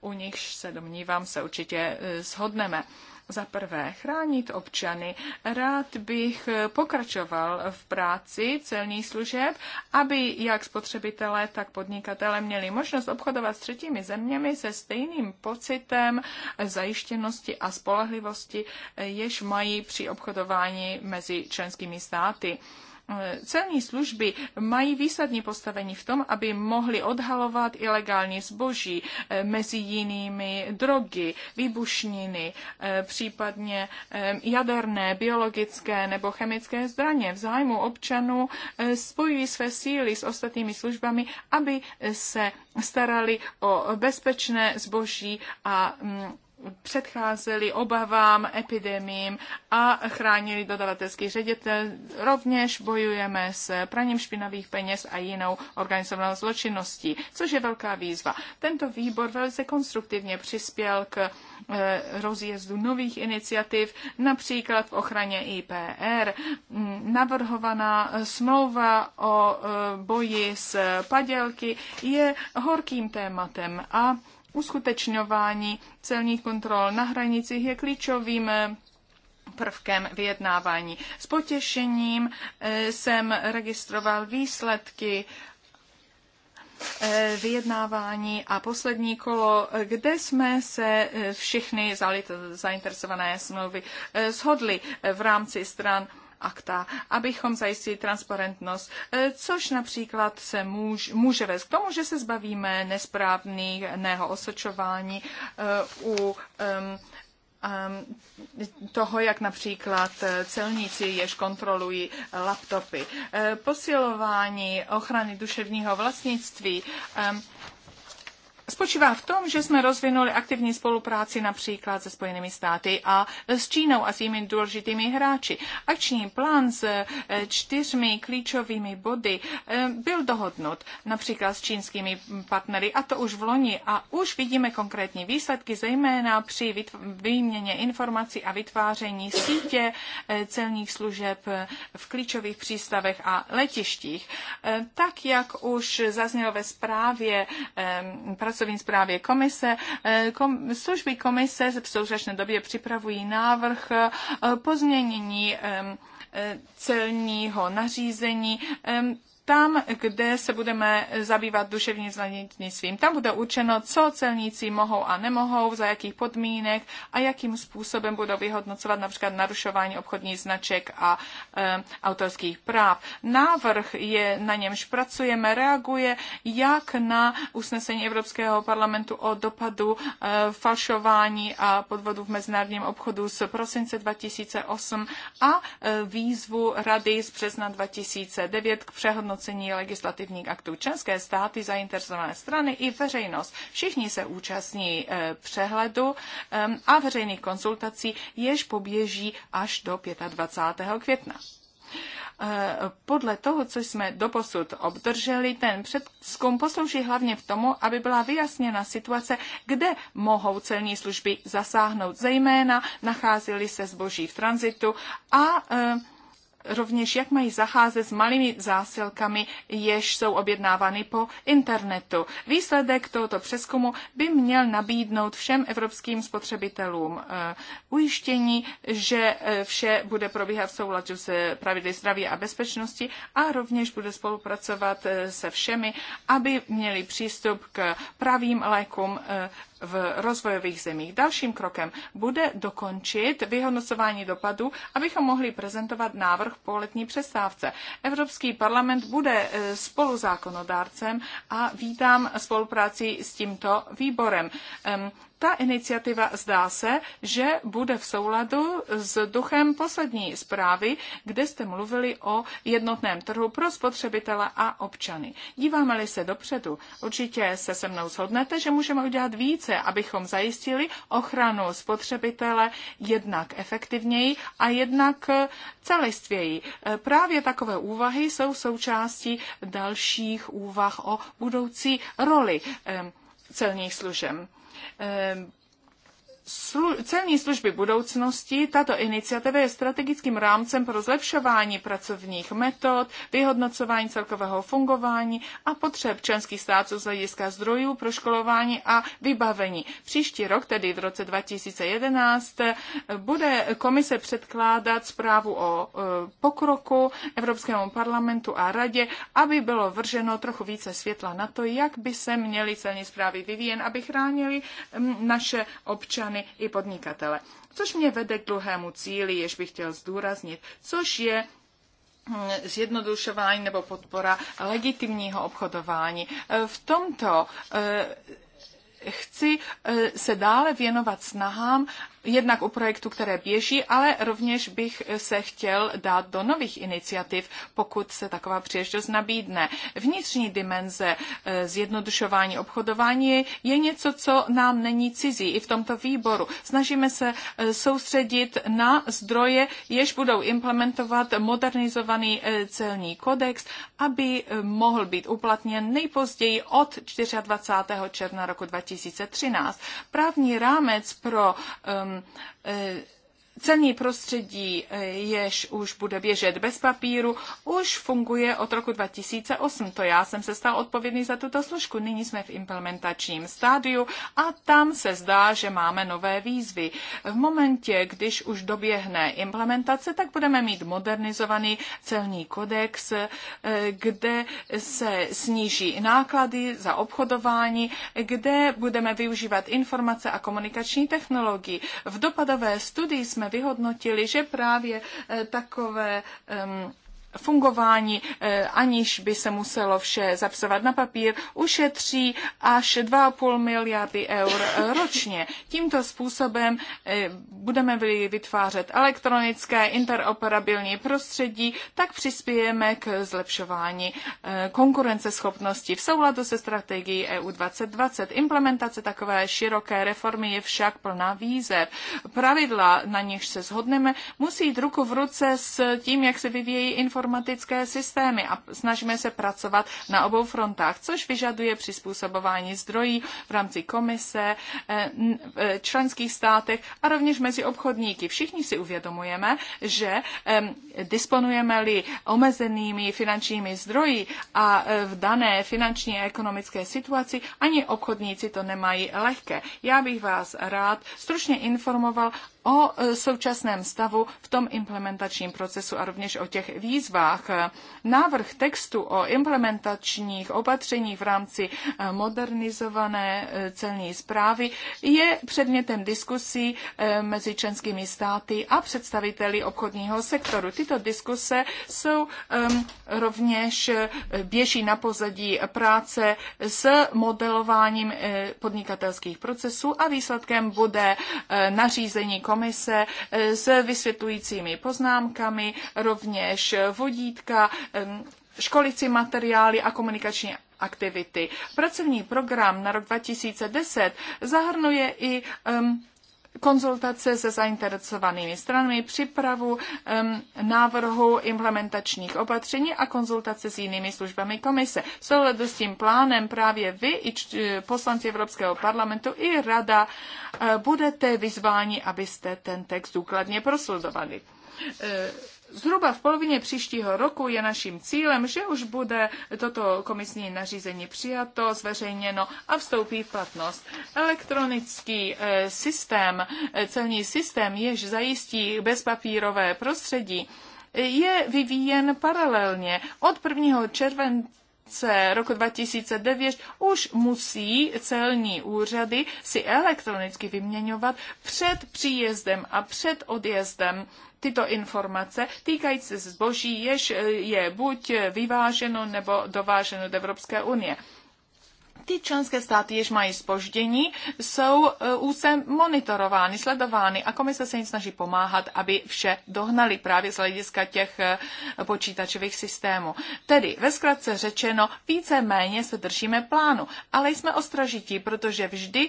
u nichž se domnívám se určitě shodneme. Za prvé, chránit občany. Rád bych pokračoval v práci celních služeb, aby jak spotřebitelé, tak podnikatele měli možnost obchodovat s třetími zeměmi se stejným pocitem zajištěnosti a spolehlivosti, jež mají při obchodování mezi členskými státy. Celní služby mají výsadní postavení v tom, aby mohli odhalovat ilegální zboží, eh, mezi jinými drogy, výbušniny, eh, případně eh, jaderné, biologické nebo chemické zbraně. V zájmu občanů spojují své síly s ostatními službami, aby se starali o bezpečné zboží a mm, předcházeli obavám, epidemím a chránili dodavatelský ředitel. Rovněž bojujeme s praním špinavých peněz a jinou organizovanou zločinností, což je velká výzva. Tento výbor velice konstruktivně přispěl k eh, rozjezdu nových iniciativ, například v ochraně IPR, navrhovaná smlouva o eh, boji s padělky je horkým tématem a uskutečňování celních kontrol na hranicích je klíčovým eh, prvkem vyjednávání. S potěšením eh, jsem registroval výsledky eh, vyjednávání a poslední kolo, kde jsme se všichni zainteresované smlouvy shodli v rámci stran akta, abychom zajistili transparentnost, eh, což například se můž, může vést k tomu, že se zbavíme nesprávného osočování eh, u um, toho, jak například eh, celníci, jež kontrolují laptopy. Posilování ochrany duševního vlastnictví spočívá v tom, že jsme rozvinuli aktivní spolupráci například se Spojenými státy a s Čínou a s jimi důležitými hráči. Akční plán s eh, čtyřmi klíčovými body eh, byl dohodnut například s čínskými partnery a to už v loni a už vidíme konkrétní výsledky, zejména při výměně informací a vytváření sítě eh, celních služeb v klíčových přístavech a letištích. Tak, jak už zaznělo ve zprávě pracovníků, pracovní zprávě komise. Eh, kom, služby komise v současné době připravují návrh eh, pozměnění eh, celního nařízení tam, kde se budeme zabývat duševním svým, Tam bude určeno, co celníci mohou a nemohou, za jakých podmínek a jakým způsobem budou vyhodnocovat například narušování obchodních značek a e, autorských práv. Návrh je, na němž pracujeme, reaguje jak na usnesení Evropského parlamentu o dopadu e, falšování a podvodu v mezinárodním obchodu z prosince 2008 a e, výzvu Rady z března 2009 k přehodnocení hodnocení legislativních aktů. Členské státy, zainteresované strany i veřejnost. Všichni se účastní eh, přehledu a veřejných konsultací, jež poběží až do 25. května. Eh, podle toho, co jsme doposud obdrželi, ten předzkum poslouží hlavně v tomu, aby byla vyjasněna situace, kde mohou celní služby zasáhnout, zejména nacházeli se zboží v tranzitu a eh, rovněž jak mají zacházet s malými zásilkami, jež jsou objednávány po internetu. Výsledek tohoto přeskumu by měl nabídnout všem evropským spotřebitelům eh, ujištění, že eh, vše bude probíhat v souladu s pravidly zdraví a bezpečnosti a rovněž bude spolupracovat eh, se všemi, aby měli přístup k pravým lékům v rozvojových zemích. Dalším krokem bude dokončit vyhodnocování dopadu, abychom mohli prezentovat návrh po letní přestávce. Evropský parlament bude e, spoluzákonodárcem a vítám spolupráci s tímto výborem ta iniciativa zdá se, že bude v souladu s duchem poslední zprávy, kde jste mluvili o jednotném trhu pro spotřebitele a občany. Díváme-li se dopředu, určitě se se mnou shodnete, že můžeme udělat více, abychom zajistili ochranu spotřebitele jednak efektivněji a jednak eh, celistvěji. Eh, právě takové úvahy jsou součástí dalších úvah o budoucí roli eh, celních služeb. Um, slu- celní služby budoucnosti, tato iniciativa je strategickým rámcem pro zlepšování pracovních metod, vyhodnocování celkového fungování a potřeb členských států z hlediska zdrojů pro školování a vybavení. Příští rok, tedy v roce 2011, bude komise předkládat zprávu o e, pokroku Evropskému parlamentu a radě, aby bylo vrženo trochu více světla na to, jak by se měly celní zprávy vyvíjen, aby chránili naše občany firmy i podnikatele. Což mě vede k druhému cíli, jež bych chtěl zdůraznit, což je hm, zjednodušování nebo podpora legitimního obchodování. V tomto eh, chci eh, se dále věnovat snahám jednak u projektů, které běží, ale rovněž bych se chtěl dát do nových iniciativ, pokud se taková příležitost nabídne. Vnitřní dimenze eh, zjednodušování obchodování je něco, co nám není cizí i v tomto výboru. Snažíme se eh, soustředit na zdroje, jež budou implementovat modernizovaný eh, celní kodex, aby mohl být uplatněn nejpozději od 24. června roku 2013. Právní rámec pro um, um, celní prostředí, eh, jež už bude běžet bez papíru, už funguje od roku 2008. To já jsem se stal odpovědný za tuto složku. Nyní jsme v implementačním stádiu a tam se zdá, že máme nové výzvy. V momentě, když už doběhne implementace, tak budeme mít modernizovaný celní kodex, eh, kde se sníží náklady za obchodování, kde budeme využívat informace a komunikační technologii. V dopadové studii jsme vyhodnotili, že právě eh, takové um, fungování, eh, aniž by se muselo vše zapsovat na papír, ušetří až 2,5 miliardy eur ročně. Tímto způsobem eh, budeme vytvářet elektronické interoperabilní prostředí, tak přispějeme k zlepšování eh, konkurenceschopnosti v souladu se strategií EU 2020. Implementace takové široké reformy je však plná výzev. Pravidla, na nichž se shodneme, musí jít ruku v ruce s tím, jak se vyvíjí informace informatické systémy a snažíme se pracovat na obou frontách, což vyžaduje přizpůsobování zdrojí v rámci komise, eh, v eh, členských státech a rovněž mezi obchodníky. Všichni si uvědomujeme, že disponujeme-li omezenými finančními zdroji a eh, v dané finanční a ekonomické situaci, ani obchodníci to nemají lehké. Já bych vás rád stručně informoval o e, současném stavu v tom implementačním procesu a rovněž o těch výzvách. Návrh textu o implementačních opatřeních v rámci e, modernizované e, celní zprávy je předmětem diskusí mezi členskými státy a představiteli obchodního sektoru. Tyto diskuse jsou rovněž běží na pozadí práce s modelováním podnikatelských procesů a výsledkem bude nařízení komise eh, s vysvětlujícími poznámkami, rovněž vodítka, školicí materiály a komunikační aktivity. Pracovní program na rok 2010 zahrnuje i um, konzultace se zainteresovanými stranami, připravu um, návrhu implementačních opatření a konzultace s jinými službami komise. V souhledu s tím plánem právě vy i eh, poslanci Evropského parlamentu i rada uh, budete vyzváni, abyste ten text důkladně prosledovali. Uh, eh, Zhruba v polovině příštího roku je naším cílem, že už bude toto komisní nařízení přijato, zveřejněno a vstoupí v platnost. Elektronický eh, systém, eh, celní systém, jež zajistí bezpapírové prostředí, je vyvíjen paralelně od 1. července roku 2009 už musí celní úřady si elektronicky vyměňovat před příjezdem a před odjezdem tyto informace týkající se zboží, jež je buď vyváženo nebo dováženo do Evropské unie ty členské státy, jež mají spoždění, jsou úzce eh, monitorovány, sledovány a komise se jim snaží pomáhat, aby vše dohnali právě z hlediska těch eh, počítačových systémů. Tedy ve zkratce řečeno, více méně se držíme plánu, ale jsme ostražití, protože vždy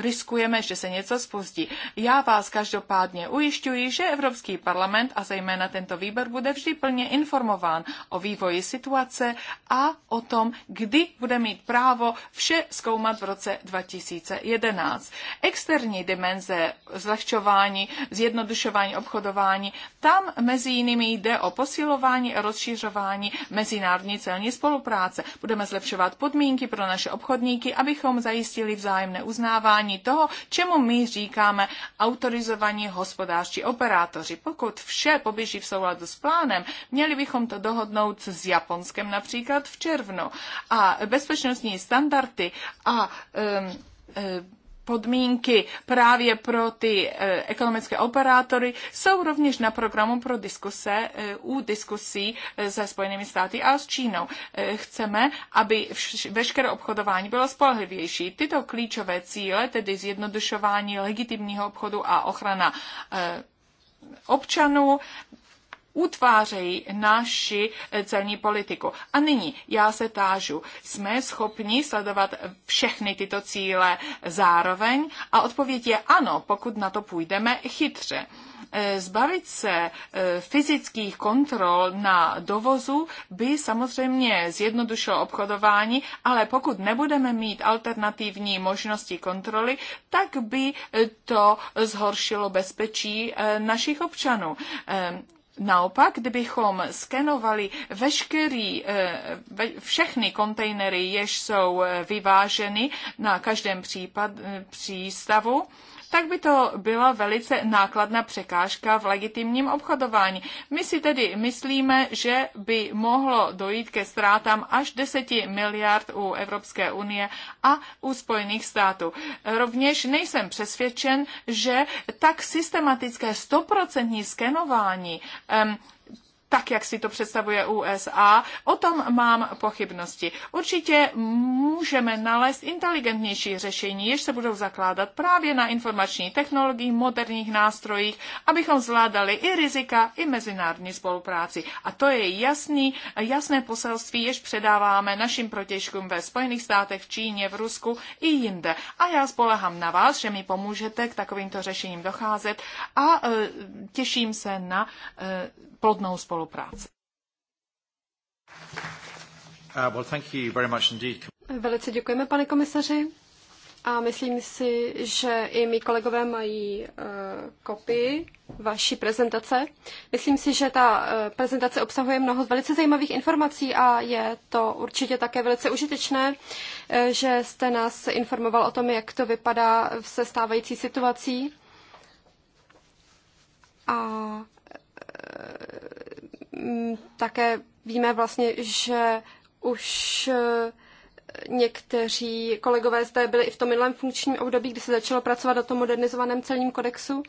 riskujeme, že se něco spozdí. Já vás každopádně ujišťuji, že Evropský parlament a zejména tento výbor bude vždy plně informován o vývoji situace a o tom, kdy bude mít právo vše zkoumat v roce 2011. Externí dimenze zlehčování, zjednodušování obchodování, tam mezi jinými jde o posilování a rozšířování mezinárodní celní spolupráce. Budeme zlepšovat podmínky pro naše obchodníky, abychom zajistili vzájemné uznávání toho, čemu my říkáme autorizovaní hospodářští operátoři. Pokud vše poběží v souladu s plánem, měli bychom to dohodnout s Japonskem například v červnu. A bezpečnostní standardy standardy a e, podmínky právě pro ty e, ekonomické operátory jsou rovněž na programu pro diskuse, e, u diskusí se Spojenými státy a s Čínou. Chceme, aby veškeré obchodování bylo spolehlivější. Tyto klíčové cíle, tedy zjednodušování legitimního obchodu a ochrana občanů, utvářejí naši eh, celní politiku. A nyní já se tážu, jsme schopni sledovat všechny tyto cíle zároveň? A odpověď je ano, pokud na to půjdeme chytře eh, zbavit se eh, fyzických kontrol na dovozu by samozřejmě zjednodušilo obchodování, ale pokud nebudeme mít alternativní možnosti kontroly, tak by to zhoršilo bezpečí našich občanů. Naopak, kdybychom skenovali veškerý, eh, všechny kontejnery, jež jsou eh, vyváženy na každém případ, eh, přístavu, tak by to byla velice nákladná překážka v legitimním obchodování. My si tedy myslíme, že by mohlo dojít ke ztrátám až 10 miliard u Evropské unie a u Spojených států. Rovněž nejsem přesvědčen, že tak systematické stoprocentní skenování um, tak, jak si to představuje USA, o tom mám pochybnosti. Určitě můžeme nalézt inteligentnější řešení, jež se budou zakládat právě na informační technologii, moderních nástrojích, abychom zvládali i rizika, i mezinárodní spolupráci. A to je jasný, jasné poselství, jež předáváme našim protěžkům ve Spojených státech, v Číně, v Rusku i jinde. A já spolehám na vás, že mi pomůžete k takovýmto řešením docházet a e, těším se na e, plodnou spolupráci spolupráci. Uh, velice děkujeme, pane komisaři. A myslím si, že i my kolegové mají uh, kopii vaší prezentace. Myslím si, že ta uh, prezentace obsahuje mnoho velice zajímavých informací a je to určitě také velice užitečné, uh, že jste nás informoval o tom, jak to vypadá se stávající situací. A uh, Mm, také víme vlastně, že už eh, někteří kolegové zde byli i v tom minulém funkčním období, kdy se začalo pracovat na tom modernizovaném celním kodexu.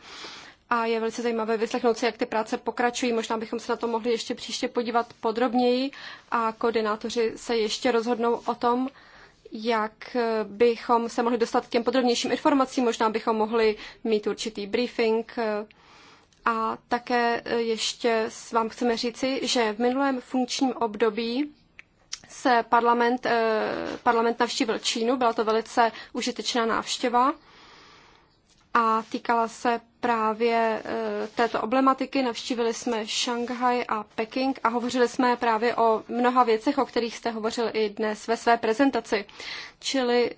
A je velice zajímavé vyslechnout si, jak ty práce pokračují. Možná bychom se na to mohli ještě příště podívat podrobněji a koordinátoři se ještě rozhodnou o tom, jak eh, bychom se mohli dostat k těm podrobnějším informacím. Možná bychom mohli mít určitý briefing eh, a také e, ještě vám chceme říci, že v minulém funkčním období se parlament, e, parlament navštívil Čínu, byla to velice užitečná návštěva a týkala se právě e, této problematiky. Navštívili jsme Šanghaj a Peking a hovořili jsme právě o mnoha věcech, o kterých jste hovořil i dnes ve své prezentaci. Čili e,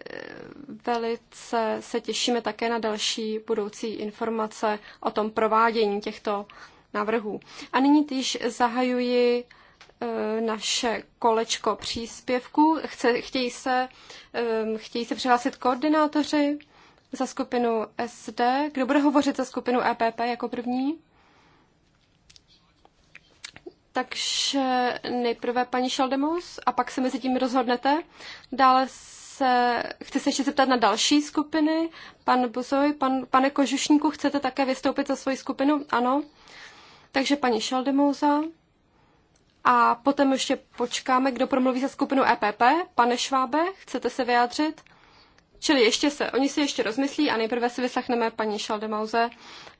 velice se těšíme také na další budoucí informace o tom provádění těchto návrhů. A nyní týž zahajuji e, naše kolečko příspěvků. Chce, chtějí, se, chtějí se přihlásit koordinátoři? za skupinu SD. Kdo bude hovořit za skupinu EPP jako první? Takže nejprve paní Šaldemus a pak se mezi tím rozhodnete. Dále se, chci se ještě zeptat na další skupiny. Pan Buzoj, pan, pane Kožušníku, chcete také vystoupit za svoji skupinu? Ano. Takže paní Šaldemouza. A potom ještě počkáme, kdo promluví za skupinu EPP. Pane Švábe, chcete se vyjádřit? Čili ještě se, oni si ještě rozmyslí a nejprve si vyslechneme paní Šaldemauze,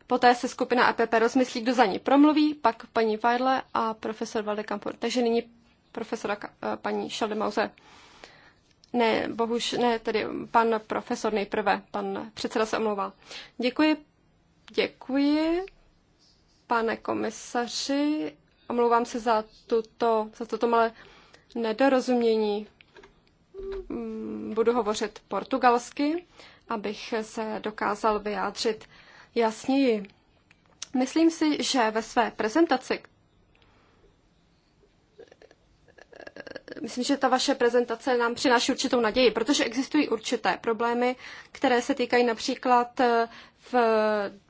poté se skupina EPP rozmyslí, kdo za ní promluví, pak paní Weidle a profesor Valdekampur. Takže nyní profesora eh, paní Šaldemauze. Ne, bohuž ne, tedy pan profesor nejprve, pan předseda se omlouvá. Děkuji, děkuji, pane komisaři. Omlouvám se za, tuto, za toto malé nedorozumění Mm, budu hovořit portugalsky, abych se dokázal vyjádřit jasněji. Myslím si, že ve své prezentaci, myslím, že ta vaše prezentace nám přináší určitou naději, protože existují určité problémy, které se týkají například eh, v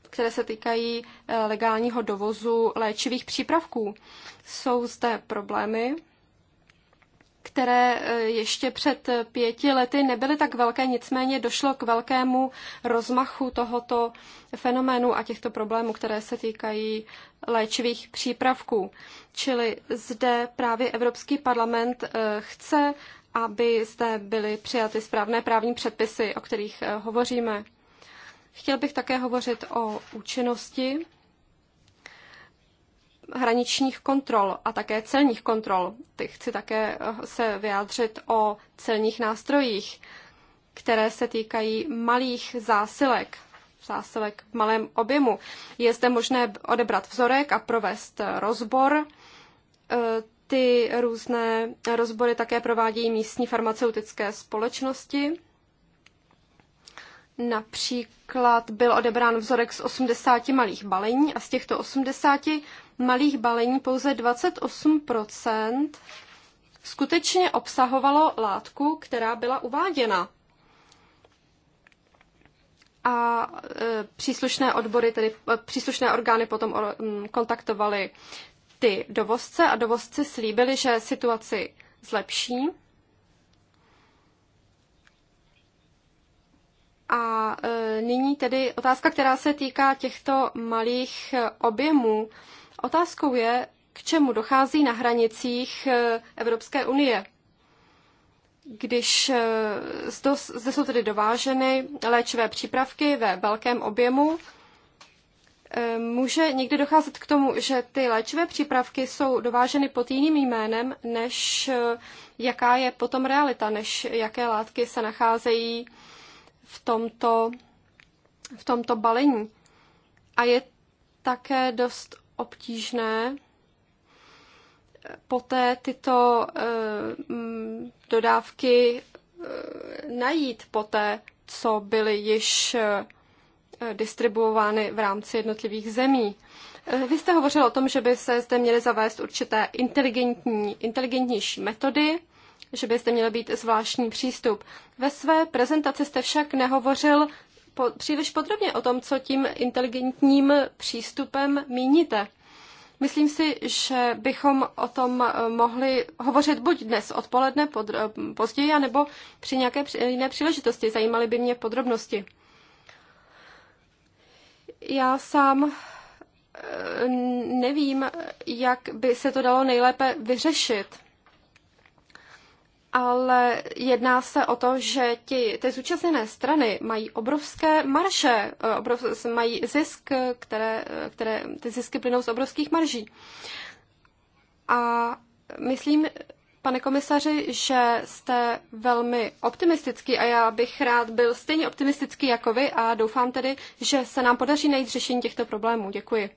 které se týkají eh, legálního dovozu léčivých přípravků. Jsou zde problémy, které e, ještě před e, pěti lety nebyly tak velké, nicméně došlo k velkému rozmachu tohoto fenoménu a těchto problémů, které se týkají léčivých přípravků. Čili zde právě Evropský parlament e, chce, aby zde byly přijaty správné právní předpisy, o kterých hovoříme. Chtěl bych také hovořit o účinnosti hraničních kontrol a také celních kontrol. Teď chci také eh, se vyjádřit o celních nástrojích, které se týkají malých zásilek, zásilek v malém objemu. Je zde možné odebrat vzorek a provést eh, rozbor. Eh, ty různé rozbory také provádějí místní farmaceutické společnosti. Například byl odebrán vzorek z 80 malých balení a z těchto 80 malých balení pouze 28 skutečně obsahovalo látku, která byla uváděna. A e, příslušné odbory, tedy e, příslušné orgány potom kontaktovali ty dovozce a dovozci slíbili, že situaci zlepší. A e, nyní tedy otázka, která se týká těchto malých objemů. Otázkou je, k čemu dochází na hranicích eh, Evropské unie. Když eh, zde jsou tedy dováženy léčivé přípravky ve velkém objemu, eh, může někdy docházet k tomu, že ty léčivé přípravky jsou dováženy pod jiným jménem, než jaká je potom realita, než jaké látky se nacházejí v tomto, v tomto balení. A je také dost obtížné eh, poté tyto eh, mm, dodávky eh, najít poté, co byly již distribuovány v rámci jednotlivých zemí. Vy jste hovořil o tom, že by se zde měly zavést určité inteligentní, inteligentnější metody, že by zde měl být zvláštní přístup. Ve své prezentaci jste však nehovořil po, příliš podrobně o tom, co tím inteligentním přístupem míníte. Myslím si, že bychom o tom eh, mohli hovořit buď dnes odpoledne, pod, eh, později, nebo při nějaké jiné příležitosti. Zajímaly by mě podrobnosti. Já sám eh, nevím, jak by se to dalo nejlépe vyřešit ale jedná se o to, že ti, ty zúčastněné strany mají obrovské marže, eh, obrov, mají zisk, které, eh, které ty zisky plynou z obrovských marží. A myslím, pane komisaři, že jste velmi optimistický a já bych rád byl stejně optimistický jako vy a doufám tedy, že se nám podaří najít řešení těchto problémů. Děkuji.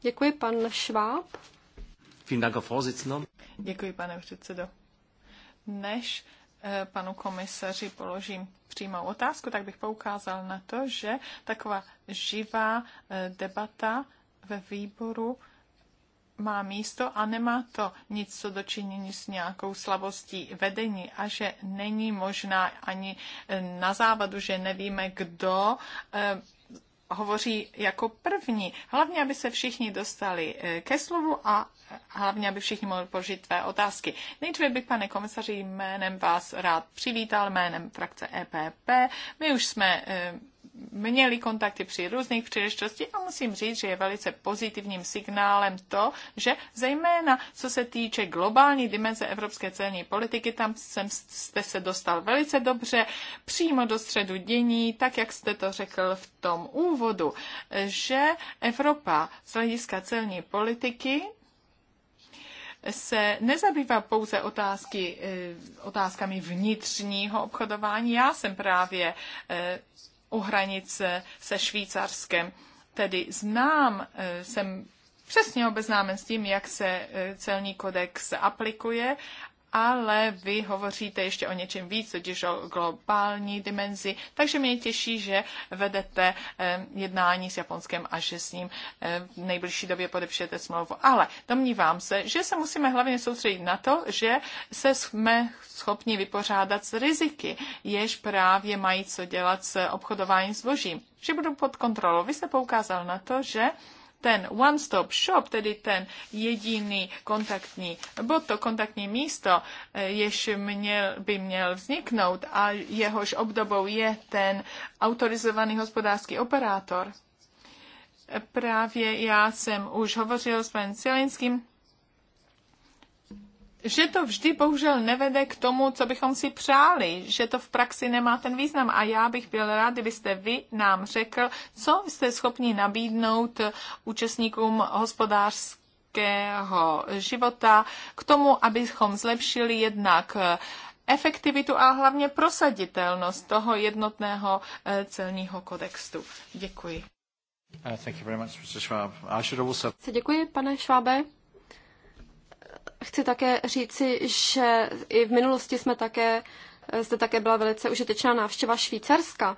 Děkuji, pan Šváb. Děkuji, pane předsedo než eh, panu komisaři položím přímou otázku, tak bych poukázal na to, že taková živá eh, debata ve výboru má místo a nemá to nic co dočinění s nějakou slabostí vedení a že není možná ani eh, na závadu, že nevíme, kdo hovoří jako první. Hlavně, aby se všichni dostali eh, ke slovu a hlavně, aby všichni mohli položit tvé otázky. Nejdříve bych, pane komisaři, jménem vás rád přivítal, jménem frakce EPP. My už jsme eh, měli kontakty při různých příležitostech a musím říct, že je velice pozitivním signálem to, že zejména co se týče globální dimenze evropské celní politiky, tam jsem, jste se dostal velice dobře přímo do středu dění, tak jak jste to řekl v tom úvodu, že Evropa z hlediska celní politiky se nezabývá pouze otázky, eh, otázkami vnitřního obchodování. Já jsem právě eh, u hranice se Švýcarskem. Tedy znám, eh, jsem přesně obeznámen s tím, jak se eh, celní kodex aplikuje ale vy hovoříte ještě o něčem víc, totiž o globální dimenzi, takže mě těší, že vedete eh, jednání s Japonskem a že s ním eh, v nejbližší době podepšete smlouvu. Ale domnívám se, že se musíme hlavně soustředit na to, že se jsme schopni vypořádat s riziky, jež právě mají co dělat s obchodováním zbožím, že budou pod kontrolou. Vy jste poukázal na to, že ten one-stop shop, tedy ten jediný kontaktní bod, to kontaktní místo, eh, jež měl, by měl vzniknout a jehož obdobou je ten autorizovaný hospodářský operátor. Právě já jsem už hovořil s panem Cielinským, že to vždy bohužel nevede k tomu, co bychom si přáli, že to v praxi nemá ten význam. A já bych byl rád, kdybyste vy nám řekl, co jste schopni nabídnout účastníkům hospodářského života k tomu, abychom zlepšili jednak eh, efektivitu a hlavně prosaditelnost toho jednotného eh, celního kodextu. Děkuji. Uh, Děkuji, pane Švábe chci také říci, že i v minulosti jsme také, zde také byla velice užitečná návštěva Švýcarska.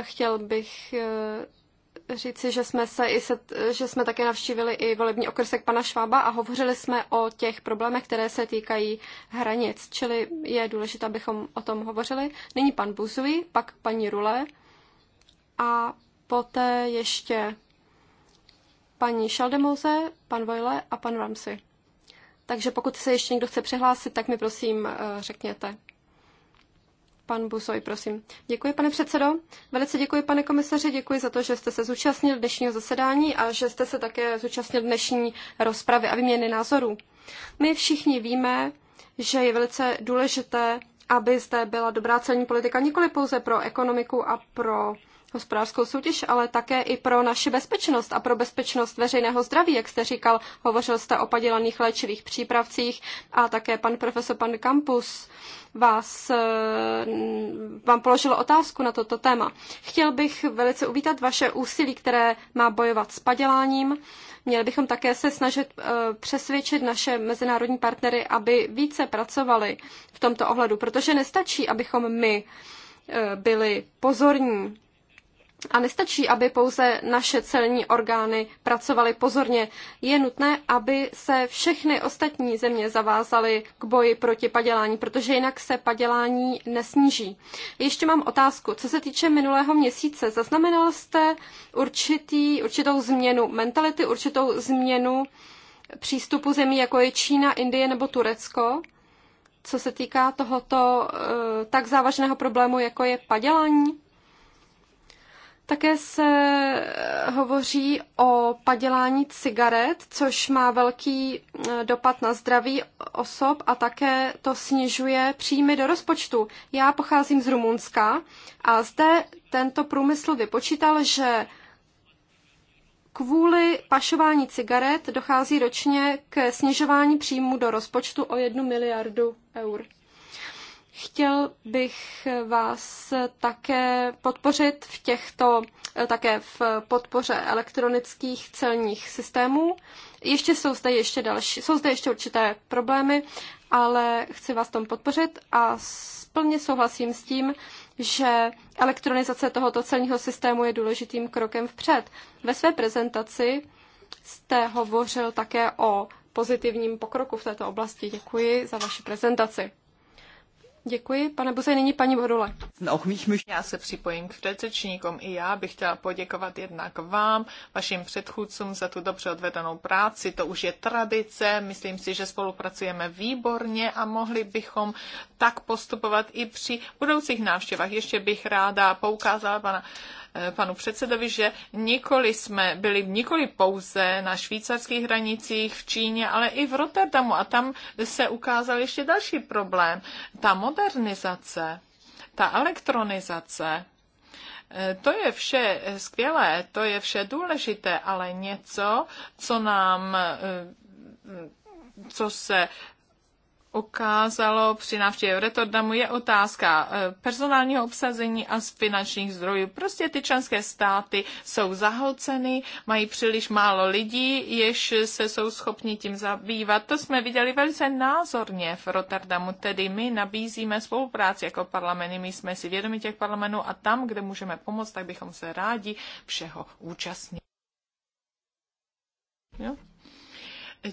Chtěl bych eh, říci, že jsme, se i set, že jsme také navštívili i volební okrsek pana Švába a hovořili jsme o těch problémech, které se týkají hranic, čili je důležité, abychom o tom hovořili. Nyní pan Buzuji, pak paní Rule a poté ještě paní Šaldemouze, pan Vojle a pan Ramsey. Takže pokud se ještě někdo chce přihlásit, tak mi prosím eh, řekněte. Pan Busoj, prosím. Děkuji, pane předsedo. Velice děkuji, pane komisaři, děkuji za to, že jste se zúčastnil dnešního zasedání a že jste se také zúčastnil dnešní rozpravy a vyměny názorů. My všichni víme, že je velice důležité aby zde byla dobrá celní politika nikoli pouze pro ekonomiku a pro hospodářskou soutěž, ale také i pro naši bezpečnost a pro bezpečnost veřejného zdraví, jak jste říkal, hovořil jste o padělaných léčivých přípravcích a také pan profesor pan Campus vás, eh, vám položil otázku na toto téma. Chtěl bych velice uvítat vaše úsilí, které má bojovat s paděláním Měli bychom také se snažit eh, přesvědčit naše mezinárodní partnery, aby více pracovali v tomto ohledu, protože nestačí, abychom my eh, byli pozorní a nestačí, aby pouze naše celní orgány pracovaly pozorně. Je nutné, aby se všechny ostatní země zavázaly k boji proti padělání, protože jinak se padělání nesníží. Ještě mám otázku. Co se týče minulého měsíce, zaznamenal jste určitý, určitou změnu mentality, určitou změnu přístupu zemí, jako je Čína, Indie nebo Turecko, co se týká tohoto eh, tak závažného problému, jako je padělání? Také se hovoří o padělání cigaret, což má velký eh, dopad na zdraví osob a také to snižuje příjmy do rozpočtu. Já pocházím z Rumunska a zde tento průmysl vypočítal, že kvůli pašování cigaret dochází ročně k snižování příjmu do rozpočtu o jednu miliardu eur. Chtěl bych vás také podpořit v těchto, také v podpoře elektronických celních systémů. Ještě jsou zde ještě další, jsou zde ještě určité problémy, ale chci vás tom podpořit a plně souhlasím s tím, že elektronizace tohoto celního systému je důležitým krokem vpřed. Ve své prezentaci jste hovořil také o pozitivním pokroku v této oblasti. Děkuji za vaši prezentaci. Děkuji. Pane Buze, nyní paní No, Já se připojím k předřečníkům. I já bych chtěla poděkovat jednak vám, vašim předchůdcům za tu dobře odvedenou práci. To už je tradice. Myslím si, že spolupracujeme výborně a mohli bychom tak postupovat i při budoucích návštěvách. Ještě bych ráda poukázala pana panu předsedovi, že nikoli jsme byli nikoli pouze na švýcarských hranicích v Číně, ale i v Rotterdamu a tam se ukázal ještě další problém. Ta modernizace, ta elektronizace, eh, to je vše skvělé, to je vše důležité, ale něco, co nám eh, co se ukázalo při návštěvě v Rotterdamu, je otázka eh, personálního obsazení a z finančních zdrojů. Prostě ty členské státy jsou zahlceny, mají příliš málo lidí, jež se jsou schopni tím zabývat. To jsme viděli velice názorně v Rotterdamu, tedy my nabízíme spolupráci jako parlamenty, my jsme si vědomi těch parlamentů a tam, kde můžeme pomoct, tak bychom se rádi všeho účastnili. Jo?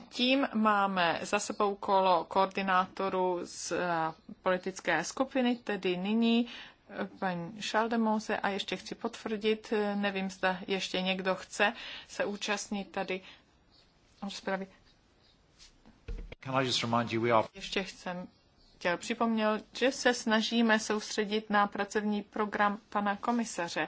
Tím máme za sebou kolo koordinátorů z eh, politické skupiny, tedy nyní eh, paní Šaldemose a ještě chci potvrdit, eh, nevím, zda ještě někdo chce se účastnit tady rozpravy. Ještě chcem chtěl připomněl, že se snažíme soustředit na pracovní program pana komisaře.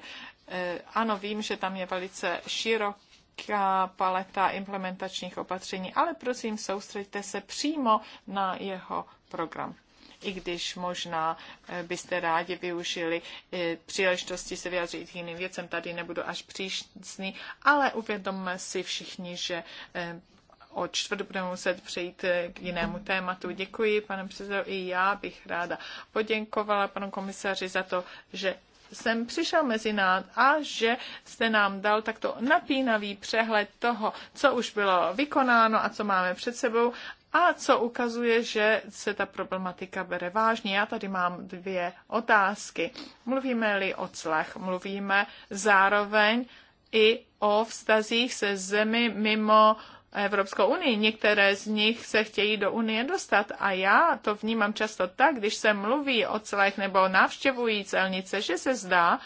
Ano, vím, že tam je velice širok velká paleta implementačních opatření, ale prosím, soustřeďte se přímo na jeho program i když možná eh, byste rádi využili eh, příležitosti se vyjádřit jiným věcem, tady nebudu až přísný, ale uvědomme si všichni, že eh, o čtvrt budeme muset přejít k jinému tématu. Děkuji, pane předsedo, i já bych ráda poděkovala panu komisaři za to, že jsem přišel mezi nás a že jste nám dal takto napínavý přehled toho, co už bylo vykonáno a co máme před sebou a co ukazuje, že se ta problematika bere vážně. Já tady mám dvě otázky. Mluvíme-li o clech, mluvíme zároveň i o vztazích se zemi mimo Evropskou unii. Některé z nich se chtějí do unie dostat a já to vnímám často tak, když se mluví o celech nebo návštěvují celnice, že se zdá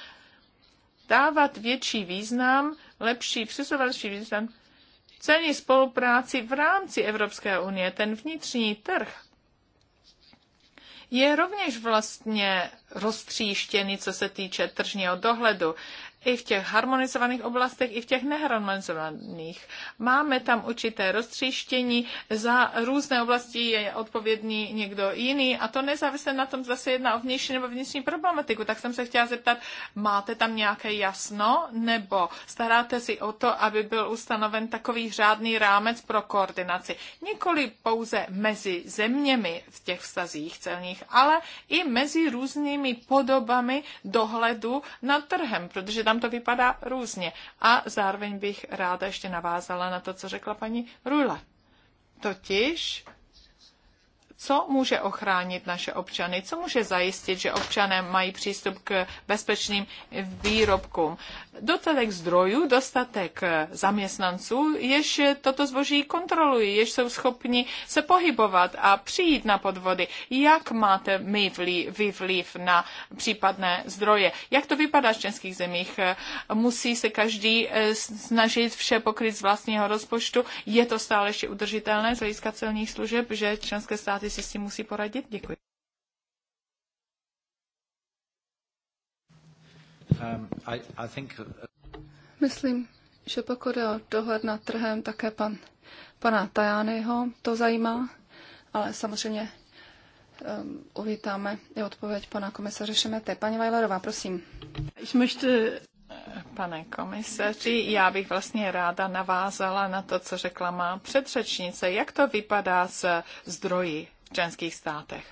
dávat větší význam, lepší, přesouvat význam celní spolupráci v rámci Evropské unie, ten vnitřní trh je rovněž vlastně roztříštěný, co se týče tržního dohledu i v těch harmonizovaných oblastech, i v těch neharmonizovaných. Máme tam určité roztříštění, za různé oblasti je odpovědný někdo jiný a to nezávisle na tom, zase jedna jedná o vnější nebo vnitřní problematiku. Tak jsem se chtěla zeptat, máte tam nějaké jasno nebo staráte si o to, aby byl ustanoven takový řádný rámec pro koordinaci. Nikoli pouze mezi zeměmi v těch vztazích celních, ale i mezi různými podobami dohledu nad trhem, protože tam tam to vypadá různě. A zároveň bych ráda ještě navázala na to, co řekla paní Rula. Totiž co může ochránit naše občany, co může zajistit, že občané mají přístup k bezpečným výrobkům. Dostatek zdrojů, dostatek zaměstnanců, jež toto zboží kontrolují, jež jsou schopni se pohybovat a přijít na podvody. Jak máte my vliv, na případné zdroje? Jak to vypadá v českých zemích? Musí se každý eh, snažit vše pokryt z vlastního rozpočtu? Je to stále ještě udržitelné z hlediska celních služeb, že členské státy státy si s tím musí poradit? Děkuji. Um, uh, Myslím, že pokud je o dohled nad trhem, také pan, pana Tajányho to zajímá, ale samozřejmě um, uvítáme i odpověď pana komisaře Šemete. Paní Vajlerová, prosím. Pane komisaři, já bych vlastně ráda navázala na to, co řekla má předřečnice. Jak to vypadá se zdroji v členských státech.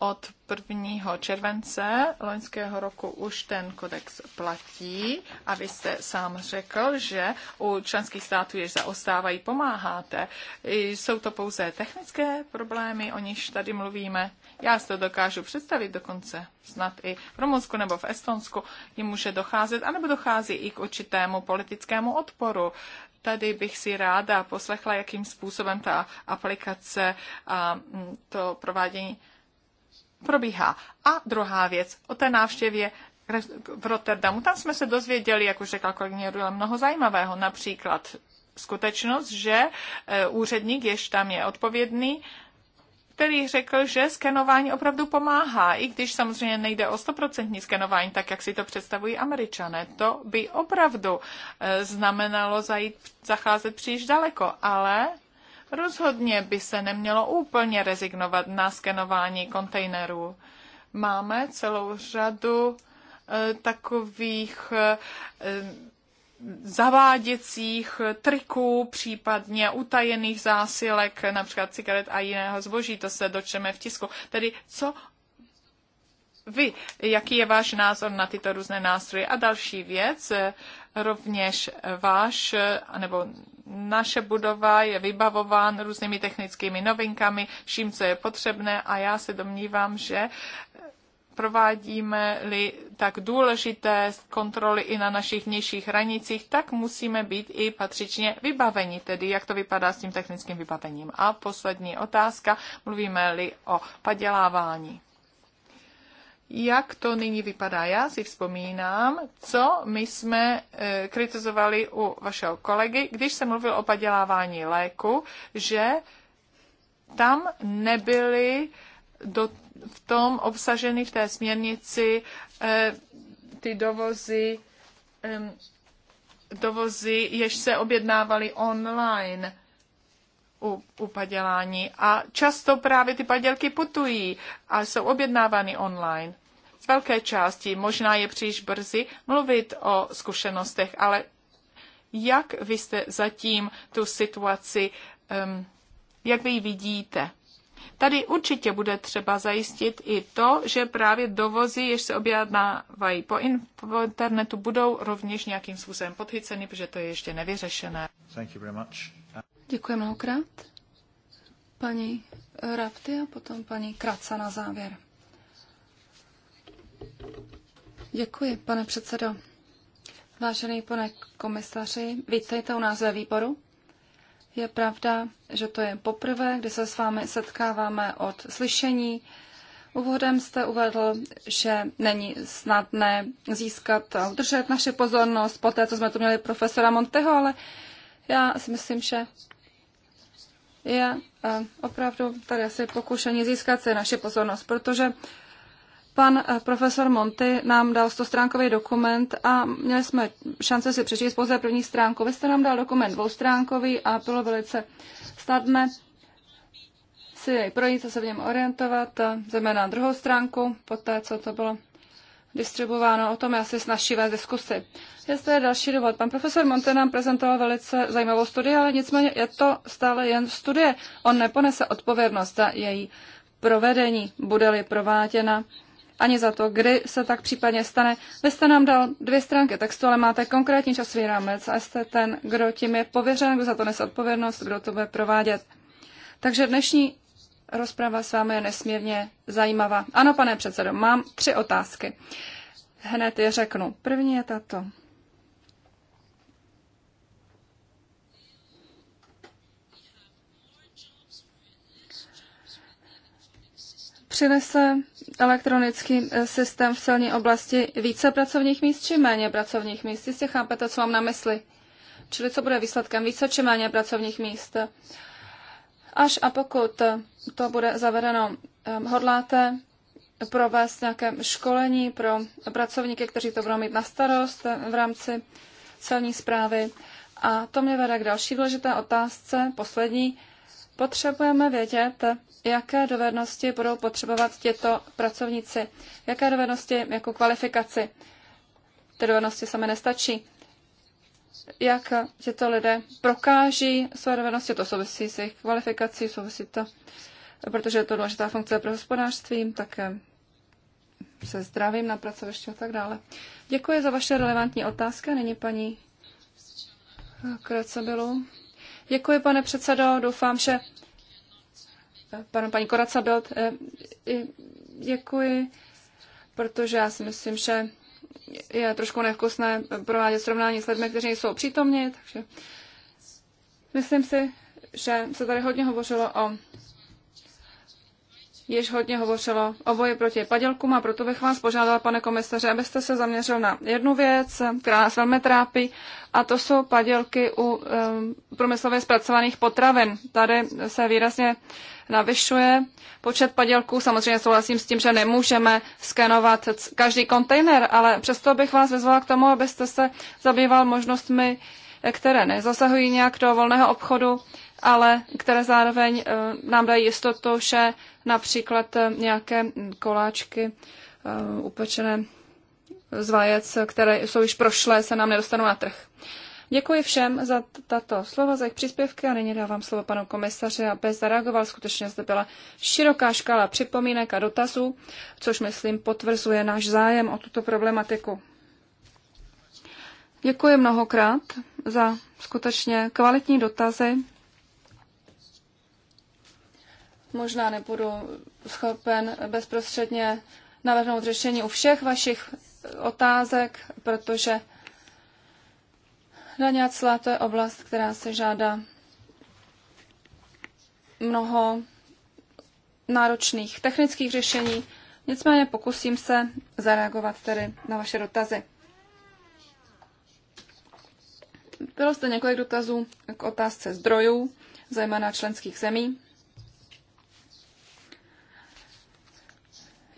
Od 1. července loňského roku už ten kodex platí a vy jste sám řekl, že u členských států, jež zaostávají, pomáháte. Jsou to pouze technické problémy, o nichž tady mluvíme. Já si to dokážu představit dokonce snad i v Rumunsku nebo v Estonsku, jim může docházet, anebo dochází i k určitému politickému odporu Tady bych si ráda poslechla, jakým způsobem ta aplikace a mm, to provádění probíhá. A druhá věc, o té návštěvě v Rotterdamu. Tam jsme se dozvěděli, jak už řekla kolegyně Rula, mnoho zajímavého. Například skutečnost, že e, úředník, jež tam je odpovědný, který řekl, že skenování opravdu pomáhá, i když samozřejmě nejde o stoprocentní skenování, tak jak si to představují američané. To by opravdu eh, znamenalo zajít, zacházet příliš daleko, ale rozhodně by se nemělo úplně rezignovat na skenování kontejnerů. Máme celou řadu eh, takových eh, zaváděcích triků, případně utajených zásilek, například cigaret a jiného zboží, to se dočteme v tisku. Tedy co vy, jaký je váš názor na tyto různé nástroje? A další věc, rovněž váš, nebo naše budova je vybavován různými technickými novinkami, vším, co je potřebné a já se domnívám, že provádíme-li tak důležité kontroly i na našich nižších hranicích, tak musíme být i patřičně vybaveni, tedy jak to vypadá s tím technickým vybavením. A poslední otázka, mluvíme-li o padělávání. Jak to nyní vypadá? Já si vzpomínám, co my jsme e, kritizovali u vašeho kolegy, když se mluvil o padělávání léku, že tam nebyly e, do, v tom obsažený v té směrnici e, ty dovozy, e, dovozy, jež se objednávaly online u, u padělání. A často právě ty padělky putují a jsou objednávány online. Z velké části, možná je příliš brzy mluvit o zkušenostech, ale jak vy jste zatím tu situaci, um, jak vy ji vidíte? Tady určitě bude třeba zajistit i to, že právě dovozy, jež se objednávají po internetu, budou rovněž nějakým způsobem podchyceny, protože to je ještě nevyřešené. Thank you very much. Děkuji mnohokrát. Paní Rapty a potom paní Kratsa na závěr. Děkuji, pane předsedo. Vážený pane komisaři, vítejte u nás ve výboru. Je pravda, že to je poprvé, kdy se s vámi setkáváme od slyšení. Úvodem jste uvedl, že není snadné získat a udržet naše pozornost po té, co jsme tu měli profesora Monteho, ale já si myslím, že je eh, opravdu tady asi pokušení získat si naše pozornost, protože Pan eh, profesor Monty nám dal stostránkový dokument a měli jsme šance si přečíst pouze první stránku. Vy jste nám dal dokument dvoustránkový a bylo velice snadné si jej projít a se v něm orientovat, eh, zejména druhou stránku, poté, co to bylo distribuováno. O tom je asi snažší vést diskusy. Je zde další důvod. Pan profesor Monte nám prezentoval velice zajímavou studii, ale nicméně je to stále jen studie. On neponese odpovědnost za její provedení, bude-li prováděna ani za to, kdy se tak případně stane. Vy jste nám dal dvě stránky textu, ale máte konkrétní časový rámec a jste ten, kdo tím je pověřen, kdo za to nese odpovědnost, kdo to bude provádět. Takže dnešní rozprava s vámi je nesmírně zajímavá. Ano, pane předsedo, mám tři otázky. Hned je řeknu. První je tato. Přinese elektronický e, systém v celní oblasti více pracovních míst či méně pracovních míst? Jistě chápete, co mám na mysli. Čili co bude výsledkem více či méně pracovních míst? Až a pokud to bude zavedeno, hodláte provést nějaké školení pro pracovníky, kteří to budou mít na starost e, v rámci celní zprávy. A to mě vede k další důležité otázce, poslední. Potřebujeme vědět, jaké dovednosti budou potřebovat těto pracovníci, jaké dovednosti jako kvalifikaci. Ty dovednosti sami nestačí. Jak těto lidé prokáží své dovednosti, to souvisí s jejich kvalifikací, souvisí to, protože je to důležitá funkce pro hospodářství, také se zdravím na pracovišti a tak dále. Děkuji za vaše relevantní otázky. Nyní paní Kracabilu. Děkuji, pane předsedo. Doufám, že pardon, paní Koraca Belt, eh, děkuji, protože já si myslím, že je trošku nevkusné provádět srovnání s lidmi, kteří jsou přítomni, takže myslím si, že se tady hodně hovořilo o již hodně hovořilo o boji proti padělkům a proto bych vás požádala, pane komisaře, abyste se zaměřil na jednu věc, která nás velmi trápí, a to jsou padělky u um, průmyslově zpracovaných potravin. Tady se výrazně navyšuje počet padělků. Samozřejmě souhlasím s tím, že nemůžeme skenovat každý kontejner, ale přesto bych vás vyzvala k tomu, abyste se zabýval možnostmi, které nezasahují nějak do volného obchodu ale které zároveň eh, nám dají jistotu, že například eh, nějaké koláčky eh, upečené z vajec, které jsou již prošlé, se nám nedostanou na trh. Děkuji všem za tato slova, za jejich příspěvky a nyní dávám slovo panu komisaři, aby zareagoval. Skutečně zde byla široká škála připomínek a dotazů, což myslím potvrzuje náš zájem o tuto problematiku. Děkuji mnohokrát za skutečně kvalitní dotazy, Možná nebudu schopen bezprostředně navrhnout řešení u všech vašich otázek, protože daň to je oblast, která se žádá mnoho náročných technických řešení. Nicméně pokusím se zareagovat tedy na vaše dotazy. Bylo zde několik dotazů k otázce zdrojů, zejména členských zemí.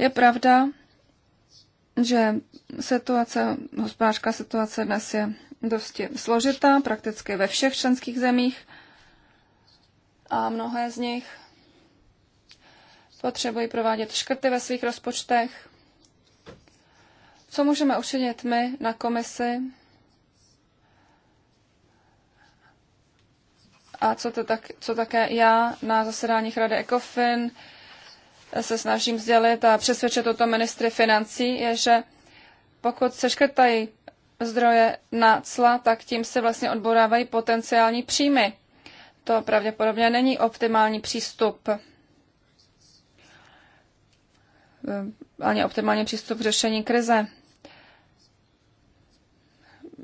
Je pravda, že situace, hospodářská situace dnes je dosti složitá, prakticky ve všech členských zemích a mnohé z nich potřebují provádět škrty ve svých rozpočtech. Co můžeme učinit my na komisi a co, to tak, co také já na zasedáních Rady ECOFIN se snažím sdělit a přesvědčit o tom ministry financí, je, že pokud se škrtají zdroje na cla, tak tím se vlastně odborávají potenciální příjmy. To pravděpodobně není optimální přístup ehm, ani optimální přístup k řešení krize.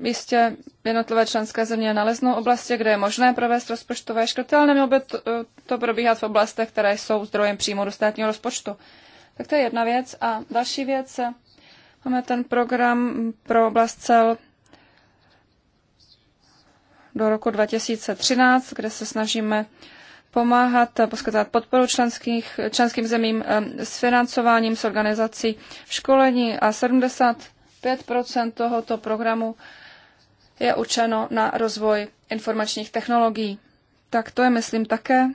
Jistě jednotlivé členské země naleznou oblasti, kde je možné provést rozpočtové škrty, ale nemělo by to, eh, to probíhat v oblastech, které jsou zdrojem příjmu do státního rozpočtu. Tak to je jedna věc. A další věc, eh, máme ten program pro oblast cel do roku 2013, kde se snažíme pomáhat, eh, poskytovat podporu členských, členským zemím s financováním, s organizací školení a 75 tohoto programu je určeno na rozvoj informačních technologií. Tak to je, myslím, také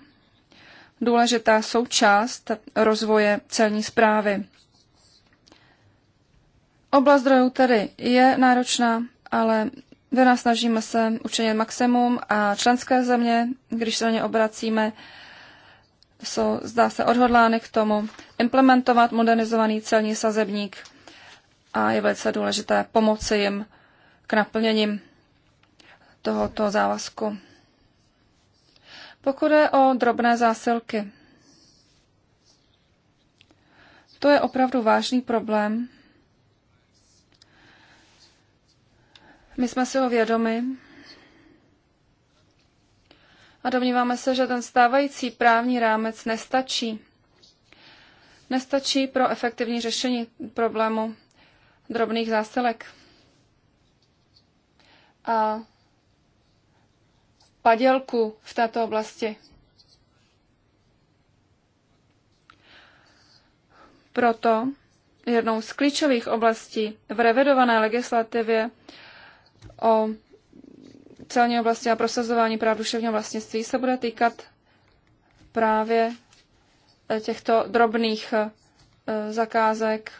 důležitá součást rozvoje celní zprávy. Oblast zdrojů tedy je náročná, ale vy nás snažíme se učinit maximum a členské země, když se na ně obracíme, jsou, zdá se, odhodlány k tomu implementovat modernizovaný celní sazebník a je velice důležité pomoci jim k naplněním tohoto závazku. Pokud je o drobné zásilky, to je opravdu vážný problém. My jsme si ho vědomi a domníváme se, že ten stávající právní rámec nestačí. Nestačí pro efektivní řešení problému drobných zásilek. A padělků v této oblasti. Proto jednou z klíčových oblastí v revidované legislativě o celní oblasti a prosazování práv duševního vlastnictví se bude týkat právě eh, těchto drobných eh, zakázek,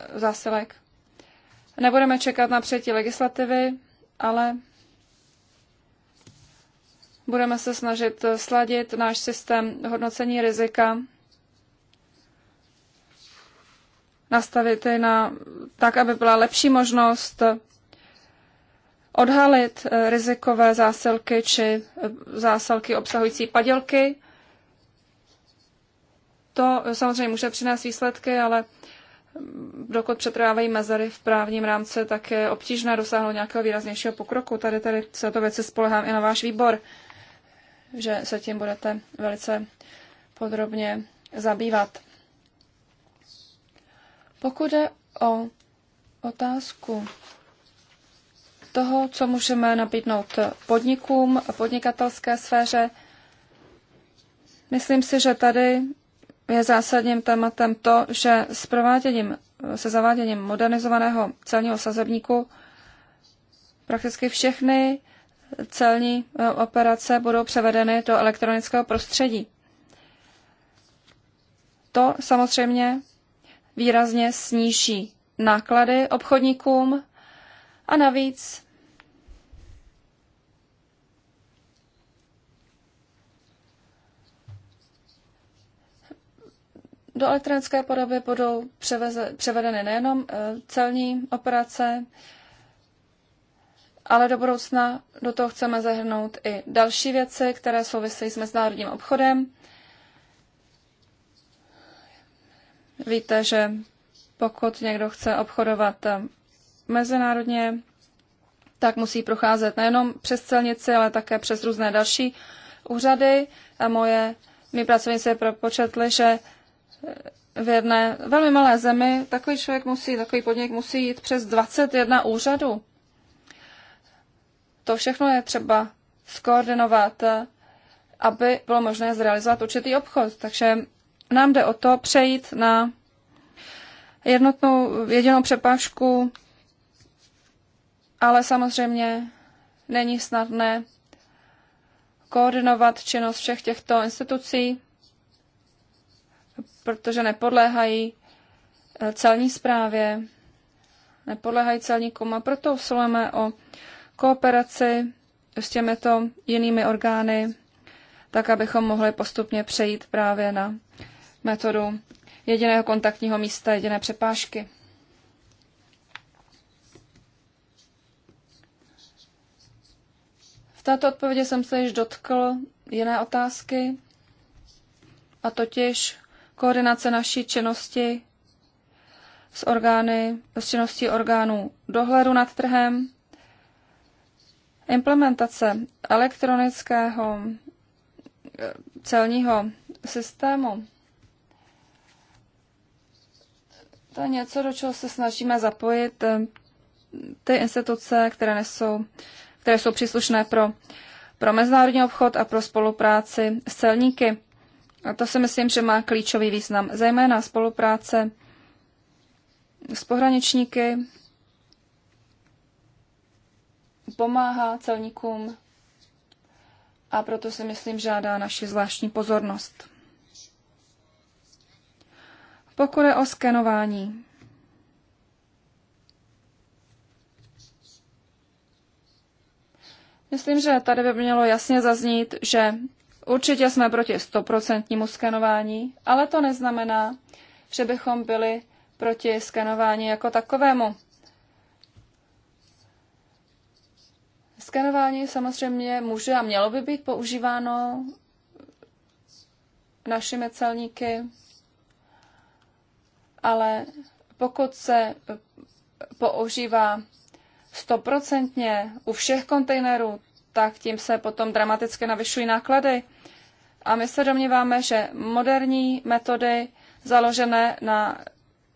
eh, zásilek. Nebudeme čekat na přijetí legislativy, ale Budeme se snažit sladit náš systém hodnocení rizika, nastavit je na, tak, aby byla lepší možnost odhalit rizikové zásilky či zásilky obsahující padělky. To samozřejmě může přinést výsledky, ale dokud přetrvávají mezery v právním rámci, tak je obtížné dosáhnout nějakého výraznějšího pokroku. Tady, tady se to věci spolehám i na váš výbor že se tím budete velice podrobně zabývat. Pokud jde o otázku toho, co můžeme nabídnout podnikům a podnikatelské sféře, myslím si, že tady je zásadním tématem to, že s prováděním, se zaváděním modernizovaného celního sazebníku prakticky všechny celní e, operace budou převedeny do elektronického prostředí. To samozřejmě výrazně sníží náklady obchodníkům a navíc Do elektronické podoby budou převedeny nejenom e, celní operace, ale do budoucna do toho chceme zahrnout i další věci, které souvisejí s mezinárodním obchodem. Víte, že pokud někdo chce obchodovat mezinárodně, tak musí procházet nejenom přes celnici, ale také přes různé další úřady. A moje, my pracovníci propočetli, že v jedné velmi malé zemi takový člověk musí, takový podnik musí jít přes 21 úřadů. To všechno je třeba skoordinovat, aby bylo možné zrealizovat určitý obchod. Takže nám jde o to přejít na jednotnou jedinou přepážku, ale samozřejmě není snadné koordinovat činnost všech těchto institucí, protože nepodléhají eh, celní zprávě, nepodléhají celníkům a proto usilujeme o kooperaci s těmito jinými orgány, tak abychom mohli postupně přejít právě na metodu jediného kontaktního místa, jediné přepážky. V této odpovědi jsem se již dotkl jiné otázky, a totiž koordinace naší činnosti s orgány, s činností orgánů dohledu nad trhem Implementace elektronického eh, celního systému to je něco, do čeho se snažíme zapojit eh, ty instituce, které, nesou, které jsou příslušné pro, pro mezinárodní obchod a pro spolupráci s celníky. A to si myslím, že má klíčový význam, zejména spolupráce s pohraničníky, pomáhá celníkům a proto si myslím žádá naši zvláštní pozornost. Pokud je o skenování, Myslím, že tady by mělo jasně zaznít, že určitě jsme proti stoprocentnímu skenování, ale to neznamená, že bychom byli proti skenování jako takovému. Skenování samozřejmě může a mělo by být používáno našimi celníky, ale pokud se používá stoprocentně u všech kontejnerů, tak tím se potom dramaticky navyšují náklady. A my se domníváme, že moderní metody založené na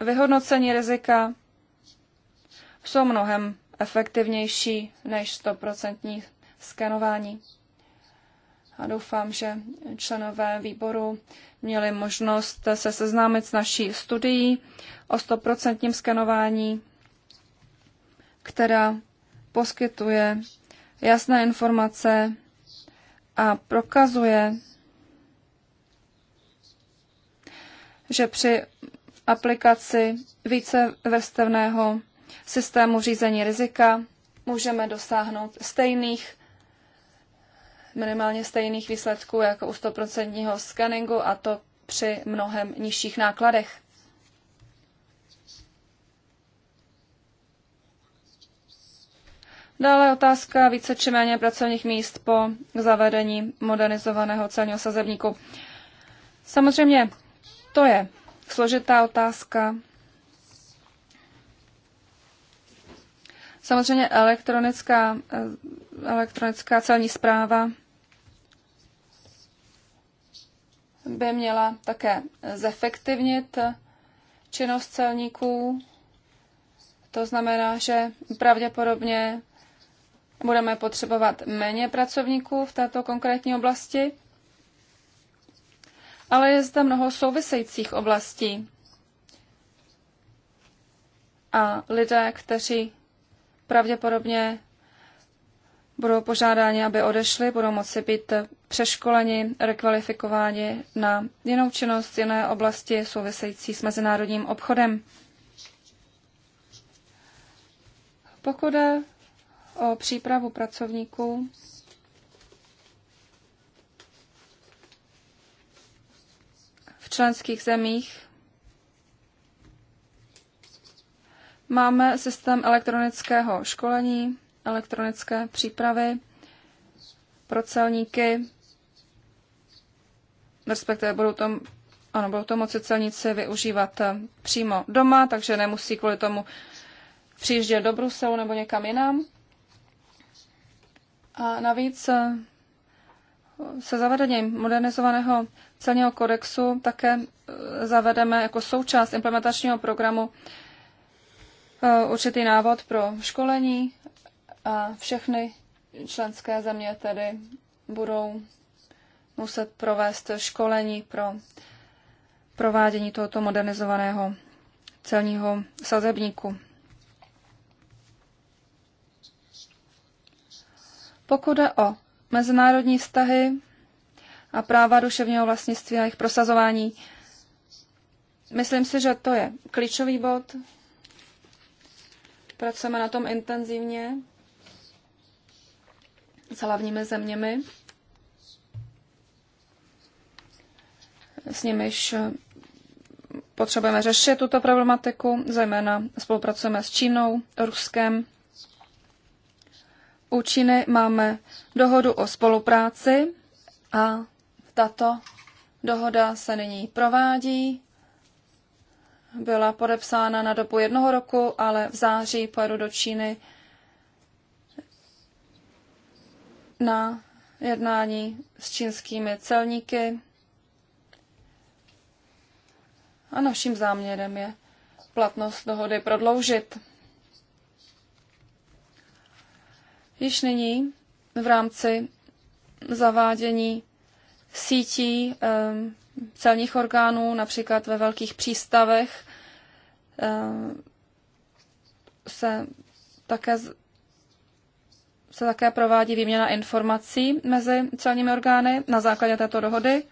vyhodnocení rizika jsou mnohem efektivnější než 100% skenování. A doufám, že členové výboru měli možnost se seznámit s naší studií o 100% skenování, která poskytuje jasné informace a prokazuje, že při aplikaci více vrstevného systému řízení rizika můžeme dosáhnout stejných, minimálně stejných výsledků jako u 100% skeningu a to při mnohem nižších nákladech. Dále otázka více či méně pracovních míst po zavedení modernizovaného celního sazebníku. Samozřejmě to je složitá otázka, Samozřejmě elektronická, eh, elektronická celní zpráva by měla také zefektivnit činnost celníků. To znamená, že pravděpodobně budeme potřebovat méně pracovníků v této konkrétní oblasti, ale je zde mnoho souvisejících oblastí. A lidé, kteří pravděpodobně budou požádáni, aby odešli, budou moci být přeškoleni, rekvalifikováni na jinou činnost, jiné oblasti související s mezinárodním obchodem. Pokud jde o přípravu pracovníků, v členských zemích Máme systém elektronického školení, elektronické přípravy pro celníky, respektive budou to ano, budou to moci celníci využívat eh, přímo doma, takže nemusí kvůli tomu přijíždět do Bruselu nebo někam jinam. A navíc eh, se zavedením modernizovaného celního kodexu také eh, zavedeme jako součást implementačního programu Eh, určitý návod pro školení a všechny členské země tedy budou muset provést školení pro provádění tohoto modernizovaného celního sazebníku. Pokud jde o mezinárodní vztahy a práva duševního vlastnictví a jejich prosazování, myslím si, že to je klíčový bod Pracujeme na tom intenzivně s hlavními zeměmi. S nimiž potřebujeme řešit tuto problematiku, zejména spolupracujeme s Čínou, Ruskem. U Číny máme dohodu o spolupráci a tato dohoda se nyní provádí byla podepsána na dobu jednoho roku, ale v září pojedu do Číny na jednání s čínskými celníky. A naším záměrem je platnost dohody prodloužit. Již nyní v rámci zavádění sítí ehm, celních orgánů, například ve velkých přístavech, eh, se také se také provádí výměna informací mezi celními orgány na základě této dohody.